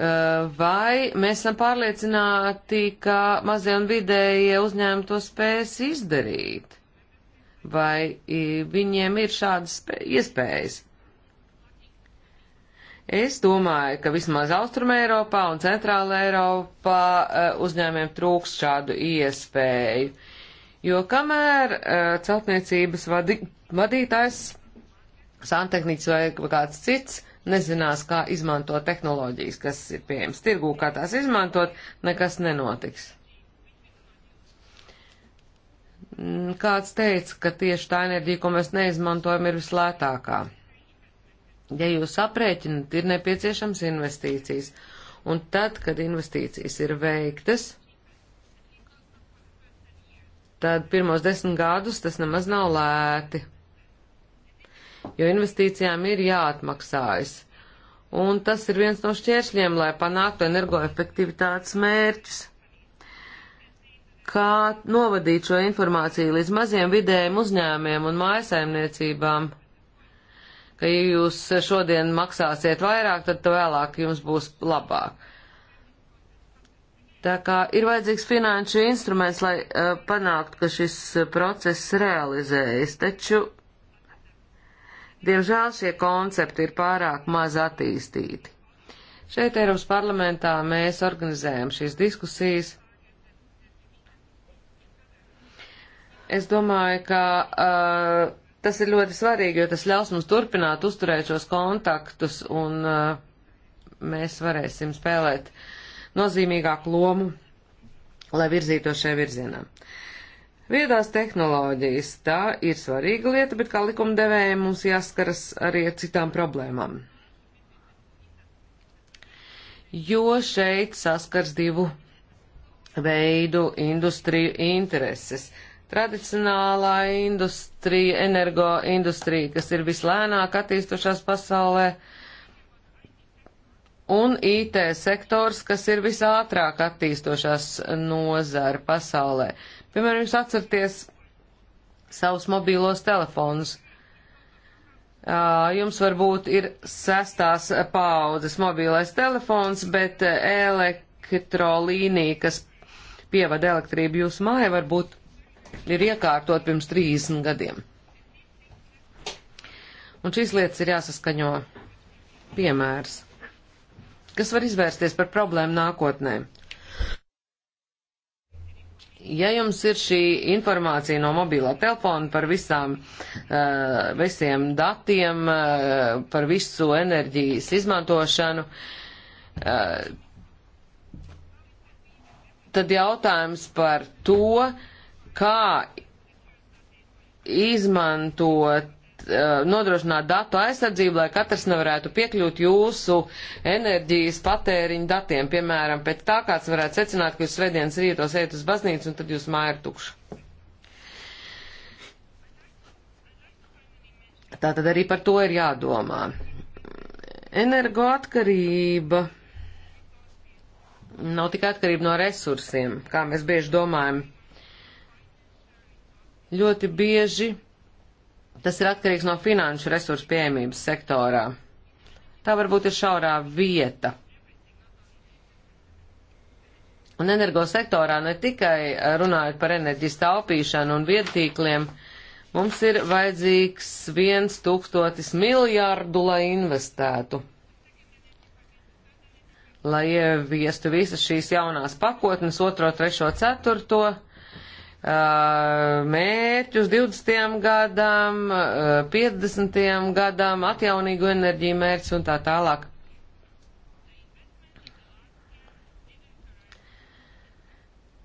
Eh, vai mēs esam pārliecināti, ka mazie un vidējie uzņēmumi to spēs izdarīt? Vai viņiem ir šādas iespējas? Es domāju, ka vismaz Austruma Eiropā un Centrāla Eiropā eh, uzņēmiem trūks šādu iespēju, jo kamēr eh, celtniecības vadi, vadītājs, santehniķis vai kāds cits, nezinās, kā izmantot tehnoloģijas, kas ir pieejamas tirgū, kā tās izmantot, nekas nenotiks. Kāds teica, ka tieši tā enerģija, ko mēs neizmantojam, ir vislētākā. Ja jūs aprēķinat, ir nepieciešams investīcijas, un tad, kad investīcijas ir veiktas, tad pirmos desmit gadus tas nemaz nav lēti jo investīcijām ir jāatmaksājas. Un tas ir viens no šķēršļiem, lai panāktu energoefektivitātes mērķis. Kā novadīt šo informāciju līdz maziem vidējiem uzņēmiem un mājasaimniecībām? Ka, ja jūs šodien maksāsiet vairāk, tad vēlāk jums būs labāk. Tā kā ir vajadzīgs finanšu instruments, lai uh, panāktu, ka šis eh, process realizējas, taču Diemžēl šie koncepti ir pārāk maz attīstīti. Šeit Eiropas parlamentā mēs organizējam šīs diskusijas. Es domāju, ka uh, tas ir ļoti svarīgi, jo tas ļaus mums turpināt uzturēt šos kontaktus un uh, mēs varēsim spēlēt nozīmīgāku lomu, lai virzītos šajā virzienā. Uh, Viedās tehnoloģijas tā ir svarīga lieta, bet kā likumdevēja mums jāskaras arī ar citām problēmām. Jo šeit saskars divu veidu industriju intereses tradicionālā industrija, energoindustrija, kas ir vislēnāk attīstušās pasaulē, un IT sektors, kas ir visātrāk attīstošās nozara pasaulē. Piemēram, jūs atcerieties savus mobīlos telefonus. Jums varbūt ir sestās paaudzes mobilais telefons, bet elektrolīnija, kas pievada elektrību jūsu māja, varbūt ir iekārtot pirms 30 gadiem. Un šīs lietas ir jāsaskaņo piemērs kas var izvērsties par problēmu nākotnē. Ja jums ir šī informācija no mobilā telefona par visām, eh, visiem datiem, eh, par visu enerģijas izmantošanu, eh, tad jautājums par to, kā izmantot Eh, nodrošināt datu aizsardzību, lai katrs nevarētu piekļūt jūsu enerģijas patēriņu datiem. Piemēram, pēc tā kāds varētu secināt, ka jūs svētdienas rītos ejat uz baznīcu un tad jūs māja ir tukša. Tā tad arī par to ir jādomā. Energoatkarība nav tikai atkarība no resursiem, kā mēs bieži domājam. Ļoti bieži Tas ir atkarīgs no finanšu resursu pieejamības sektorā. Tā varbūt ir šaurā vieta. Un energosektorā ne tikai runājot par enerģijas taupīšanu un viedtīkliem, mums ir vajadzīgs viens tūkstotis miljārdu, lai investētu, lai ieviestu visas šīs jaunās pakotnes, otro, trešo, ceturto Uh, mērķus 20. gadam, 50. Uh, gadam, atjaunīgu enerģiju mērķus un tā tālāk.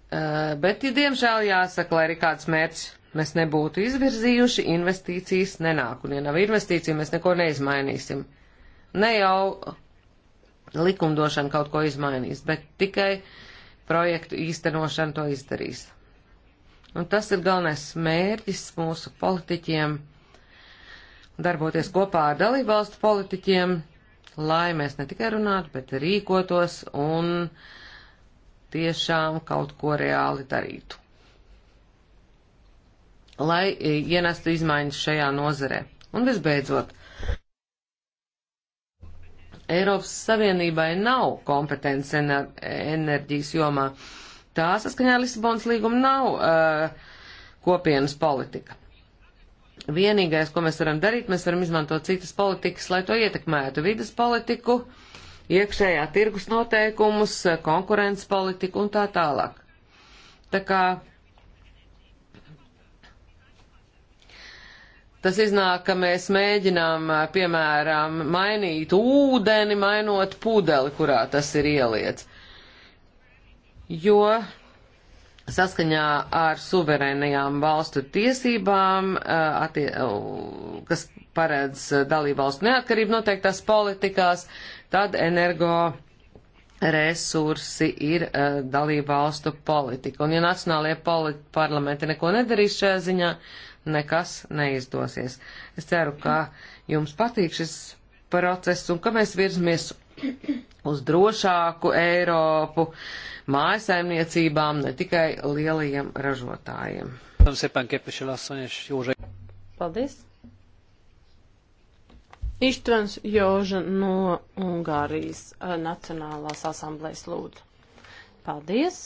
Uh, bet, ja diemžēl jāsaka, lai arī kāds mērķis mēs nebūtu izvirzījuši, investīcijas nenāk, un ja nav investīcija, mēs neko neizmainīsim. Ne jau likumdošana kaut ko izmainīs, bet tikai projektu īstenošana to izdarīs. Un tas ir galvenais mērķis mūsu politiķiem darboties kopā ar dalībvalstu politiķiem, lai mēs ne tikai runātu, bet rīkotos un tiešām kaut ko reāli darītu. Lai e, ienestu izmaiņas šajā nozarē. Un visbeidzot, Eiropas Savienībai nav kompetence enerģijas jomā. Uh, Tā saskaņā Lisabonas līguma nav uh, kopienas politika. Vienīgais, ko mēs varam darīt, mēs varam izmantot citas politikas, lai to ietekmētu vidas politiku, iekšējā tirgus noteikumus, konkurences politiku un tā tālāk. Tā kā Tas iznāk, ka mēs mēģinām, uh, piemēram, mainīt ūdeni, mainot pudeli, kurā tas ir ieliets jo saskaņā ar suverēnajām valstu tiesībām, eh, attie, kas paredz eh, dalībvalstu neatkarību noteiktās politikās, tad energo resursi ir eh, dalībvalstu politika. Un ja nacionālajie politi parlamenti neko nedarīs šajā ziņā, nekas neizdosies. Es ceru, ka jums patīk šis process un ka mēs virzamies uz drošāku Eiropu. Uh, mājasaimniecībām, ne tikai lielajiem ražotājiem. Paldies! Ištvans Joža no Ungārijas eh, Nacionālās asamblējas lūdzu. Paldies!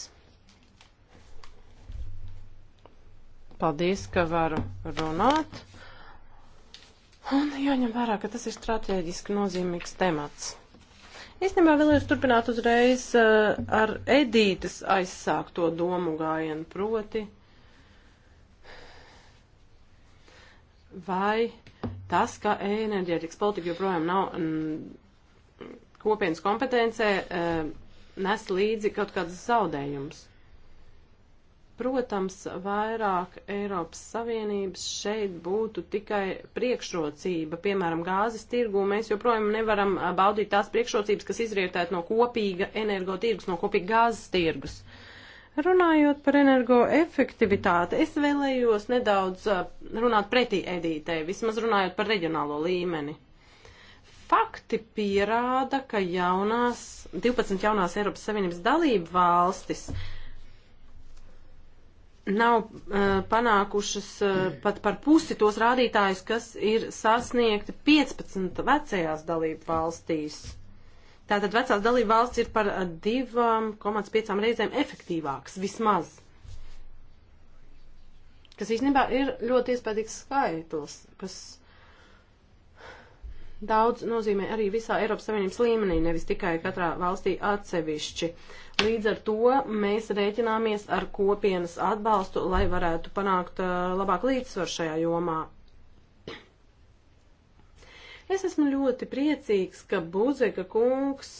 Paldies, ka varu runāt. Un jāņem vērā, ka tas ir strateģiski nozīmīgs temats. Īstenībā vēlējos turpināt uzreiz eh, ar Edītas aizsākto domu gājienu proti. Vai tas, ka enerģētikas politika joprojām nav mm, kopienas kompetencē, eh, nes līdzi kaut kādas zaudējumus? Protams, vairāk Eiropas Savienības šeit būtu tikai priekšrocība. Piemēram, gāzes tirgu mēs joprojām nevaram baudīt tās priekšrocības, kas izrietēt no kopīga energotirgus, no kopīga gāzes tirgus. Runājot par energoefektivitāti, es vēlējos nedaudz runāt pretī Edītei, vismaz runājot par reģionālo līmeni fakti pierāda, ka jaunās, 12 jaunās Eiropas Savienības dalību valstis nav uh, panākušas uh, pat par pusi tos rādītājus, kas ir sasniegti 15 vecajās dalību valstīs. Tātad vecās dalību valsts ir par 2,5 eh, reizēm efektīvāks vismaz. Kas īstenībā ir ļoti iespējams skaitlis, kas daudz nozīmē arī visā Eiropas Savienības līmenī, nevis tikai katrā valstī atsevišķi. Līdz ar to mēs rēķināmies ar kopienas atbalstu, lai varētu panākt uh, labāku līdzsvaru šajā jomā. Es esmu ļoti priecīgs, ka Buzeka kungs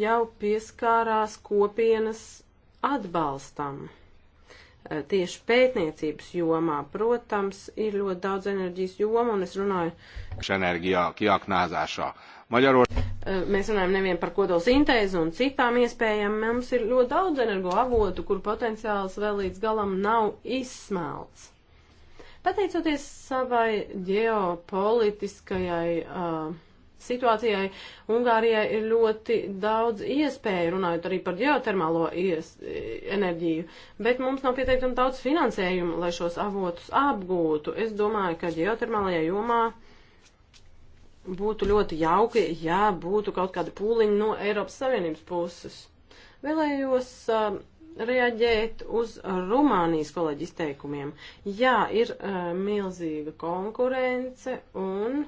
jau pieskārās kopienas atbalstam tieši pētniecības jomā. Protams, ir ļoti daudz enerģijas joma, un es runāju. Enerģijā, kiaknāzāšā. Maļaros. Mēs runājam nevien par kodolsintēzi un citām iespējām. Mums ir ļoti daudz energoavotu, kur potenciāls vēl līdz galam nav izsmelts. Pateicoties savai ģeopolitiskajai uh, situācijai Ungārijai ir ļoti daudz iespēju, runājot arī par ģeotermālo ies, enerģiju, bet mums nav pieteikumi daudz finansējumu, lai šos avotus apgūtu. Es domāju, ka ģeotermālajā jomā būtu ļoti jauki, ja būtu kaut kāda pūliņa no Eiropas Savienības puses. Vēlējos uh, reaģēt uz Rumānijas kolēģi izteikumiem. Jā, ir uh, milzīga konkurence un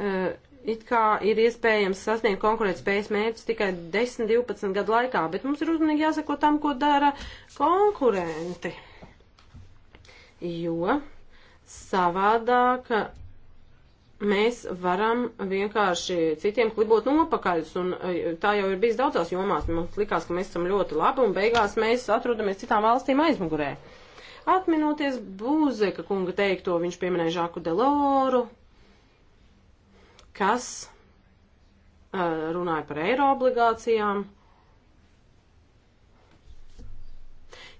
Eh, it kā ir iespējams sasniegt konkurētspējas mērķus tikai 10-12 gadu laikā, bet mums ir uzmanīgi jāsako tam, ko dara konkurenti. Jo savādāk mēs varam vienkārši citiem klibot nopakaļus, un eh, tā jau ir bijis daudzās jomās. Mums likās, ka mēs esam ļoti labi, un beigās mēs atrodamies citām valstīm aizmugurē. Atminoties Būzeka kunga teikto, viņš pieminēja Žāku Deloru, kas uh, runāja par eiro obligācijām.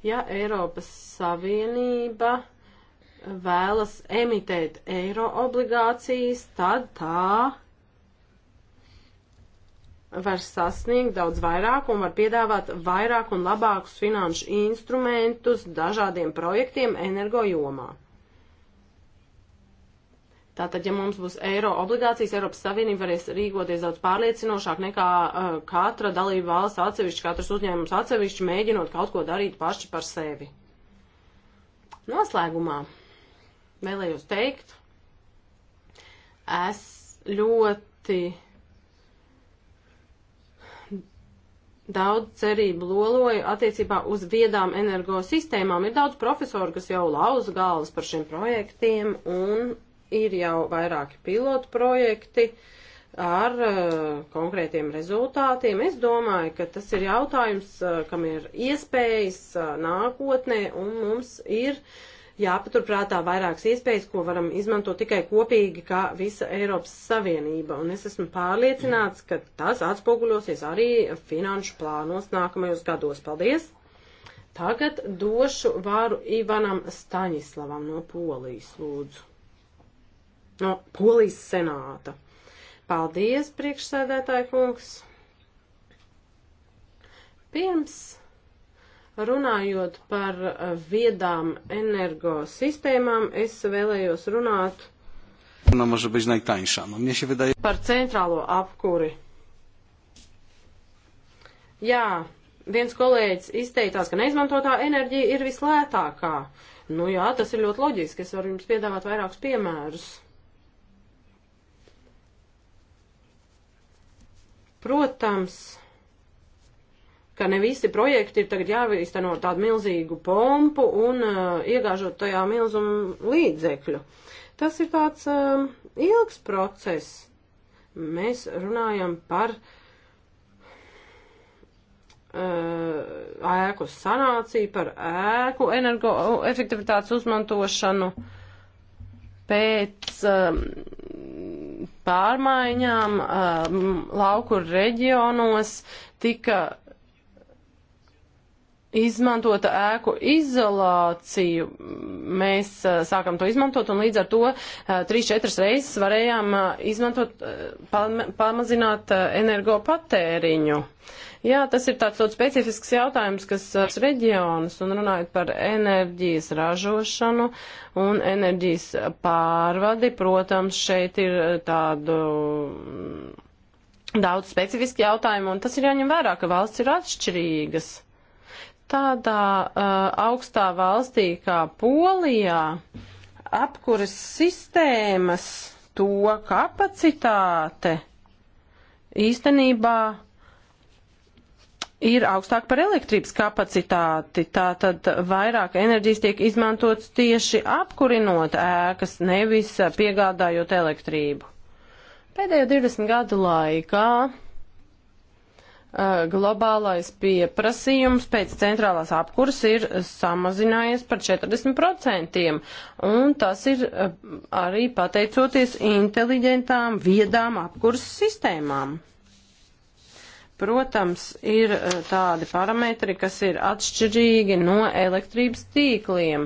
Ja Eiropas Savienība vēlas emitēt eiro obligācijas, tad tā var sasniegt daudz vairāk un var piedāvāt vairāk un labākus finanšu instrumentus dažādiem projektiem energo jomā. Tātad, ja mums būs eiro obligācijas, Eiropas Savienība varēs rīkoties daudz pārliecinošāk nekā uh, katra dalība valsts atsevišķi, katrs uzņēmums atsevišķi, mēģinot kaut ko darīt paši par sevi. Noslēgumā vēlējos teikt, es ļoti daudz cerību loloju attiecībā uz viedām energosistēmām. Ir daudz profesoru, kas jau lauza galvas par šiem projektiem, un Ir jau vairāki pilotu projekti ar uh, konkrētiem rezultātiem. Es domāju, ka tas ir jautājums, uh, kam ir iespējas uh, nākotnē, un mums ir jāpaturprātā vairākas iespējas, ko varam izmantot tikai kopīgi kā visa Eiropas Savienība. Un es esmu pārliecināts, ka tas atspoguļosies arī finanšu plānos nākamajos gados. Paldies! Tagad došu vāru Ivanam Staņislavam no Polijas, lūdzu no Polijas senāta. Paldies, priekšsēdētāji kungs! Pirms runājot par viedām energosistēmām, es vēlējos runāt no, no, vydāja... par centrālo apkuri. Jā, viens kolēģis izteicās, ka neizmantotā enerģija ir vislētākā. Nu jā, tas ir ļoti loģiski. Es varu jums piedāvāt vairākus piemērus. Protams, ka ne visi projekti ir tagad jāvīsteno tādu milzīgu pompu un uh, iegāžot tajā milzumu līdzekļu. Tas ir tāds uh, ilgs process. Mēs runājam par uh, ēku sanāciju, par ēku energoefektivitātes uzmantošanu pēc. Uh, pārmaiņām um, lauku reģionos tika izmantota ēku izolāciju. Mēs uh, sākam to izmantot un līdz ar to uh, 3-4 reizes varējām uh, izmantot, uh, pam, pamazināt energo patēriņu. Uh, Jā, tas ir tāds ļoti specifisks jautājums, kas ar reģionus un runājot par enerģijas ražošanu un enerģijas pārvadi, protams, šeit ir eh, tādu mm, daudz specifiski jautājumi un tas ir jāņem vērā, ka valsts ir atšķirīgas. Tādā uh, augstā valstī kā Polijā apkuras sistēmas to kapacitāte īstenībā ir augstāk par elektrības kapacitāti, tātad vairāk enerģijas tiek izmantots tieši apkurinot ēkas, nevis piegādājot elektrību. Pēdējo 20 gadu laikā eh, globālais pieprasījums pēc centrālās apkuras ir samazinājies par 40%, un tas ir eh, arī pateicoties inteliģentām, viedām apkuras sistēmām. Protams, ir eh, tādi parametri, kas ir atšķirīgi no elektrības tīkliem,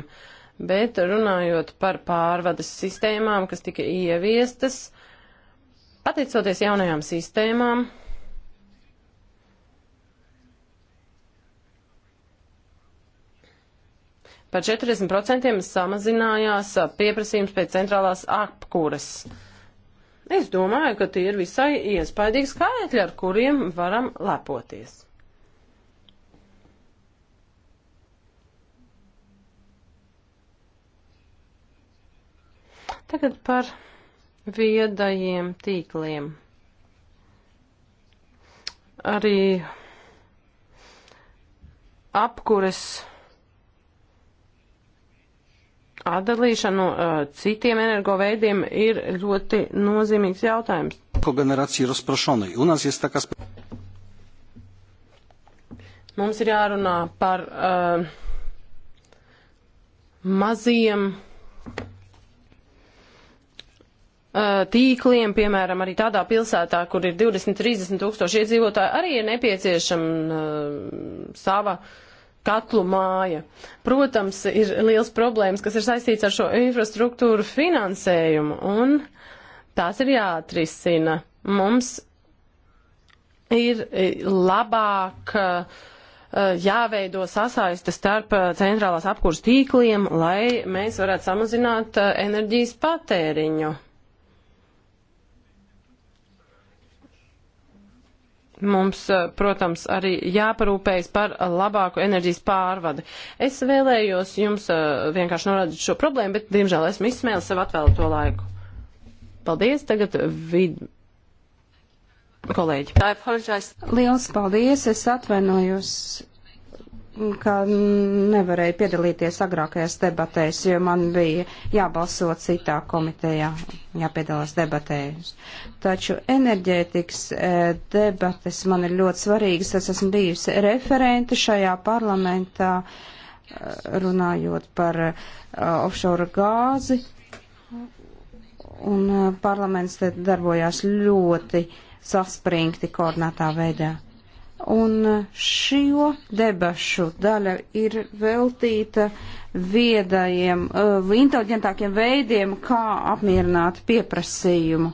bet runājot par pārvades sistēmām, kas tika ieviestas, pateicoties jaunajām sistēmām, par 40% samazinājās eh, pieprasījums pēc centrālās apkūras. Uh, Es domāju, ka tie ir visai iespaidīgi skaitļi, ar kuriem varam lepoties. Tagad par viedajiem tīkliem. Arī apkures Atdalīšana no uh, citiem energoveidiem ir ļoti nozīmīgs jautājums. Kogenerācija rozprošanai. Un nas jest taka... Mums ir jārunā par uh, maziem uh, tīkliem, piemēram, arī tādā pilsētā, kur ir 20-30 tūkstoši iedzīvotāji, arī ir nepieciešama uh, sava uh, katlu māja. Protams, ir liels problēmas, kas ir saistīts ar šo infrastruktūru finansējumu, un tās ir jāatrisina. Mums ir e, labāk e, jāveido sasaiste starp e, centrālās apkurs tīkliem, lai mēs varētu samazināt enerģijas patēriņu. mums, eh, protams, arī jāparūpējas par labāku enerģijas pārvadi. Es vēlējos jums eh, vienkārši norādīt šo problēmu, bet, diemžēl, esmu izsmēlis sev atvēlēto laiku. Paldies, tagad vid... kolēģi. Liels paldies, es atvainojos ka nevarēju piedalīties agrākajās debatēs, jo man bija jābalso citā komitejā, jāpiedalās debatēs. Taču enerģētikas e, debates man ir ļoti svarīgas. Es esmu bijusi referente šajā parlamentā, e, runājot par e, offshore gāzi. Un parlaments te darbojās ļoti saspringti koordinātā veidā. Un šo debašu daļa ir veltīta viedajiem, uh, inteliģentākiem veidiem, kā apmierināt pieprasījumu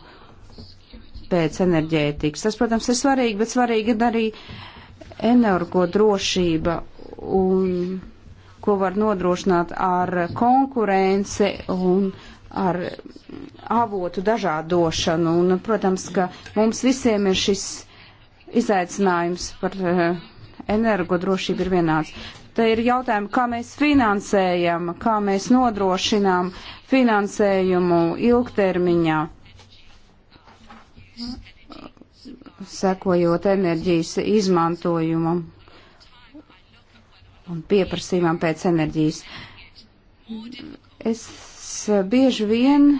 pēc enerģētikas. Tas, protams, ir svarīgi, bet svarīgi ir arī energo drošība un ko var nodrošināt ar konkurenci un ar avotu dažādošanu. Un, protams, ka mums visiem ir šis izaicinājums par eh, energodrošību ir vienāds. Te ir jautājumi, kā mēs finansējam, kā mēs nodrošinām finansējumu ilgtermiņā, sekojot enerģijas izmantojumam un pieprasījumam pēc enerģijas. Es bieži vien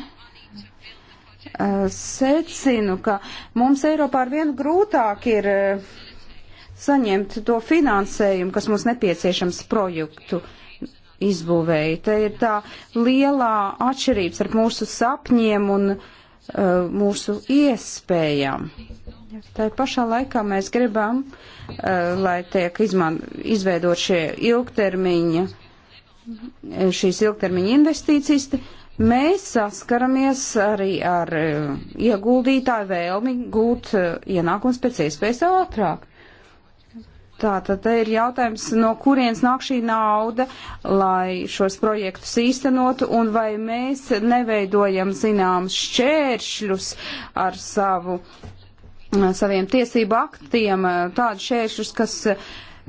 Eh, secinu, ka mums Eiropā ar vienu grūtāk ir eh, saņemt to finansējumu, kas mums nepieciešams projektu izbūvēja. Te ir tā lielā atšķirības ar mūsu sapņiem un uh, mūsu iespējām. Tā pašā laikā mēs gribam, uh, lai tiek izman, izveidot šie ilgtermiņa, šīs ilgtermiņa investīcijas, Mēs saskaramies arī ar eh, ieguldītāju vēlmi gūt eh, ienākums pēc iespējas ātrāk. Tātad te ir jautājums, no kurienes nāk šī nauda, lai šos projektus īstenotu, un vai mēs neveidojam zināmas šķēršļus ar savu, eh, saviem tiesību aktiem, tādu šķēršļus, kas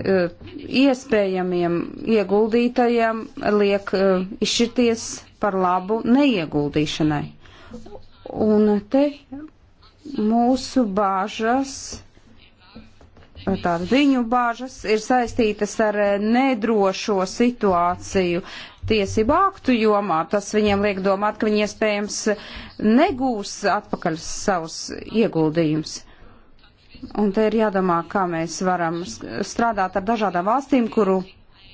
iespējamiem ieguldītajiem liek izšķirties par labu neieguldīšanai. Un te mūsu bāžas, tātad viņu bāžas ir saistītas ar eh, nedrošo situāciju tiesību aktu jomā. Tas viņiem liek domāt, ka viņi iespējams negūs atpakaļ savus ieguldījumus. Un te ir jādomā, kā mēs varam strādāt ar dažādām valstīm, kuru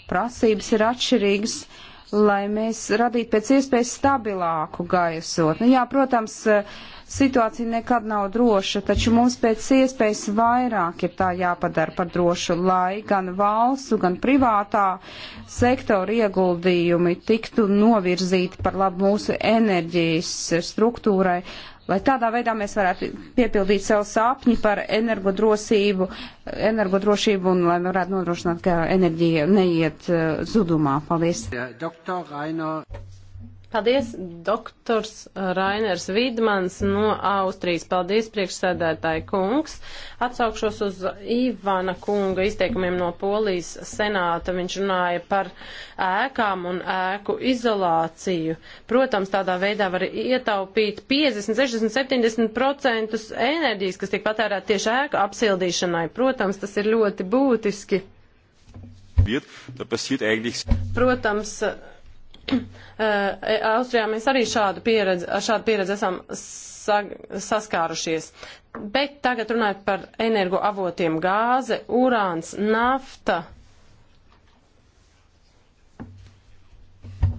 prasības ir atšķirīgas. Uh, lai mēs radītu pēc iespējas stabilāku gaisotni. Jā, protams, situācija nekad nav droša, taču mums pēc iespējas vairāk ir tā jāpadara par drošu, lai gan valstu, gan privātā sektora ieguldījumi tiktu novirzīti par labu mūsu enerģijas struktūrai, lai tādā veidā mēs varētu piepildīt savu sāpņi par energodrosību, energodrošību un lai varētu nodrošināt, ka enerģija neiet uh, zudumā. Paldies! Doktor Rainer. Paldies, doktors Rainers Vidmans no Austrijas. Paldies, priekšsēdētāji kungs. Atsaukšos uz Ivana kunga izteikumiem no Polijas senāta. Viņš runāja par ēkām un ēku izolāciju. Protams, tādā veidā var ietaupīt 50, 60, 70% enerģijas, kas tiek patērēta tieši ēku apsildīšanai. Protams, tas ir ļoti būtiski. Protams, Eh, Austrijā mēs arī šādu pieredzi, ar šādu pieredzi esam sag, saskārušies. Bet tagad runājot par energoavotiem - gāze, urāns, nafta.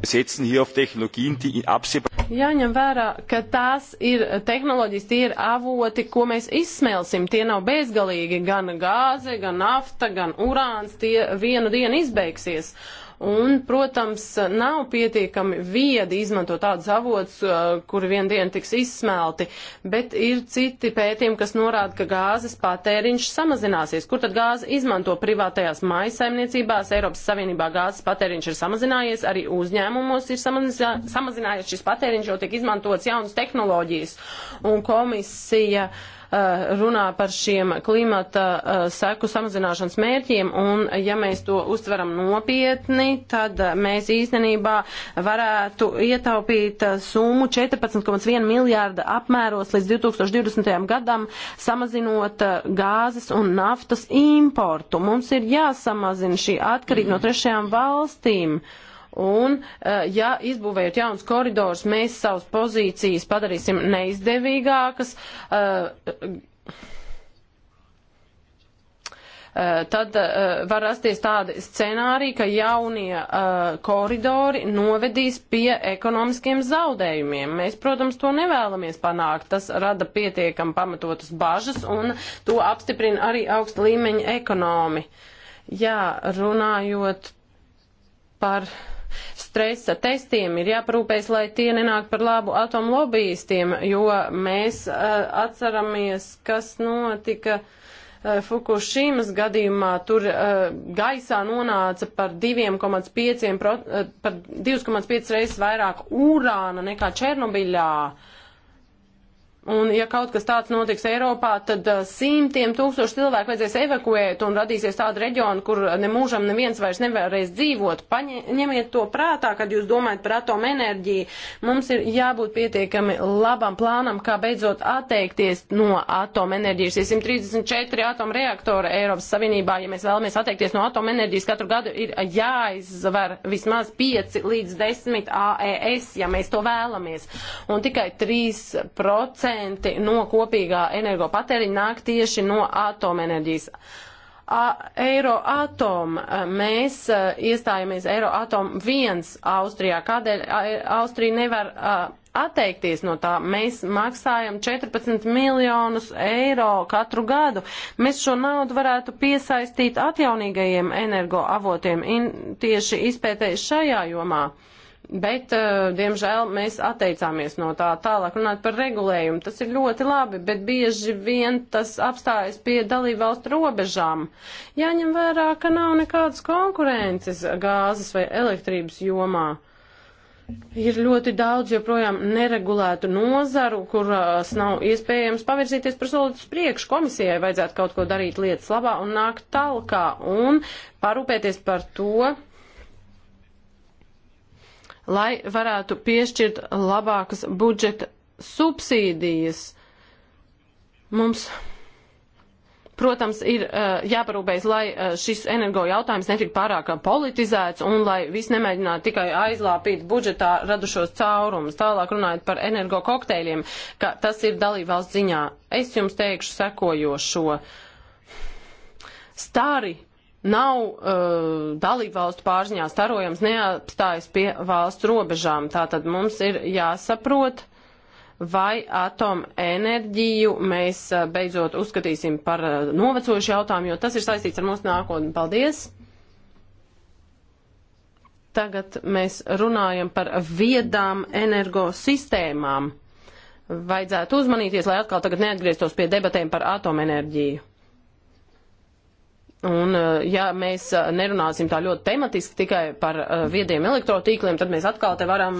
setzen hier auf Technologien, die in absehbar. Jāņem vērā, ka tās ir tehnoloģijas, tie ir avoti, ko mēs izsmelsim. Tie nav bezgalīgi gan gāze, gan nafta, gan urāns. Tie vienu dienu izbeigsies. Uh, un, protams, nav pietiekami viedi izmantot tādus avots, uh, kuri vien dienu tiks izsmelti, bet ir citi pētījumi, kas norāda, ka gāzes patēriņš samazināsies. Kur tad gāzi izmanto privātajās maisaimniecībās? Eiropas Savienībā gāzes patēriņš ir samazinājies, arī uzņēmumos ir samazinājies šis patēriņš, jo tiek izmantots jaunas tehnoloģijas. Un komisija uh, Eh, runā par šiem klimata eh, seku samazināšanas mērķiem, un ja mēs to uztveram nopietni, tad eh, mēs īstenībā varētu ietaupīt summu 14,1 miljārda apmēros līdz 2020. gadam, samazinot gāzes un naftas importu. Mums ir jāsamazina šī atkarība no trešajām valstīm. Mm. Un, eh, ja izbūvējot jaunas koridors, mēs savas pozīcijas padarīsim neizdevīgākas, eh, eh, tad uh, var rasties tādi scenāriji, ka jaunie uh, koridori novedīs pie ekonomiskiem zaudējumiem. Mēs, protams, to nevēlamies panākt. Tas rada pietiekam pamatotas bažas un to apstiprina arī augsta līmeņa ekonomi. Jā, runājot par. Uh, stresa testiem, ir jāparūpēs, lai tie nenāk par labu atomlobīstiem, jo mēs uh, atceramies, kas notika. Fukushimas gadījumā tur uh, gaisā nonāca par 2,5 reizes vairāk urāna nekā Černobiļā. Uh, Un ja kaut kas tāds notiks Eiropā, tad uh, simtiem tūkstoši cilvēku vajadzēs evakuēt un radīsies tāda reģiona, kur nemūžam neviens vairs nevarēs dzīvot. Paņemiet to prātā, kad jūs domājat par atomu enerģiju. Mums ir jābūt pietiekami labam plānam, kā beidzot atteikties no atomu enerģijas. Ir 134 atomu reaktori Eiropas Savienībā. Ja mēs vēlamies atteikties no atomu enerģijas, katru gadu ir jāizver vismaz 5 līdz 10 AES, ja mēs to vēlamies. Un tikai 3% 60% no kopīgā energopatēriņa nāk tieši no atomenerģijas. Eiroatom, mēs iestājāmies Eiroatom viens Austrijā. Kādēļ Austrija nevar atteikties no tā? Mēs maksājam 14 miljonus eiro katru gadu. Mēs šo naudu varētu piesaistīt atjaunīgajiem energoavotiem in, tieši izpētēji šajā jomā. Bet, eh, diemžēl, mēs atteicāmies no tā tālāk runāt par regulējumu. Tas ir ļoti labi, bet bieži vien tas apstājas pie dalībvalstu robežām. Jāņem vērā, ka nav nekādas konkurences gāzes vai elektrības jomā. Ir ļoti daudz joprojām neregulētu nozaru, kurās nav iespējams pavirzīties par solītu uz priekšu. Komisijai vajadzētu kaut ko darīt lietas labā un nākt talkā un parūpēties par to, lai varētu piešķirt labākas budžeta subsīdijas. Mums, protams, ir uh, jāparūpējas, lai uh, šis energo jautājums netika pārāk politizēts un lai viss nemēģinātu tikai aizlāpīt budžetā radušos caurumus. Tālāk runājot par energo kokteiļiem, ka tas ir dalībvalsts ziņā. Es jums teikšu sekojošo. Stāri nav uh, dalību valstu pārziņā starojams, neapstājas pie valsts robežām. Tātad mums ir jāsaprot, vai atomu enerģiju mēs uh, beidzot uzskatīsim par uh, novecojušu jautājumu, jo tas ir saistīts ar mūsu nākotni. Paldies! Tagad mēs runājam par viedām energosistēmām vajadzētu uzmanīties, lai atkal tagad neatgrieztos pie debatēm par atomenerģiju. Un, eh, ja mēs eh, nerunāsim tā ļoti tematiski tikai par eh, viediem elektrotīkliem, tad mēs atkal te varam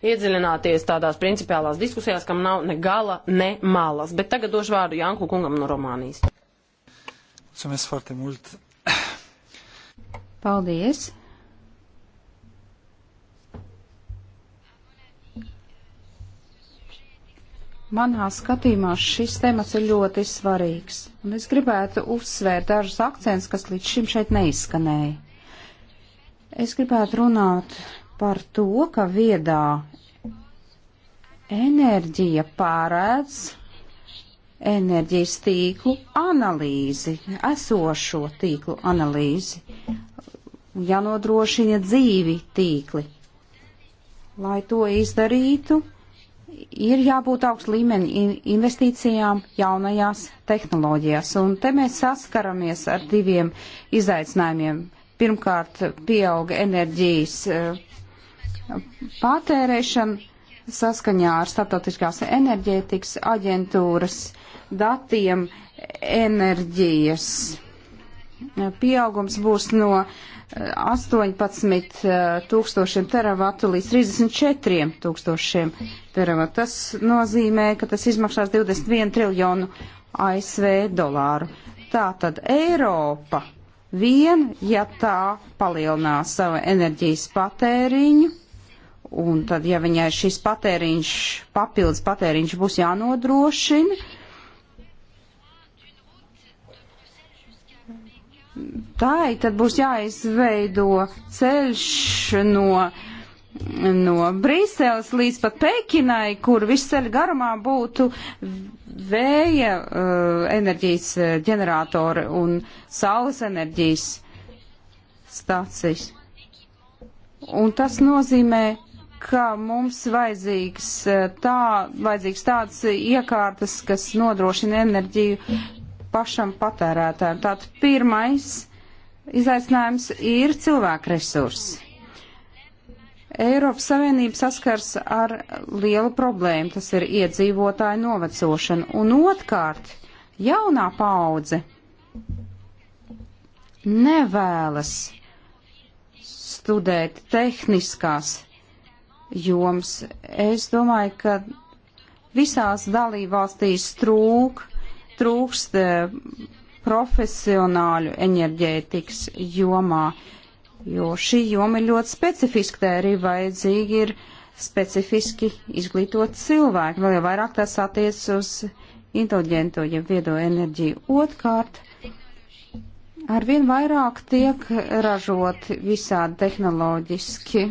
iedziļināties tādās principiālās diskusijās, kam nav ne gala, ne malas. Bet tagad došu vārdu Janku kungam no Romānijas. Paldies! Manā skatījumā šis temats ir ļoti svarīgs, un es gribētu uzsvērt dažus akcentus, kas līdz šim šeit neizskanēja. Es gribētu runāt par to, ka viedā enerģija pārēdz enerģijas tīklu analīzi, esošo tīklu analīzi, jānodrošina dzīvi tīkli. Lai to izdarītu, ir jābūt augstu līmeni investīcijām jaunajās tehnoloģijās. Un te mēs saskaramies ar diviem izaicinājumiem. Pirmkārt, pieauga enerģijas eh, patērēšana saskaņā ar Startautiskās enerģētikas aģentūras datiem enerģijas pieaugums būs no 18 eh, eh, tūkstošiem teravatu līdz 34 tūkstošiem teravatu. Tas nozīmē, ka tas izmaksās 21 triljonu ASV dolāru. Tātad Eiropa vien, ja tā palielinās savu enerģijas patēriņu, un tad, ja viņai šis patēriņš, papildus patēriņš būs jānodrošina, tai tad būs jāizveido ceļš no, no Brīseles līdz pat Pekinai, kur viss ceļa garumā būtu vēja uh, enerģijas uh, ģeneratori un saules enerģijas stācijas. Un tas nozīmē, ka mums vajadzīgs, uh, tā, vajadzīgs tāds iekārtas, kas nodrošina enerģiju pašam patērētājam. Tātad pirmais izaicinājums ir cilvēku resursi. Eiropas Savienība saskars ar lielu problēmu, tas ir iedzīvotāju novecošana. Un otrkārt, jaunā paudze nevēlas studēt tehniskās joms. Es domāju, ka visās dalībvalstīs trūk trūkst eh, profesionāļu enerģētikas jomā, jo šī joma ir ļoti specifiska, tā arī vajadzīgi ir specifiski izglītot cilvēki, vēl jau vairāk tas attiec uz inteliģento, ja viedo enerģiju. Otkārt, arvien vairāk tiek ražot visādi tehnoloģiski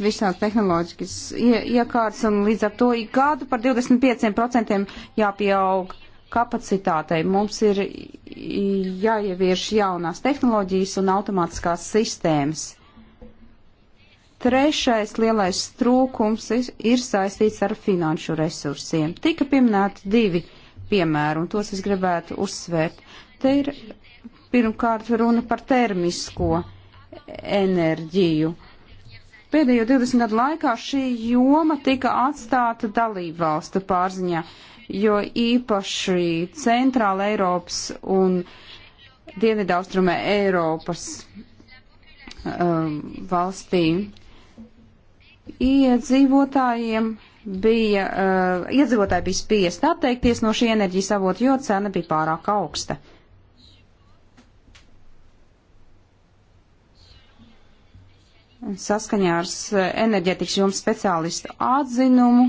visādi tehnoloģiskas iekārtas, un līdz ar to ik gadu par 25% jāpieaug kapacitātei. Mums ir jāievieš jaunās tehnoloģijas un automātiskās sistēmas. Trešais lielais trūkums ir saistīts ar finanšu resursiem. Tika pieminēti divi piemēri, un tos es gribētu uzsvērt. Te ir pirmkārt runa par termisko enerģiju. Uh, Pēdējo 20 gadu laikā šī joma tika atstāta dalību valstu pārziņā, jo īpaši Centrāla Eiropas un Dienvidaustrumē Eiropas um, valstī iedzīvotājiem bija, uh, iedzīvotāji bija spiest atteikties no šī enerģijas avota, jo cena bija pārāk augsta. saskaņā ar enerģetikas jomas speciālistu atzinumu.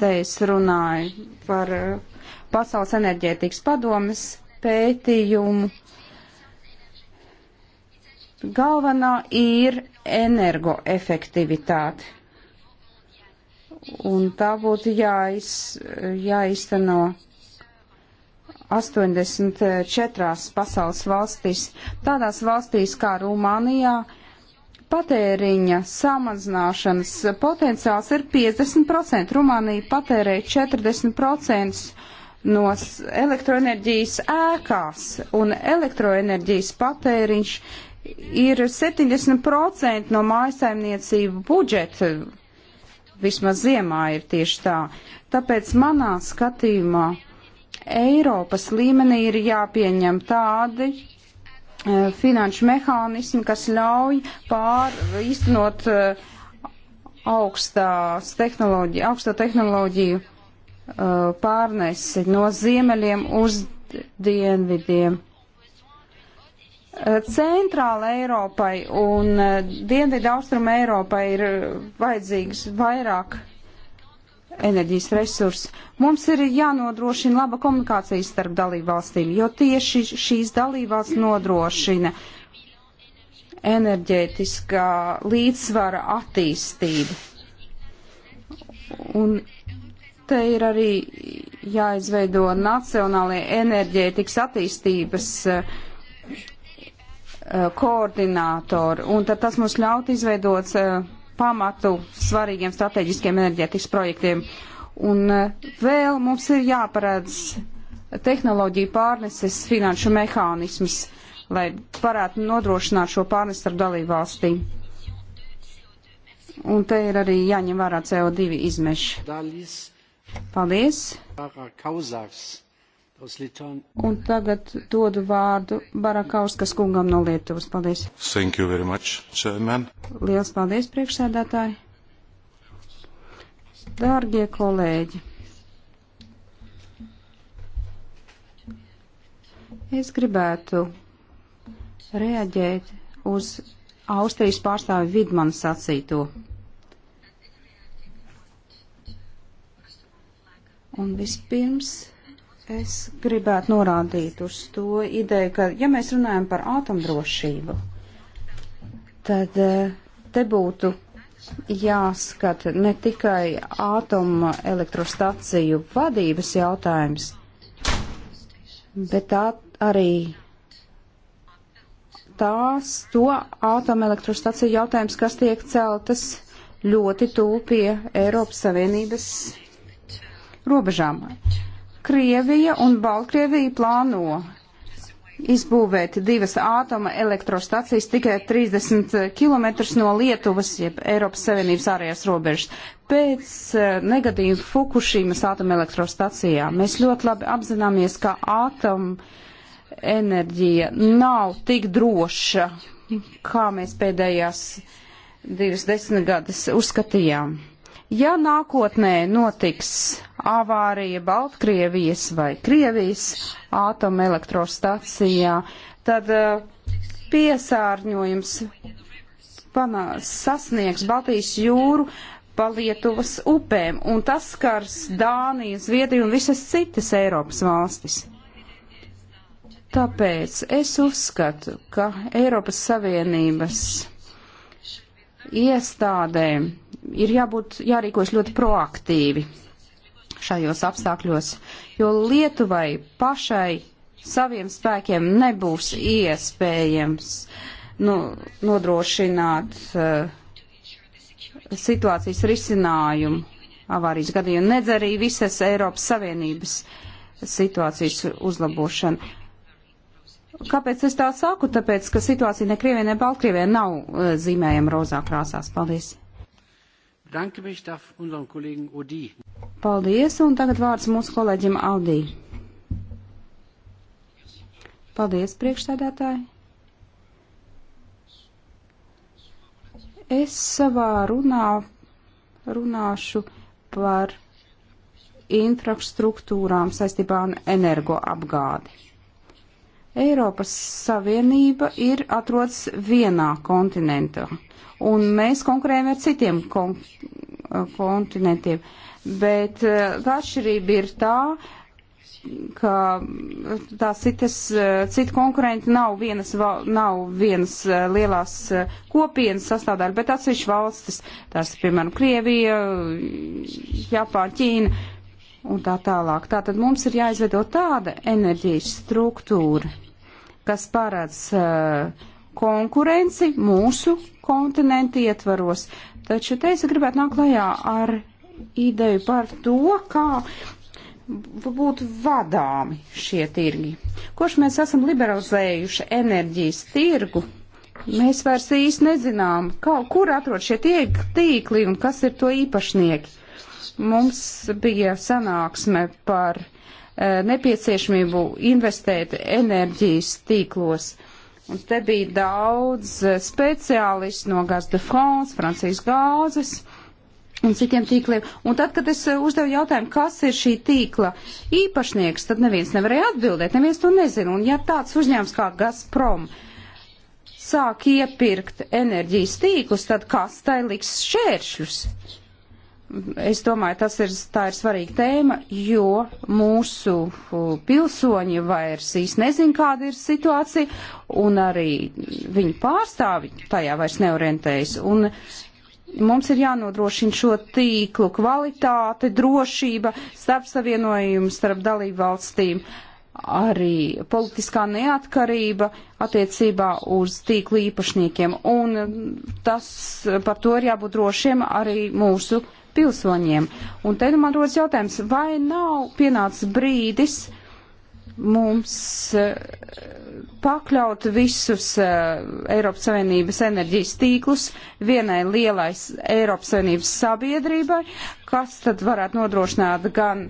Te es runāju par uh, Pasaules enerģētikas padomes pētījumu. Galvenā ir energoefektivitāte. Un tā būtu jāiz, jāizteno 84 pasaules valstīs. Tādās valstīs kā Rumānijā, uh, patēriņa samazināšanas potenciāls ir 50%. Rumānija patērē 40% no elektroenerģijas ēkās, un elektroenerģijas patēriņš ir 70% no mājasaimniecību budžeta. Vismaz ziemā ir tieši tā. Tāpēc manā skatījumā Eiropas līmenī ir jāpieņem tādi Eh, finanšu mehānismi, kas ļauj pār īstenot eh, augstās tehnoloģiju, augsto tehnoloģiju eh, pārnesi no ziemeļiem uz dienvidiem. Centrāla Eiropai un Dienvidu Austrum Eiropai ir vajadzīgs vairāk enerģijas resursi. Mums ir jānodrošina laba komunikācija starp dalībvalstīm, jo tieši šīs dalībvalsts nodrošina enerģētiskā līdzsvara attīstību. Un te ir arī jāizveido nacionālie enerģētikas attīstības uh, koordinātori, un tad tas mums ļaut izveidot uh, pamatu svarīgiem strateģiskiem enerģētikas projektiem. Un eh, vēl mums ir jāparedz tehnoloģiju pārneses finanšu mehānismus, lai varētu nodrošināt šo pārnesi starp dalībvalstīm. Un te ir arī jāņem vērā CO2 izmeši. Paldies! Pārā kauzāks. Un tagad dodu vārdu Barakauskas kungam no Lietuvas. Paldies. Thank you very much, chairman. Liels paldies, priekšsēdētāji. Dārgie kolēģi. Es gribētu reaģēt uz Austrijas pārstāvi Vidmanu sacīto. Un vispirms Es gribētu norādīt uz to ideju, ka, ja mēs runājam par atomdrošību, tad eh, te būtu jāskata ne tikai ātoma elektrostaciju vadības jautājums, bet tā arī tās to atomelektrostaciju jautājums, kas tiek celtas ļoti tūpie Eiropas Savienības robežām. Krievija un Baltkrievija plāno izbūvēt divas ātoma elektrostacijas tikai 30 km no Lietuvas, jeb Eiropas Savienības ārējās robežas. Pēc eh, negadījuma Fukušīmas ātoma elektrostacijā mēs ļoti labi apzināmies, ka ātoma enerģija nav tik droša, kā mēs pēdējās divas desmitgades uzskatījām. Ja nākotnē notiks avārija Baltkrievijas vai Krievijas atomelektrostacijā, tad eh, piesārņojums panās, sasniegs Baltijas jūru pa Lietuvas upēm, un tas skars Dāniju, Zviedriju un visas citas Eiropas valstis. Tāpēc es uzskatu, ka Eiropas Savienības iestādēm ir jābūt jārīkojas ļoti proaktīvi šajos apstākļos, jo Lietuvai pašai saviem spēkiem nebūs iespējams nu, nodrošināt uh, situācijas risinājumu avārijas gadījumā, nedz arī visas Eiropas Savienības situācijas uzlabošanu. Kāpēc es tā saku? Tāpēc, ka situācija ne Krievijai, ne Baltkrievijai nav uh, zīmējama rozā krāsās. Paldies! Danke mich darf unserem kolēģim Odī. Paldies, un tagad vārds mūsu kolēģim Aldī. Paldies, priekšstādātāji. Es savā runā runāšu par infrastruktūrām saistībā ar energoapgādi. Eiropas Savienība ir atrodas vienā kontinentā, un mēs konkurējam ar citiem kontinentiem Uh, kontinentiem. Bet uh, atšķirība ir tā, ka tās citas, uh, citi konkurenti nav vienas, nav vienas lielās kopienas sastāvdaļa, bet atsevišķi valstis, tās ir, piemēram, Krievija, Japāna, Ķīna un tā tālāk. Tātad mums ir jāizveido tāda enerģijas struktūra, kas parāds konkurenci mūsu kontinentu ietvaros, Taču te es gribētu nākt klajā ar ideju par to, kā būtu vadāmi šie tirgi. Koš mēs esam liberalizējuši enerģijas tirgu, mēs vairs īsti nezinām, kā, kur atrod šie tīkli un kas ir to īpašnieki. Mums bija sanāksme par eh, nepieciešamību investēt enerģijas tīklos. Uh, Un te bija daudz eh, speciālistu no Gaz de France, Francijas gāzes un citiem tīkliem. Un tad, kad es eh, uzdevu jautājumu, kas ir šī tīkla īpašnieks, tad neviens nevarēja atbildēt, neviens to nezina. Un ja tāds uzņēmums kā Gazprom sāk iepirkt enerģijas tīklus, tad kas tai liks šķēršļus? Es domāju, tas ir, tā ir svarīga tēma, jo mūsu pilsoņi vairs īsti nezin, kāda ir situācija, un arī viņu pārstāvi tajā vairs neorientējas. Un mums ir jānodrošina šo tīklu kvalitāte, drošība, starp savienojumu, starp dalību valstīm. Uh, arī politiskā neatkarība attiecībā uz tīklu īpašniekiem, un tas par to ir jābūt drošiem arī mūsu pilsoņiem. Un te nu man rodas jautājums, vai nav pienācis brīdis mums eh, pakļaut visus eh, Eiropas Savienības enerģijas tīklus vienai lielai Eiropas Savienības sabiedrībai, kas tad varētu nodrošināt gan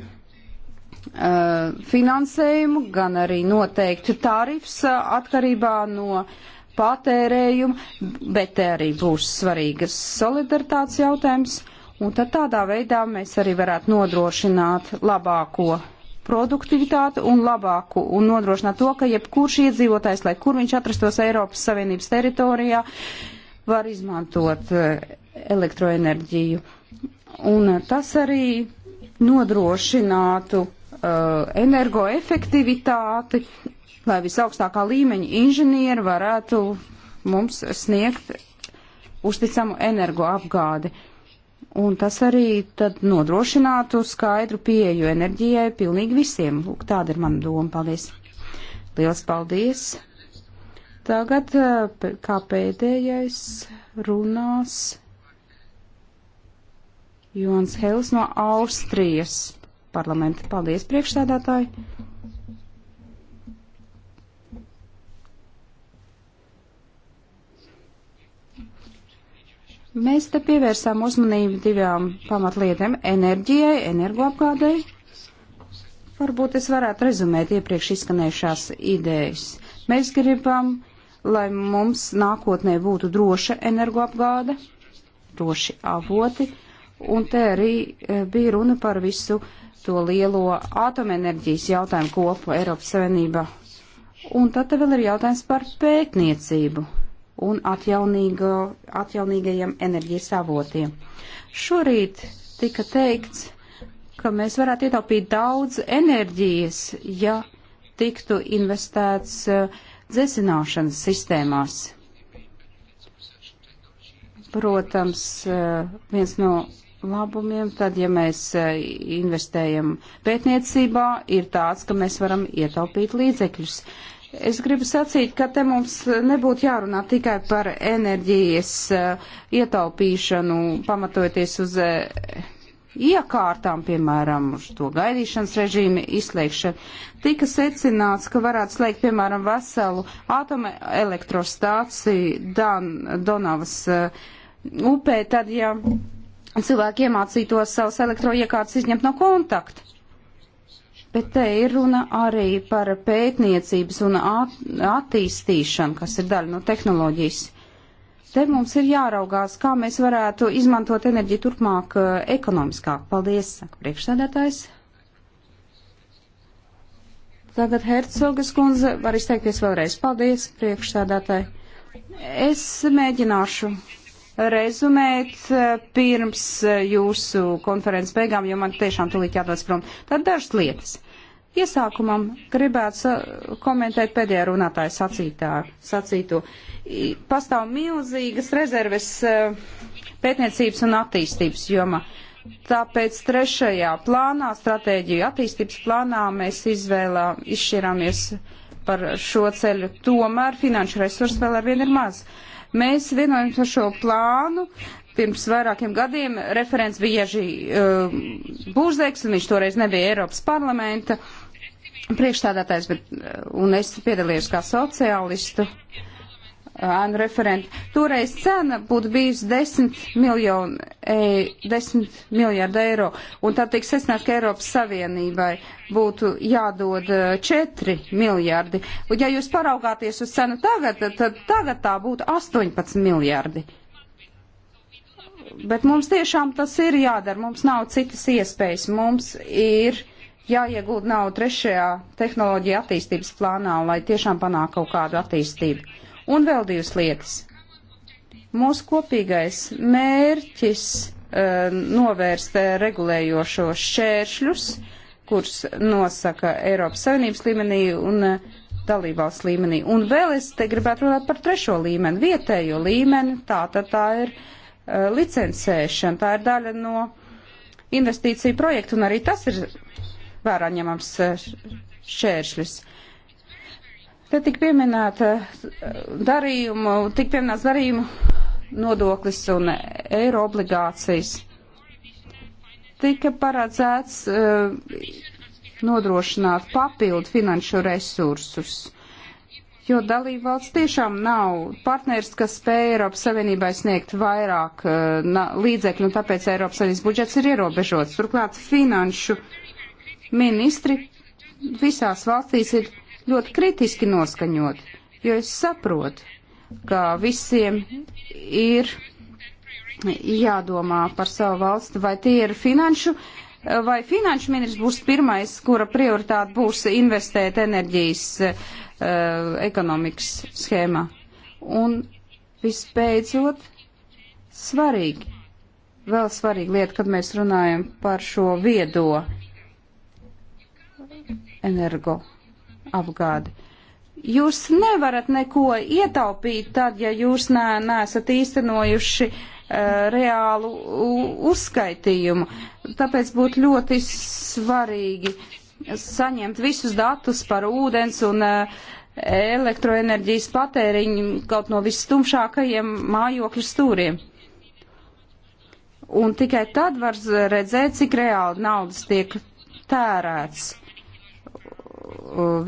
Uh, finansējumu, gan arī noteikti tarifs uh, atkarībā no patērējumu, bet te arī būs svarīgas solidaritātes jautājums, un tad tādā veidā mēs arī varētu nodrošināt labāko produktivitāti un labāku un nodrošināt to, ka jebkurš iedzīvotājs, lai kur viņš atrastos Eiropas Savienības teritorijā, var izmantot uh, elektroenerģiju. Un tas arī nodrošinātu uh, energoefektivitāti, lai visaugstākā līmeņa inženieri varētu mums sniegt uzticamu energoapgādi. Un tas arī tad nodrošinātu skaidru pieeju enerģijai pilnīgi visiem. Lūk, tāda ir mana doma. Paldies! Liels paldies! Tagad uh, kā pēdējais runās Jons Hels no Austrijas parlamentu. Paldies, priekšsēdētāji! Mēs te pievērsām uzmanību divām pamatlietām - enerģijai, energoapgādei. Varbūt es varētu rezumēt iepriekš izskanējušās idejas. Mēs gribam, lai mums nākotnē būtu droša energoapgāde, droši avoti, un te arī e, bija runa par visu to lielo atomenerģijas jautājumu kopu Eiropas Savienībā. Un tad te vēl ir jautājums par pētniecību un atjaunīgajiem enerģijas avotiem. Šorīt tika teikts, ka mēs varētu ietaupīt daudz enerģijas, ja tiktu investēts e, dzesināšanas sistēmās. Protams, e, viens no labumiem, tad, ja mēs eh, investējam pētniecībā, ir tāds, ka mēs varam ietaupīt līdzekļus. Es gribu sacīt, ka te mums nebūtu jārunā tikai par enerģijas eh, ietaupīšanu, pamatojoties uz eh, iekārtām, piemēram, uz to gaidīšanas režīmu izslēgšanu, tika secināts, ka varētu slēgt, piemēram, veselu atomelektrostāciju Dan, Donavas uh, upē, tad, ja cilvēki iemācītos savus elektroiekārtas izņemt no kontakta. Bet te ir runa arī par pētniecības un at attīstīšanu, kas ir daļa no tehnoloģijas. Te mums ir jāraugās, kā mēs varētu izmantot enerģiju turpmāk eh, ekonomiskāk. Paldies, saka priekšsēdētājs. Tagad Hercogas kundze var izteikties vēlreiz. Paldies, priekšsēdētāji. Es mēģināšu rezumēt eh, pirms eh, jūsu konferences beigām, jo man tiešām tulīt jādodas prom. Tad dažas lietas. Iesākumam gribētu komentēt pēdējā runātāja sacītā, sacīto. Pastāv milzīgas rezerves eh, pētniecības un attīstības joma. Tāpēc trešajā plānā, stratēģiju attīstības plānā, mēs izvēlā, izšķirāmies par šo ceļu. Tomēr finanšu resursu vēl arvien ir maz. Uh, Mēs vienojamies par šo plānu. Pirms vairākiem gadiem referents bija Ježi uh, um, Būzdeks, un viņš toreiz nebija Eiropas parlamenta priekšstādātājs, bet, uh, un es piedalījos kā sociālistu. Uh, ānu referenti. Toreiz cena būtu bijusi 10, miljonu, e, 10 miljārdu eiro, un tā tiek secināts, ka Eiropas Savienībai būtu jādod 4 e, miljārdi. Un ja jūs paraugāties uz cenu tagad, tad tagad tā būtu 18 miljārdi. Bet mums tiešām tas ir jādara, mums nav citas iespējas, mums ir jāiegūda nauda trešajā tehnoloģija attīstības plānā, lai tiešām panāk kaut kādu attīstību. Un vēl divas lietas. Mūsu kopīgais mērķis uh, novērst eh, regulējošo šķēršļus, kurus nosaka Eiropas Savienības līmenī un uh, dalībvalsts līmenī. Un vēl es te gribētu runāt par trešo līmeni, vietējo līmeni. Tā tad tā ir uh, licencēšana, tā ir daļa no investīciju projekta, un arī tas ir vērā ņemams šķēršļus. Uh, Te tik pieminēta eh, darījumu, tik pieminēts darījumu nodoklis un eiro obligācijas. Tika paredzēts uh, nodrošināt papildu finanšu resursus, jo dalība valsts tiešām nav partners, kas spēja Eiropas Savienībai sniegt vairāk uh, līdzekļu, un tāpēc Eiropas Savienības budžets ir ierobežots. Turklāt finanšu ministri visās valstīs ir ļoti kritiski noskaņot, jo es saprotu, ka visiem ir jādomā par savu valsti, vai tie ir finanšu, vai finanšu ministrs būs pirmais, kura prioritāte būs investēt enerģijas uh, ekonomikas schēmā. Un vispēcot, svarīgi, vēl svarīga lieta, kad mēs runājam par šo viedo energo apgādi. Jūs nevarat neko ietaupīt tad, ja jūs ne, neesat īstenojuši uh, reālu uzskaitījumu. Tāpēc būtu ļoti svarīgi saņemt visus datus par ūdens un uh, elektroenerģijas patēriņu kaut no visstumšākajiem mājokļu stūriem un tikai tad var redzēt, cik reāli naudas tiek tērēts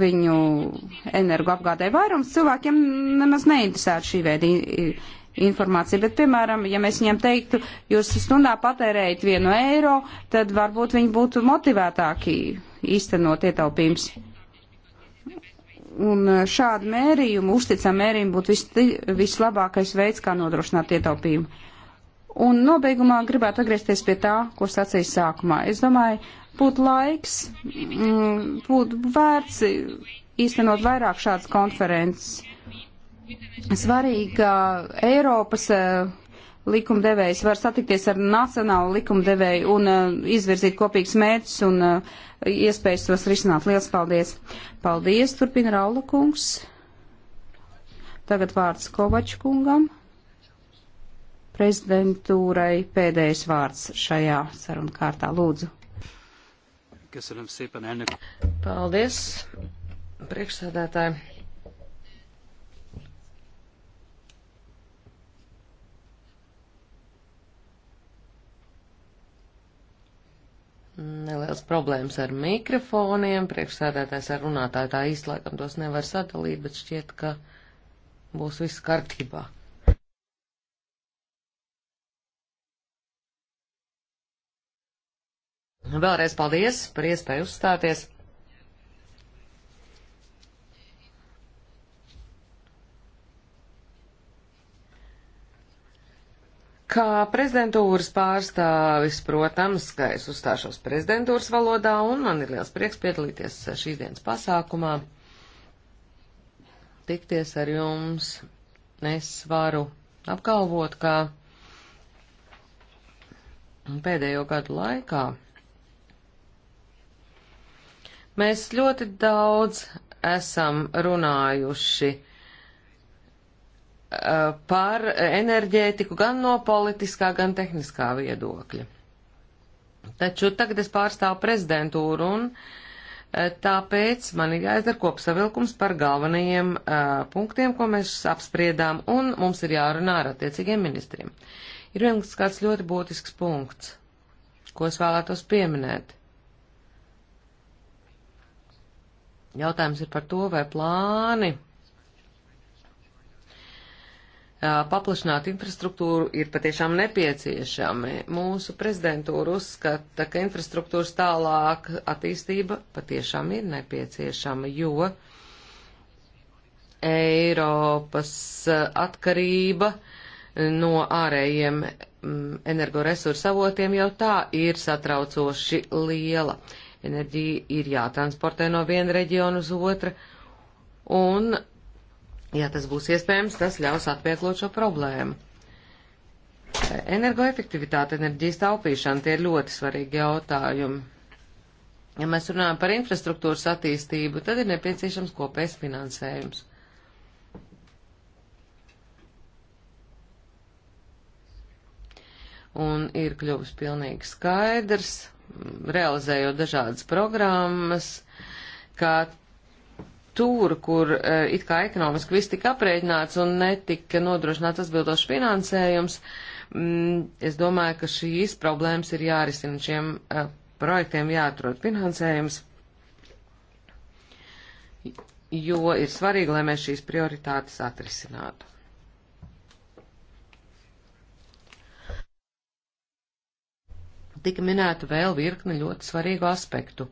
viņu energoapgādē vairums cilvēkiem nemaz neinteresētu šī veida informācija, bet, piemēram, ja mēs viņiem teiktu, jūs stundā patērējat vienu eiro, tad varbūt viņi būtu motivētāki īstenot ietaupījums. Un e, šādu mērījumu, uzticam mērījumu, būtu vis, vislabākais veids, kā nodrošināt ietaupījumu. Un nobeigumā gribētu atgriezties pie tā, ko sacīju sākumā. Es domāju, būtu laiks, mm, būtu vērts īstenot vairāk šādas konferences. Svarīgi, ka eh, Eiropas eh, likumdevējs var satikties ar nacionālu likumdevēju un eh, izvirzīt kopīgus mērķus un iespējas tos risināt. Lielas paldies! Paldies, turpina Raula kungs. Tagad vārds Kovaču kungam. Prezidentūrai pēdējais vārds šajā sarunkārtā. Lūdzu! Köszönöm szépen, elnök. Paldies, priekšsēdētāji. Nelielas problēmas ar mikrofoniem. Priekšsēdētājs ar runātāju tā īsti laikam tos nevar sadalīt, bet šķiet, ka būs viss kārtībā. Vēlreiz paldies par iespēju uzstāties. Kā prezidentūras pārstāvis, protams, ka es uzstāšos prezidentūras valodā un man ir liels prieks piedalīties šīs dienas pasākumā. Tikties ar jums es varu apgalvot, ka pēdējo gadu laikā Mēs ļoti daudz esam runājuši uh, par enerģētiku gan no politiskā, gan tehniskā viedokļa. Taču tagad es pārstāvu prezidentūru un uh, tāpēc man ir jāizdara kopsavilkums par galvenajiem uh, punktiem, ko mēs apspriedām, un mums ir jārunā ar attiecīgiem ministriem. Ir viens kāds ļoti būtisks punkts, ko es vēlētos pieminēt Jautājums ir par to, vai plāni paplašināt infrastruktūru ir patiešām nepieciešami. Mūsu prezidentūra uzskata, ka infrastruktūras tālāk attīstība patiešām ir nepieciešama, jo Eiropas atkarība no ārējiem energoresursu avotiem jau tā ir satraucoši liela. Uh, enerģija ir jātransportē no viena reģiona uz otra, un, ja tas būs iespējams, tas ļaus atvieglot šo problēmu. Energoefektivitāte, enerģijas taupīšana, tie ir ļoti svarīgi jautājumi. Ja mēs runājam par infrastruktūras attīstību, tad ir nepieciešams kopējs finansējums. un ir kļuvis pilnīgi skaidrs, realizējot dažādas programmas, kā tur, kur e, it kā ekonomiski viss tika aprēķināts un netika nodrošināts atbildošs finansējums, mm, es domāju, ka šīs problēmas ir jārisina šiem e, projektiem, jāatrod finansējums, jo ir svarīgi, lai mēs šīs prioritātes atrisinātu. tika minēta vēl virkne ļoti svarīgu aspektu.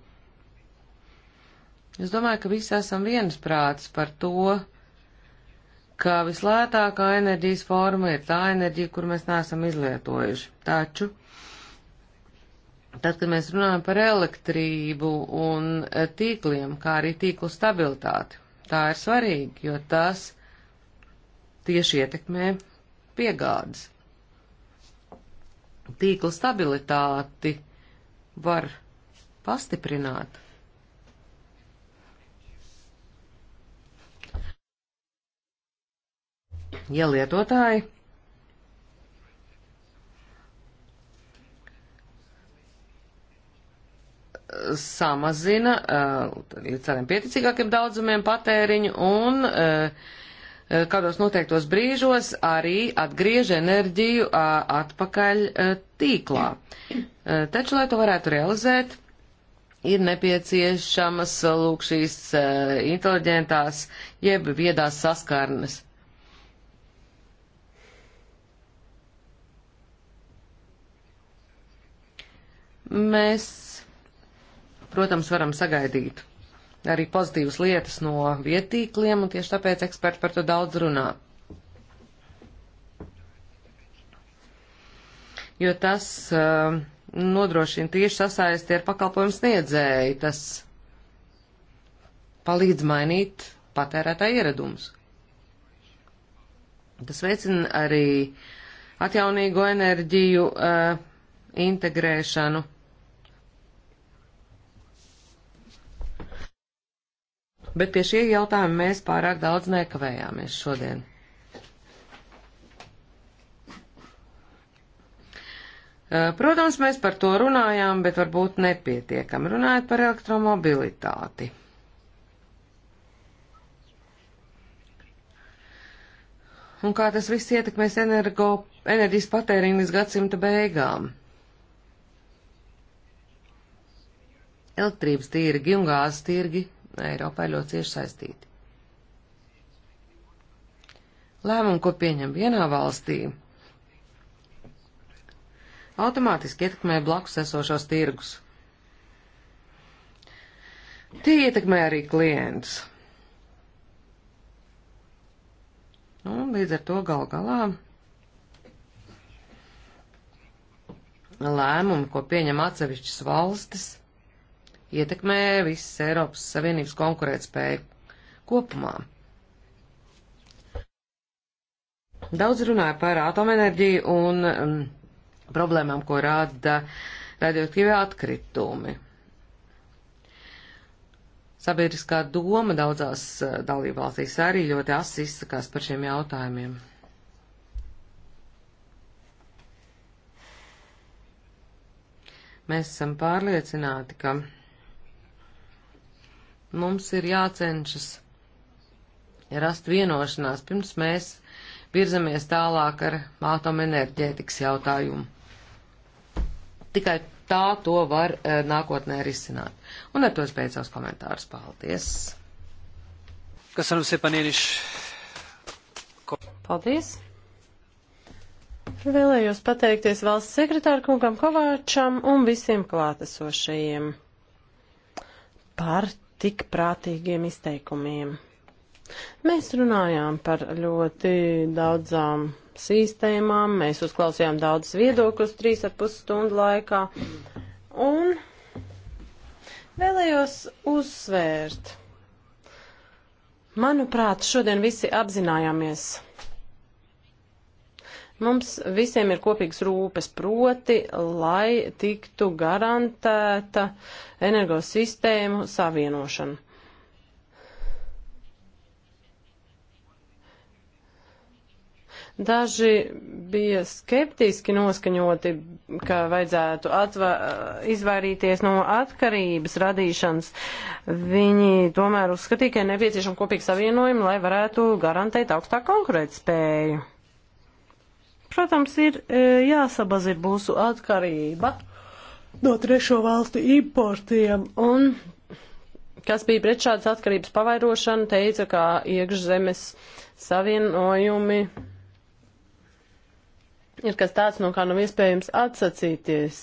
Es domāju, ka visi esam viensprāts par to, ka vislētākā enerģijas forma ir tā enerģija, kur mēs neesam izlietojuši. Taču, tad, kad mēs runājam par elektrību un tīkliem, kā arī tīklu stabilitāti, tā ir svarīgi, jo tas tieši ietekmē piegādes tīkla stabilitāti var pastiprināt. Ja lietotāji samazina uh, līdz tādiem pieticīgākiem daudzumiem patēriņu un uh, Eh, kādos noteiktos brīžos arī atgriež enerģiju atpakaļ eh, tīklā. Eh, taču, lai to varētu realizēt, ir nepieciešamas lūk šīs inteliģentās jeb viedās saskarnes. Mēs, protams, varam sagaidīt arī pozitīvas lietas no vietīkliem, un tieši tāpēc eksperti par to daudz runā. Jo tas uh, nodrošina tieši sasaisti ar pakalpojumu sniedzēju, tas palīdz mainīt patērētāju ieradumus. Tas veicina arī atjaunīgo enerģiju uh, integrēšanu Bet pie šī jautājuma mēs pārāk daudz nekavējāmies šodien. Protams, mēs par to runājām, bet varbūt nepietiekam runājot par elektromobilitāti. Un kā tas viss ietekmēs energo, enerģijas patēriņu līdz gadsimta beigām? Elektrības tirgi un gāzes tirgi Eiropā ir ļoti cieši saistīti. Lēmumu, ko pieņem vienā valstī, automātiski ietekmē blakus esošos tirgus. Tie ietekmē arī klientus. Nu, un līdz ar to gal galā lēmumi, ko pieņem atsevišķas valstis, ietekmē visas Eiropas Savienības konkurētspēju kopumā. Daudz runāja par atomenerģiju un um, problēmām, ko rada radioaktīvie atkritumi. Sabiedriskā doma daudzās uh, dalībvalstīs arī ļoti asi izsakās par šiem jautājumiem. Mēs esam pārliecināti, ka Mums ir jācenšas rast vienošanās, pirms mēs virzamies tālāk ar atomenerģētikas jautājumu. Tikai tā to var e, nākotnē risināt. Un ar to es beidzu savus komentārus. Paldies! Kas ar mums ir panieniši? Paldies! Vēlējos pateikties valsts sekretāru kungam Kovāčam un visiem klātesošajiem par tik prātīgiem izteikumiem. Mēs runājām par ļoti daudzām sistēmām, mēs uzklausījām daudzas viedokļus trīs ar pus stundu laikā, un vēlējos uzsvērt. Manuprāt, šodien visi apzinājāmies, Mums visiem ir kopīgs rūpes proti, lai tiktu garantēta energosistēmu savienošana. Daži bija skeptiski noskaņoti, ka vajadzētu atva, izvairīties no atkarības radīšanas. Viņi tomēr uzskatīja, ka ir nepieciešama kopīga savienojuma, lai varētu garantēt augstā konkurētspēju. spēju. Protams, ir e, jāsabazir mūsu atkarība no trešo valstu importiem, un kas bija pret šādas atkarības pavairošanu, teica, ka iekšzemes savienojumi ir kas tāds, no kā nav iespējams atsacīties.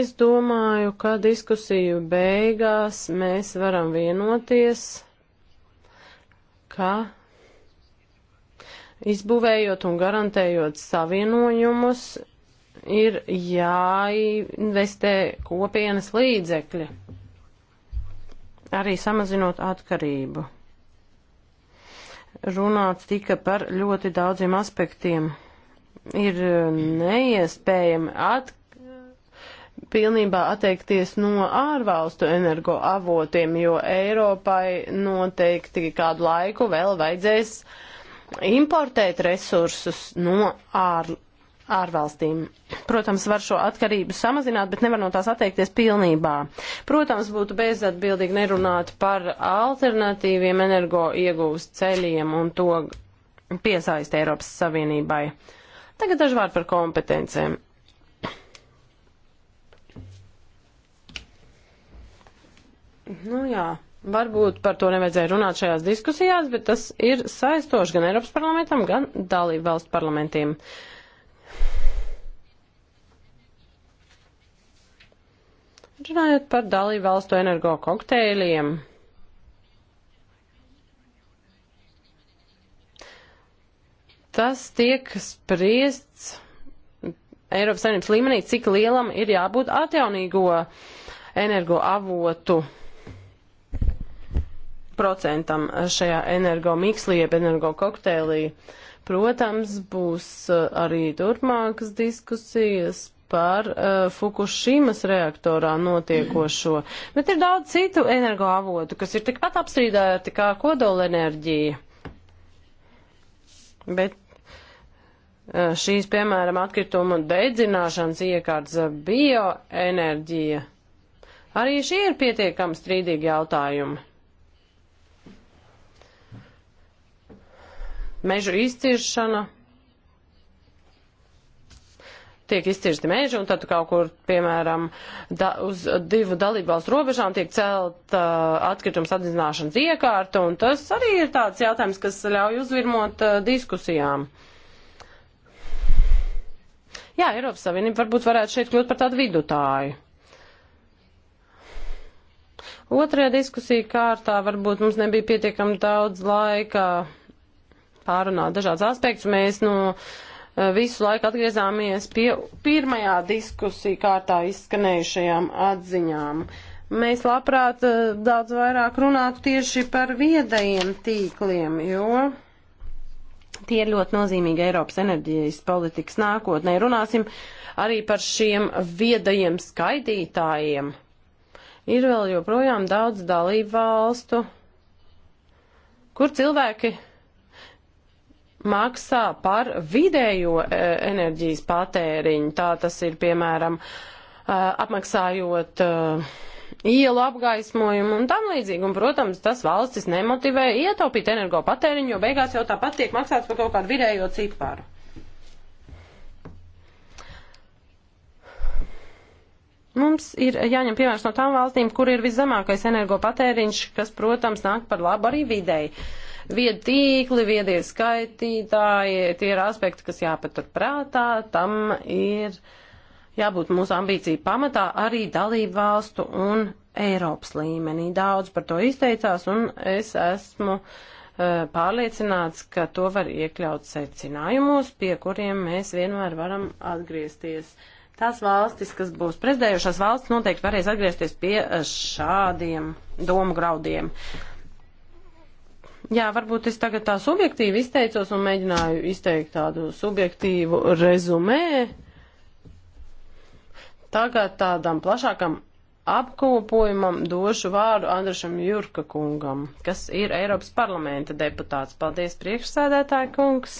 Es domāju, ka diskusiju beigās mēs varam vienoties, ka izbūvējot un garantējot savienojumus, ir jāinvestē kopienas līdzekļi, arī samazinot atkarību. Runāts tika par ļoti daudziem aspektiem. Ir neiespējami at, pilnībā atteikties no ārvalstu energoavotiem, jo Eiropai noteikti kādu laiku vēl vajadzēs uh, importēt resursus no ārpus ārvalstīm. Protams, var šo atkarību samazināt, bet nevar no tās atteikties pilnībā. Protams, būtu bezatbildīgi nerunāt par alternatīviem energo ieguvas ceļiem un to piesaist Eiropas Savienībai. Tagad daži vārdi par kompetencēm. Nu jā. Varbūt par to nevajadzēja runāt šajās diskusijās, bet tas ir saistoši gan Eiropas parlamentam, gan dalību valstu parlamentiem. Runājot par dalību valstu energo kokteļiem. Tas tiek spriests Eiropas saimnības līmenī, cik lielam ir jābūt atjaunīgo energo avotu 5% šajā energo mikslī, jeb energo kokteilī. Protams, būs uh, arī turpmākas diskusijas par uh, Fukushimas reaktorā notiekošo. Bet ir daudz citu energoavotu, kas ir tikpat apstrīdēti kā kodolenerģija. Bet uh, šīs, piemēram, atkrituma dedzināšanas iekārtas uh, bioenerģija. Arī šie ir pietiekami strīdīgi jautājumi. mežu izciršana. Tiek izcirsti meži, un tad kaut kur, piemēram, da, uz divu dalībvalstu robežām tiek celt uh, atkritums atzināšanas iekārta, un tas arī ir tāds jautājums, kas ļauj uzvirmot uh, diskusijām. Jā, Eiropas Savienība varbūt varētu šeit kļūt par tādu vidutāju. Otrajā diskusija kārtā varbūt mums nebija pietiekami daudz laika pārunāt dažādas aspektus. Mēs no eh, visu laiku atgriezāmies pie pirmajā diskusija kārtā izskanējušajām atziņām. Mēs labprāt eh, daudz vairāk runātu tieši par viedajiem tīkliem, jo tie ir ļoti nozīmīgi Eiropas enerģijas politikas nākotnē. Runāsim arī par šiem viedajiem skaitītājiem. Ir vēl joprojām daudz dalību valstu, kur cilvēki maksā par vidējo e, enerģijas patēriņu. Tā tas ir, piemēram, e, apmaksājot e, ielu apgaismojumu un tam līdzīgi. Un, protams, tas valstis nemotivē ietaupīt energo patēriņu, jo beigās jau tāpat tiek maksāts par kaut kādu vidējo ciparu. Mums ir jāņem piemērs no tām valstīm, kur ir viszemākais energo patēriņš, kas, protams, nāk par labu arī videi. Uh, viedi tīkli, viedie skaitītāji, tie ir aspekti, kas jāpatur prātā, tam ir jābūt mūsu ambīciju pamatā arī dalību valstu un Eiropas līmenī. Daudz par to izteicās, un es esmu eh, pārliecināts, ka to var iekļaut secinājumos, pie kuriem mēs vienmēr varam atgriezties. Tās valstis, kas būs prezidējušās valstis, noteikti varēs atgriezties pie eh, šādiem domu graudiem. Jā, varbūt es tagad tā subjektīvi izteicos un mēģināju izteikt tādu subjektīvu rezumē. Tagad tādam plašākam apkopojumam došu vārdu Andrašam Jurka kungam, kas ir Eiropas parlamenta deputāts. Paldies, priekšsēdētāji kungs!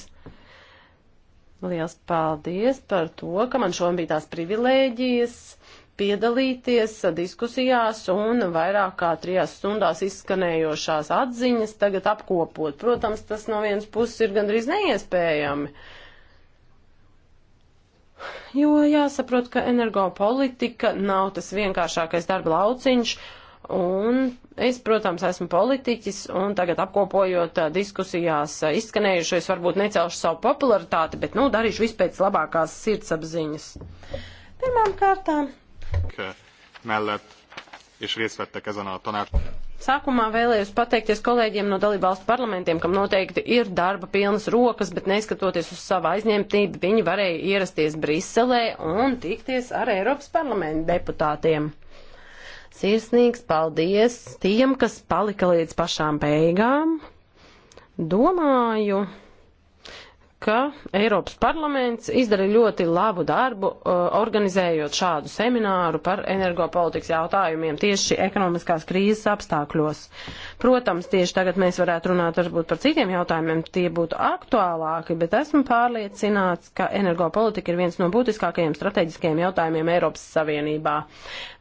Liels paldies par to, ka man šodien bija tās privilēģijas piedalīties diskusijās un vairāk kā trijās stundās izskanējošās atziņas tagad apkopot. Protams, tas no vienas puses ir gandrīz neiespējami. Jo jāsaprot, ka energopolitika nav tas vienkāršākais darba lauciņš, un es, protams, esmu politiķis, un tagad apkopojot diskusijās izskanējušais, varbūt necelšu savu popularitāti, bet, nu, darīšu vispēc labākās sirdsapziņas. Pirmām kārtām mellett, és részt vettek ezen a tanács. Sākumā vēlējos pateikties kolēģiem no dalībvalstu parlamentiem, kam noteikti ir darba pilnas rokas, bet neskatoties uz savu aizņemtību, viņi varēja ierasties Briselē un tikties ar Eiropas parlamentu deputātiem. Sirsnīgs paldies tiem, kas palika līdz pašām beigām. Domāju, ka Eiropas parlaments izdarīja ļoti labu darbu, uh, organizējot šādu semināru par energopolitikas jautājumiem tieši ekonomiskās krīzes apstākļos. Protams, tieši tagad mēs varētu runāt varbūt par citiem jautājumiem, tie būtu aktuālāki, bet esmu pārliecināts, ka energopolitika ir viens no būtiskākajiem strateģiskajiem jautājumiem Eiropas Savienībā.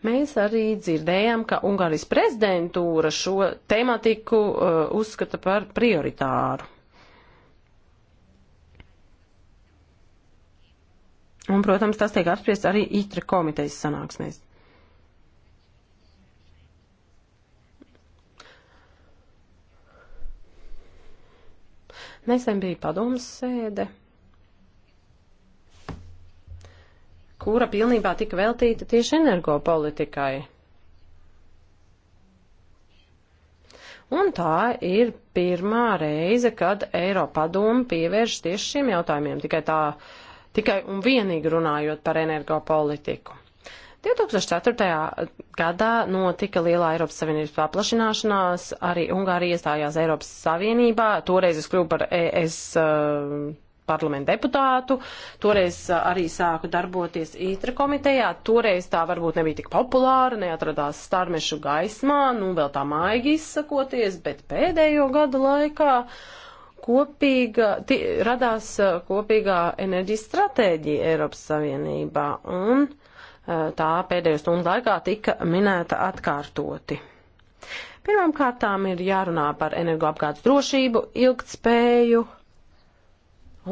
Mēs arī dzirdējām, ka Ungārijas prezidentūra šo tematiku uh, uzskata par prioritāru. Un, protams, tas tiek apspriests arī ITRA komitejas sanāksmēs. Nesen bija padomas sēde, kura pilnībā tika veltīta tieši energopolitikai. Un tā ir pirmā reize, kad Eiropa doma pievērš tieši šiem jautājumiem. Tikai tā uh, tikai un vienīgi runājot par energopolitiku. 2004. gadā notika lielā Eiropas Savienības paplašināšanās, arī Ungārija iestājās Eiropas Savienībā, toreiz es kļuvu par ES eh, parlamentu deputātu, toreiz eh, arī sāku darboties ītra e komitejā, toreiz tā varbūt nebija tik populāra, neatradās starmešu gaismā, nu vēl tā maigi izsakoties, bet pēdējo gadu laikā. Uh, kopīga, ti, radās uh, kopīgā enerģijas stratēģija Eiropas Savienībā, un uh, tā pēdējo stundu laikā tika minēta atkārtoti. Pirmām kārtām ir jārunā par energoapgādes drošību, ilgtspēju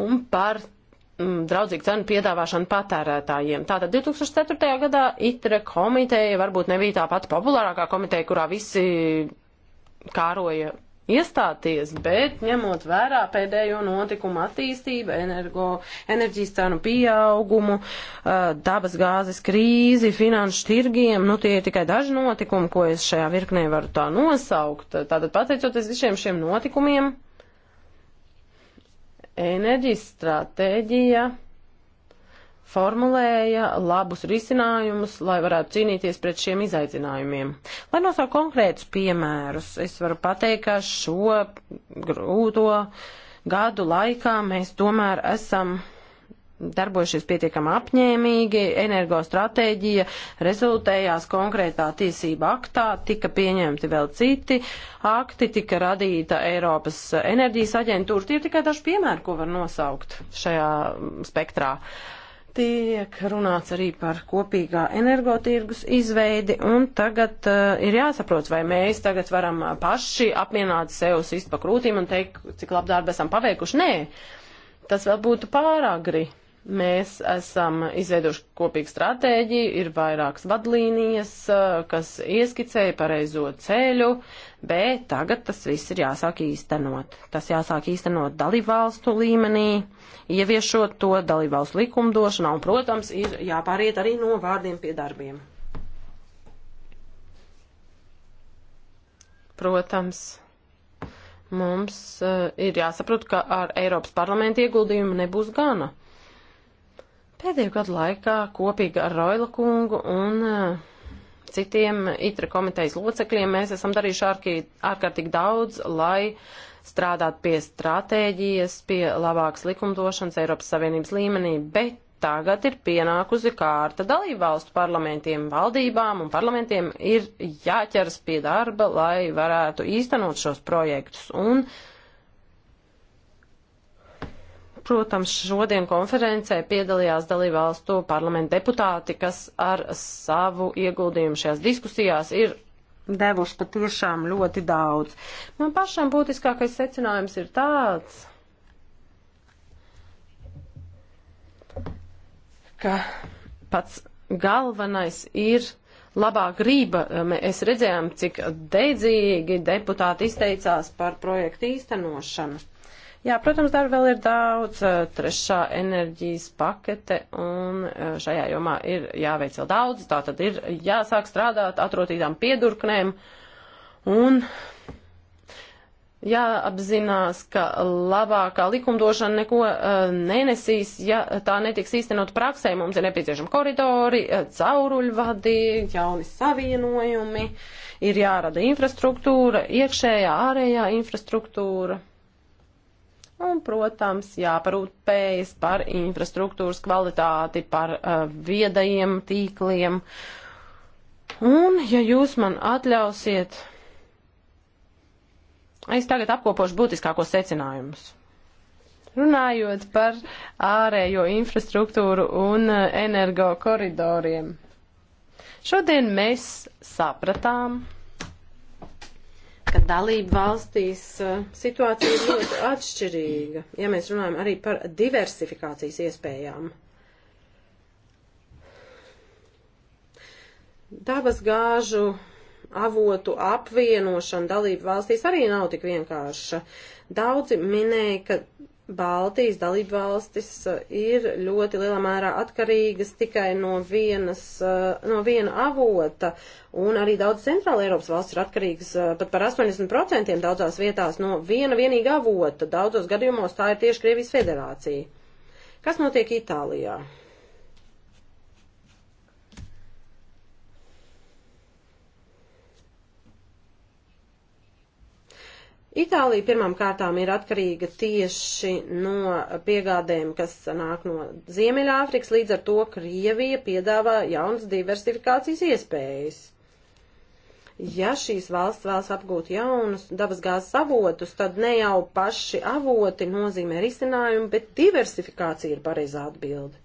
un par mm, draudzīgu cenu piedāvāšanu patērētājiem. Tātad 2004. gadā ITRE komiteja varbūt nebija tā pati populārākā komiteja, kurā visi kāroja iestāties, bet ņemot vērā pēdējo notikumu attīstību, energo, enerģijas cenu pieaugumu, dabas gāzes krīzi, finanšu tirgiem, nu tie ir tikai daži notikumi, ko es šajā virknē varu tā nosaukt. Tātad pateicoties visiem šiem notikumiem, enerģijas stratēģija formulēja labus risinājumus, lai varētu cīnīties pret šiem izaicinājumiem. Lai nosauc konkrētus piemērus, es varu pateikt, ka šo grūto gadu laikā mēs tomēr esam darbojušies pietiekami apņēmīgi, energostratēģija rezultējās konkrētā tiesība aktā, tika pieņemti vēl citi akti, tika radīta Eiropas enerģijas aģentūra. Tie ir tikai daži piemēri, ko var nosaukt šajā spektrā. Uh, Tiek runāts arī par kopīgā energotirgus izveidi, un tagad uh, ir jāsaprot, vai mēs tagad varam eh, paši apmienāt sev uz izpakrūtīm un teikt, cik labu darbu esam paveikuši. Nē, tas vēl būtu pāragri. Uh, Mēs esam izveidojuši kopīgu stratēģiju, ir vairākas vadlīnijas, kas ieskicēja pareizo ceļu, bet tagad tas viss ir jāsāk īstenot. Tas jāsāk īstenot dalībvalstu līmenī, ieviešot to dalībvalstu likumdošanā, un, protams, ir jāpāriet arī no vārdiem pie darbiem. Protams mums uh, ir jāsaprot, ka ar Eiropas parlamentu ieguldījumu nebūs gana. Pēdējo gadu laikā kopīgi ar Roila kungu un uh, citiem itra komitejas locekļiem mēs esam darījuši ārkī, ārkārtīgi daudz, lai strādāt pie stratēģijas, pie labākas likumdošanas Eiropas Savienības līmenī, bet tagad ir pienākusi kārta dalībvalstu parlamentiem, valdībām un parlamentiem ir jāķeras pie darba, lai varētu īstenot šos projektus. Un Protams, šodien konferencē piedalījās dalībvalstu parlamenta deputāti, kas ar savu ieguldījumu šajās diskusijās ir devuši patiešām ļoti daudz. Man pašam būtiskākais secinājums ir tāds, ka pats galvenais ir labā grība. Mēs redzējām, cik deidzīgi deputāti izteicās par projektu īstenošanu. Jā, protams, darba vēl ir daudz, eh, trešā enerģijas pakete, un eh, šajā jomā ir jāveic vēl daudz, tā tad ir jāsāk strādāt atrotītām piedurknēm, un jāapzinās, ka labākā likumdošana neko uh, nenesīs, ja tā netiks īstenot praksē. Mums ir nepieciešami koridori, cauruļvadi, jauni savienojumi, ir jārada infrastruktūra, iekšējā, ārējā infrastruktūra. Un, protams, jāparūpējas par infrastruktūras kvalitāti, par uh, viedajiem tīkliem. Un, ja jūs man atļausiet, es tagad apkopošu būtiskākos secinājumus. Runājot par ārējo infrastruktūru un uh, energo koridoriem. Šodien mēs sapratām, ka dalība valstīs eh, situācija ir ļoti atšķirīga, ja mēs runājam arī par diversifikācijas iespējām. Dabas gāžu avotu apvienošana dalību valstīs arī nav tik vienkārša. Daudzi minēja, ka Baltijas dalībvalstis eh, ir ļoti lielā mērā atkarīgas tikai no, vienas, eh, no viena avota, un arī daudz centrāla Eiropas valsts ir atkarīgas eh, pat par 80% daudzās vietās no viena vienīga avota. Daudzos gadījumos tā ir tieši Krievijas federācija. Kas notiek Itālijā? Itālija pirmām kārtām ir atkarīga tieši no piegādēm, kas nāk no Ziemeļāfrikas, līdz ar to Krievija piedāvā jaunas diversifikācijas iespējas. Ja šīs valsts vēlas apgūt jaunus dabasgāzes avotus, tad ne jau paši avoti nozīmē risinājumu, bet diversifikācija ir pareizā atbilde.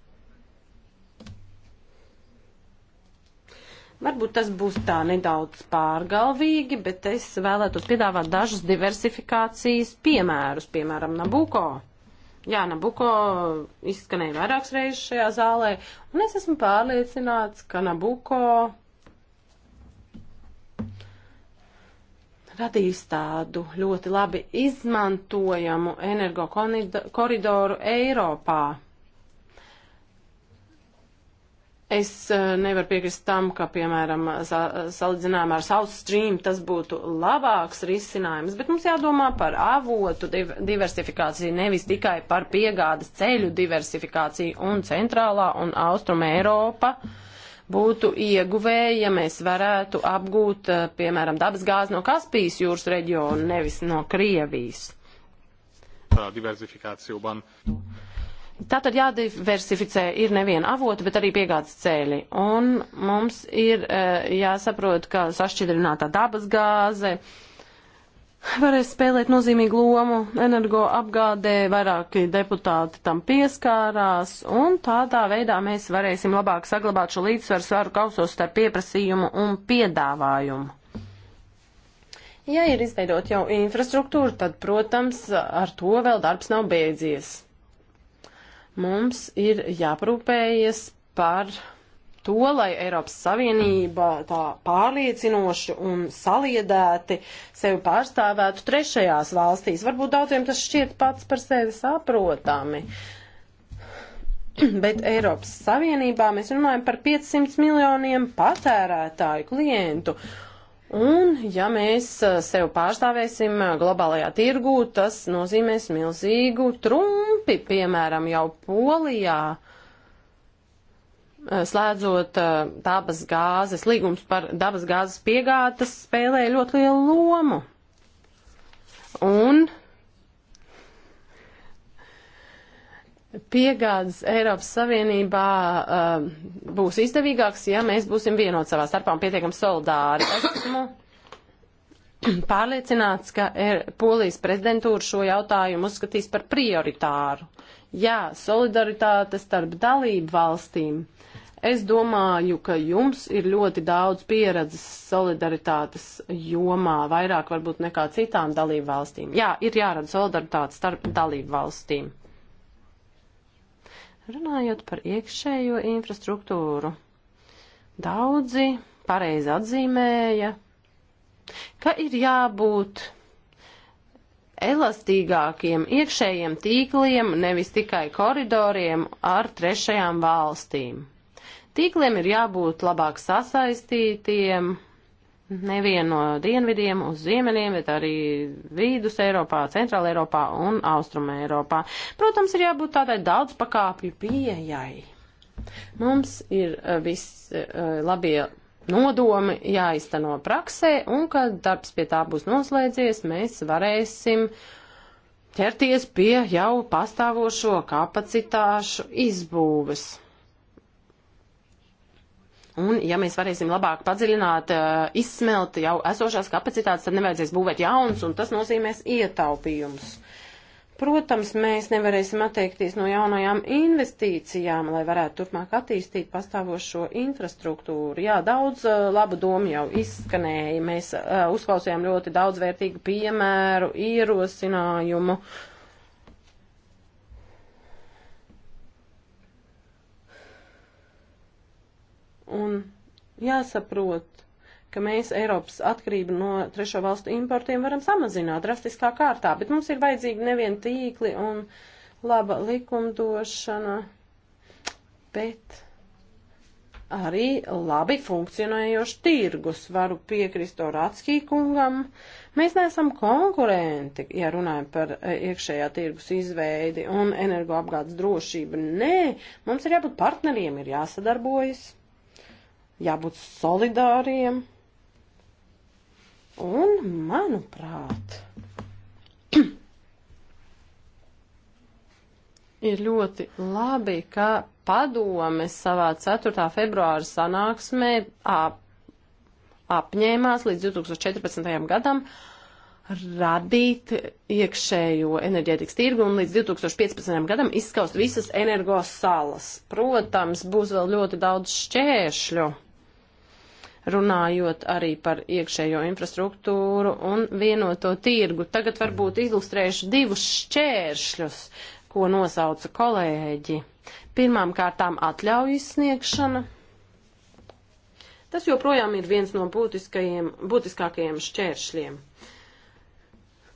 Varbūt tas būs tā nedaudz pārgalvīgi, bet es vēlētos piedāvāt dažus diversifikācijas piemērus, piemēram, Nabuko. Jā, Nabuko izskanēja vairākas reizes šajā zālē, un es esmu pārliecināts, ka Nabuko radīs tādu ļoti labi izmantojamu energo koridoru Eiropā Es e, nevaru piekrist tam, ka, piemēram, salīdzinājumā ar South Stream tas būtu labāks risinājums, bet mums jādomā par avotu diversifikāciju, nevis tikai par piegādes ceļu diversifikāciju un centrālā un austruma Eiropa būtu ieguvēja, ja mēs varētu apgūt, e, piemēram, dabas gāzi no Kaspijas jūras reģiona, nevis no Krievijas. Tā diversifikācija. Tātad jādiversificē ir neviena avota, bet arī piegādes ceļi. Un mums ir e, jāsaprot, ka sašķidrinātā dabas gāze varēs spēlēt nozīmīgu lomu energo apgādē, vairāki deputāti tam pieskārās, un tādā veidā mēs varēsim labāk saglabāt šo līdzsvaru svaru kausos starp pieprasījumu un piedāvājumu. Ja ir izveidot jau infrastruktūru, tad, protams, ar to vēl darbs nav beidzies. Mums ir jāprūpējies par to, lai Eiropas Savienība tā pārliecinoši un saliedēti sevi pārstāvētu trešajās valstīs. Varbūt daudziem tas šķiet pats par sevi saprotami. Bet Eiropas Savienībā mēs runājam par 500 miljoniem patērētāju klientu. Uh, Un, ja mēs uh, sev pārstāvēsim uh, globālajā tirgū, tas nozīmēs milzīgu trumpi, piemēram, jau Polijā, uh, slēdzot dabas gāzes, līgums par dabas gāzes piegādes spēlē ļoti lielu lomu. Un piegādes Eiropas Savienībā uh, būs izdevīgāks, ja mēs būsim vienot savā starpā un pietiekam solidāri. Esmu pārliecināts, ka er, Polijas prezidentūra šo jautājumu uzskatīs par prioritāru. Jā, solidaritāte starp dalību valstīm. Es domāju, ka jums ir ļoti daudz pieredzes solidaritātes jomā, vairāk varbūt nekā citām dalību valstīm. Jā, ir jārada solidaritāte starp dalību valstīm. Runājot par iekšējo infrastruktūru, daudzi pareizi atzīmēja, ka ir jābūt elastīgākiem iekšējiem tīkliem, nevis tikai koridoriem ar trešajām valstīm. Tīkliem ir jābūt labāk sasaistītiem, nevienu no dienvidiem uz ziemeļiem, bet arī vīdus Eiropā, centrāla Eiropā un austruma Eiropā. Protams, ir jābūt tādai daudzpakāpju pieejai. Mums ir eh, viss eh, labie nodomi jāizteno praksē, un kad darbs pie tā būs noslēdzies, mēs varēsim ķerties pie jau pastāvošo kapacitāšu izbūves. Un, ja mēs varēsim labāk padziļināt, eh, izsmelt jau esošās kapacitātes, tad nevajadzēs būvēt jauns, un tas nozīmēs ietaupījums. Protams, mēs nevarēsim atteikties no jaunajām investīcijām, lai varētu turpmāk attīstīt pastāvošo infrastruktūru. Jā, daudz eh, labu domu jau izskanēja. Mēs uh, uzklausījām ļoti daudz vērtīgu piemēru, ierosinājumu. Uh, Un jāsaprot, ka mēs Eiropas atkarību no trešo valstu importiem varam samazināt drastiskā kārtā, bet mums ir vajadzīgi nevien tīkli un laba likumdošana, bet arī labi funkcionējoši tirgus. Varu piekrist Oratskī kungam. Mēs neesam konkurenti, ja runājam par eh, iekšējā tirgus izveidi un energoapgādes drošību. Nē, mums ir jābūt partneriem, ir jāsadarbojas jābūt solidāriem. Un, manuprāt, *clears throat* ir ļoti labi, ka padome savā 4. februāra sanāksmē ap, apņēmās līdz 2014. gadam radīt iekšējo enerģētikas tirgu un līdz 2015. gadam izskaust visas energo salas. Protams, būs vēl ļoti daudz šķēršļu runājot arī par iekšējo infrastruktūru un vienoto tirgu. Tagad varbūt ilustrēšu divus šķēršļus, ko nosauca kolēģi. Pirmām kārtām atļauju izsniegšana. Tas joprojām ir viens no būtiskākajiem šķēršļiem.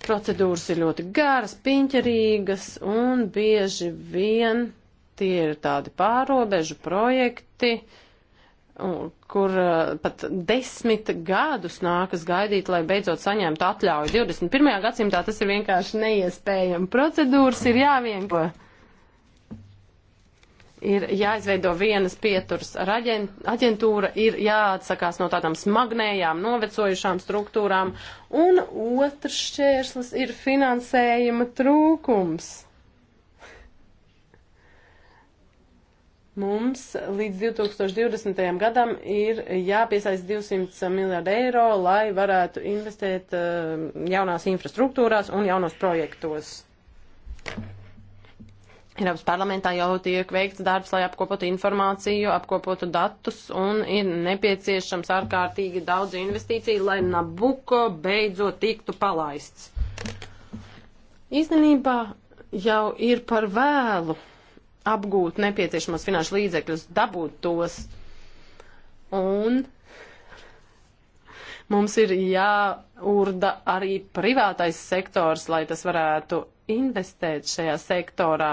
Procedūras ir ļoti garas, piņķerīgas un bieži vien tie ir tādi pārobežu projekti, uh, kur uh, pat desmit gadus nākas gaidīt, lai beidzot saņemtu atļauju. 21. gadsimtā tas ir vienkārši neiespējami. Procedūras ir jāvienko. Ir jāizveido vienas pieturas aģentūra, ir jāatsakās no tādām smagnējām, novecojušām struktūrām, un otrs šķērslis ir finansējuma trūkums. Mums līdz 2020. gadam ir jāpiesaist 200 miljārdu eiro, lai varētu investēt eh, jaunās infrastruktūrās un jaunos projektos. Eiropas parlamentā jau tiek veikts darbs, lai apkopotu informāciju, apkopotu datus, un ir nepieciešams ārkārtīgi daudz investīciju, lai Nabuko beidzot tiktu palaists. Īstenībā jau ir par vēlu apgūt nepieciešamos finanšu līdzekļus, dabūt tos. Un mums ir jāurda arī privātais sektors, lai tas varētu investēt šajā sektorā.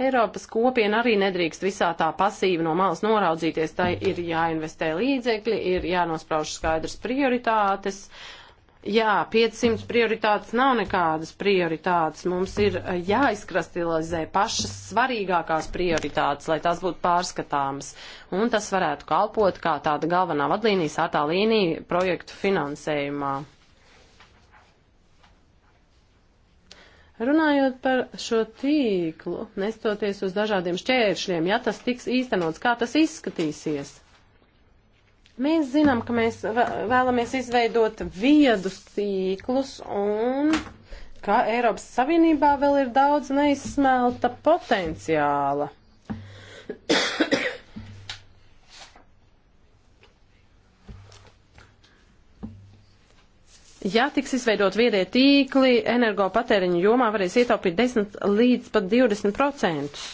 Eiropas kopiena arī nedrīkst visā tā pasīvi no malas noraudzīties. Tai ir jāinvestē līdzekļi, ir jānosprauž skaidrs prioritātes. Uh, Jā, 500 prioritātes nav nekādas prioritātes. Mums ir eh, jāizkristalizē pašas svarīgākās prioritātes, lai tās būtu pārskatāmas. Un tas varētu kalpot kā tāda galvenā vadlīnija, sātā līnija projektu finansējumā. Runājot par šo tīklu, nestoties uz dažādiem šķēršļiem, ja tas tiks īstenots, kā tas izskatīsies? Mēs zinām, ka mēs vēlamies izveidot viedus tīklus un ka Eiropas Savienībā vēl ir daudz neizsmelta potenciāla. Ja tiks izveidot viedie tīkli, energopatēriņu jomā varēs ietaupīt 10 līdz pat 20 procentus.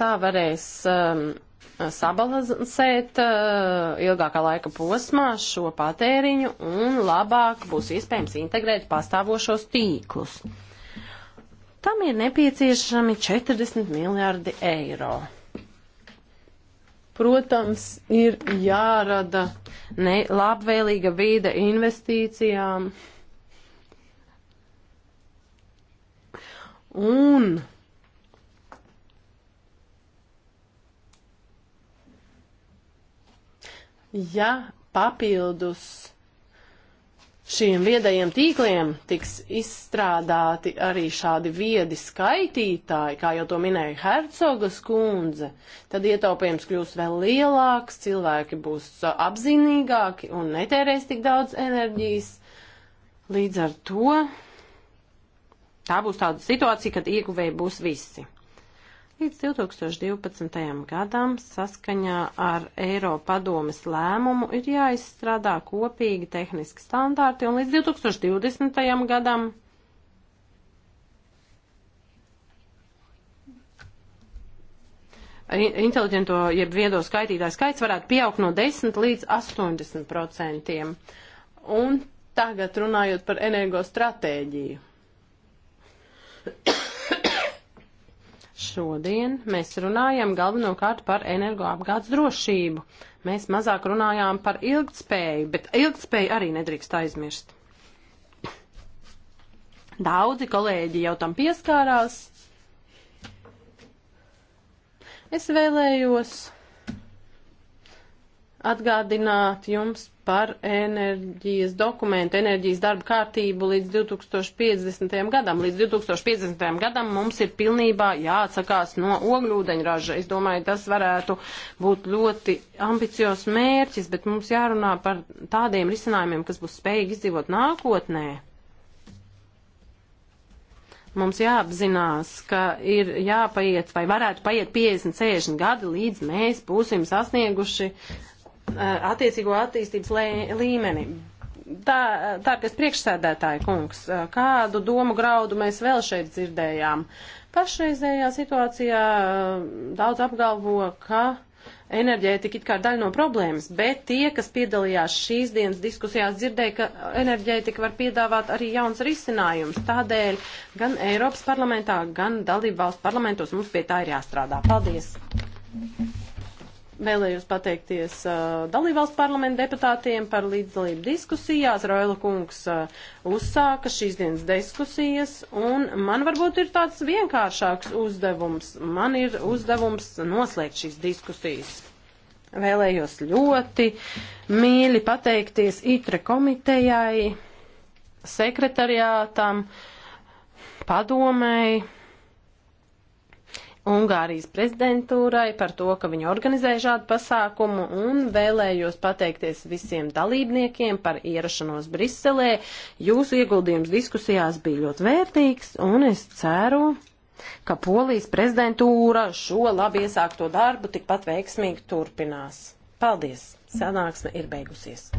Tā varēs um, Uh, sabalansēt uh, ilgākā laika posmā šo patēriņu un labāk būs iespējams integrēt pastāvošos tīklus. Tam ir nepieciešami 40 miljārdi eiro. Protams, ir jārada ne, labvēlīga vīde investīcijām. Un ja papildus šiem viedajiem tīkliem tiks izstrādāti arī šādi viedi skaitītāji, kā jau to minēja Hercogas kundze, tad ietaupījums kļūs vēl lielāks, cilvēki būs apzinīgāki un netērēs tik daudz enerģijas. Līdz ar to tā būs tāda situācija, kad ieguvēji būs visi. Līdz 2012. gadam saskaņā ar Eiropadomes lēmumu ir jāizstrādā kopīgi tehniski standārti un līdz 2020. gadam inteliģento jeb viedo skaitītāju skaits varētu pieaugt no 10 līdz 80 procentiem. Un tagad runājot par energostratēģiju. Šodien mēs runājam galvenokārt par energoapgādes drošību. Mēs mazāk runājām par ilgtspēju, bet ilgtspēju arī nedrīkst aizmirst. Daudzi kolēģi jau tam pieskārās. Es vēlējos atgādināt jums par enerģijas dokumentu, enerģijas darba kārtību līdz 2050. gadam. Līdz 2050. gadam mums ir pilnībā jāatsakās no ogļūdeņraža. Es domāju, tas varētu būt ļoti ambiciozs mērķis, bet mums jārunā par tādiem risinājumiem, kas būs spējīgi izdzīvot nākotnē. Mums jāapzinās, ka ir jāpaiet vai varētu paiet 50, 60 gadi, līdz mēs būsim sasnieguši uh, Eh, attiecīgo attīstības līmeni. Tā, dārgais priekšsēdētāji kungs, eh, kādu domu graudu mēs vēl šeit dzirdējām? Pašreizējā situācijā eh, daudz apgalvo, ka enerģētika it kā ir daļa no problēmas, bet tie, kas piedalījās šīs dienas diskusijās, dzirdēja, ka enerģētika var piedāvāt arī jauns risinājums. Tādēļ gan Eiropas parlamentā, gan dalību valstu parlamentos mums pie tā ir jāstrādā. Paldies! Thank you. Vēlējos pateikties uh, dalībvalstu parlamentu deputātiem par līdzdalību diskusijās. Roila kungs uh, uzsāka šīs dienas diskusijas, un man varbūt ir tāds vienkāršāks uzdevums. Man ir uzdevums noslēgt šīs diskusijas. Vēlējos ļoti mīļi pateikties ITRE komitejai, sekretariātam, padomēji Ungārijas prezidentūrai par to, ka viņi organizē šādu pasākumu un vēlējos pateikties visiem dalībniekiem par ierašanos Briselē. Jūsu ieguldījums diskusijās bija ļoti vērtīgs un es ceru, ka Polijas prezidentūra šo labi iesākto darbu tikpat veiksmīgi turpinās. Paldies! Sanāksme ir beigusies.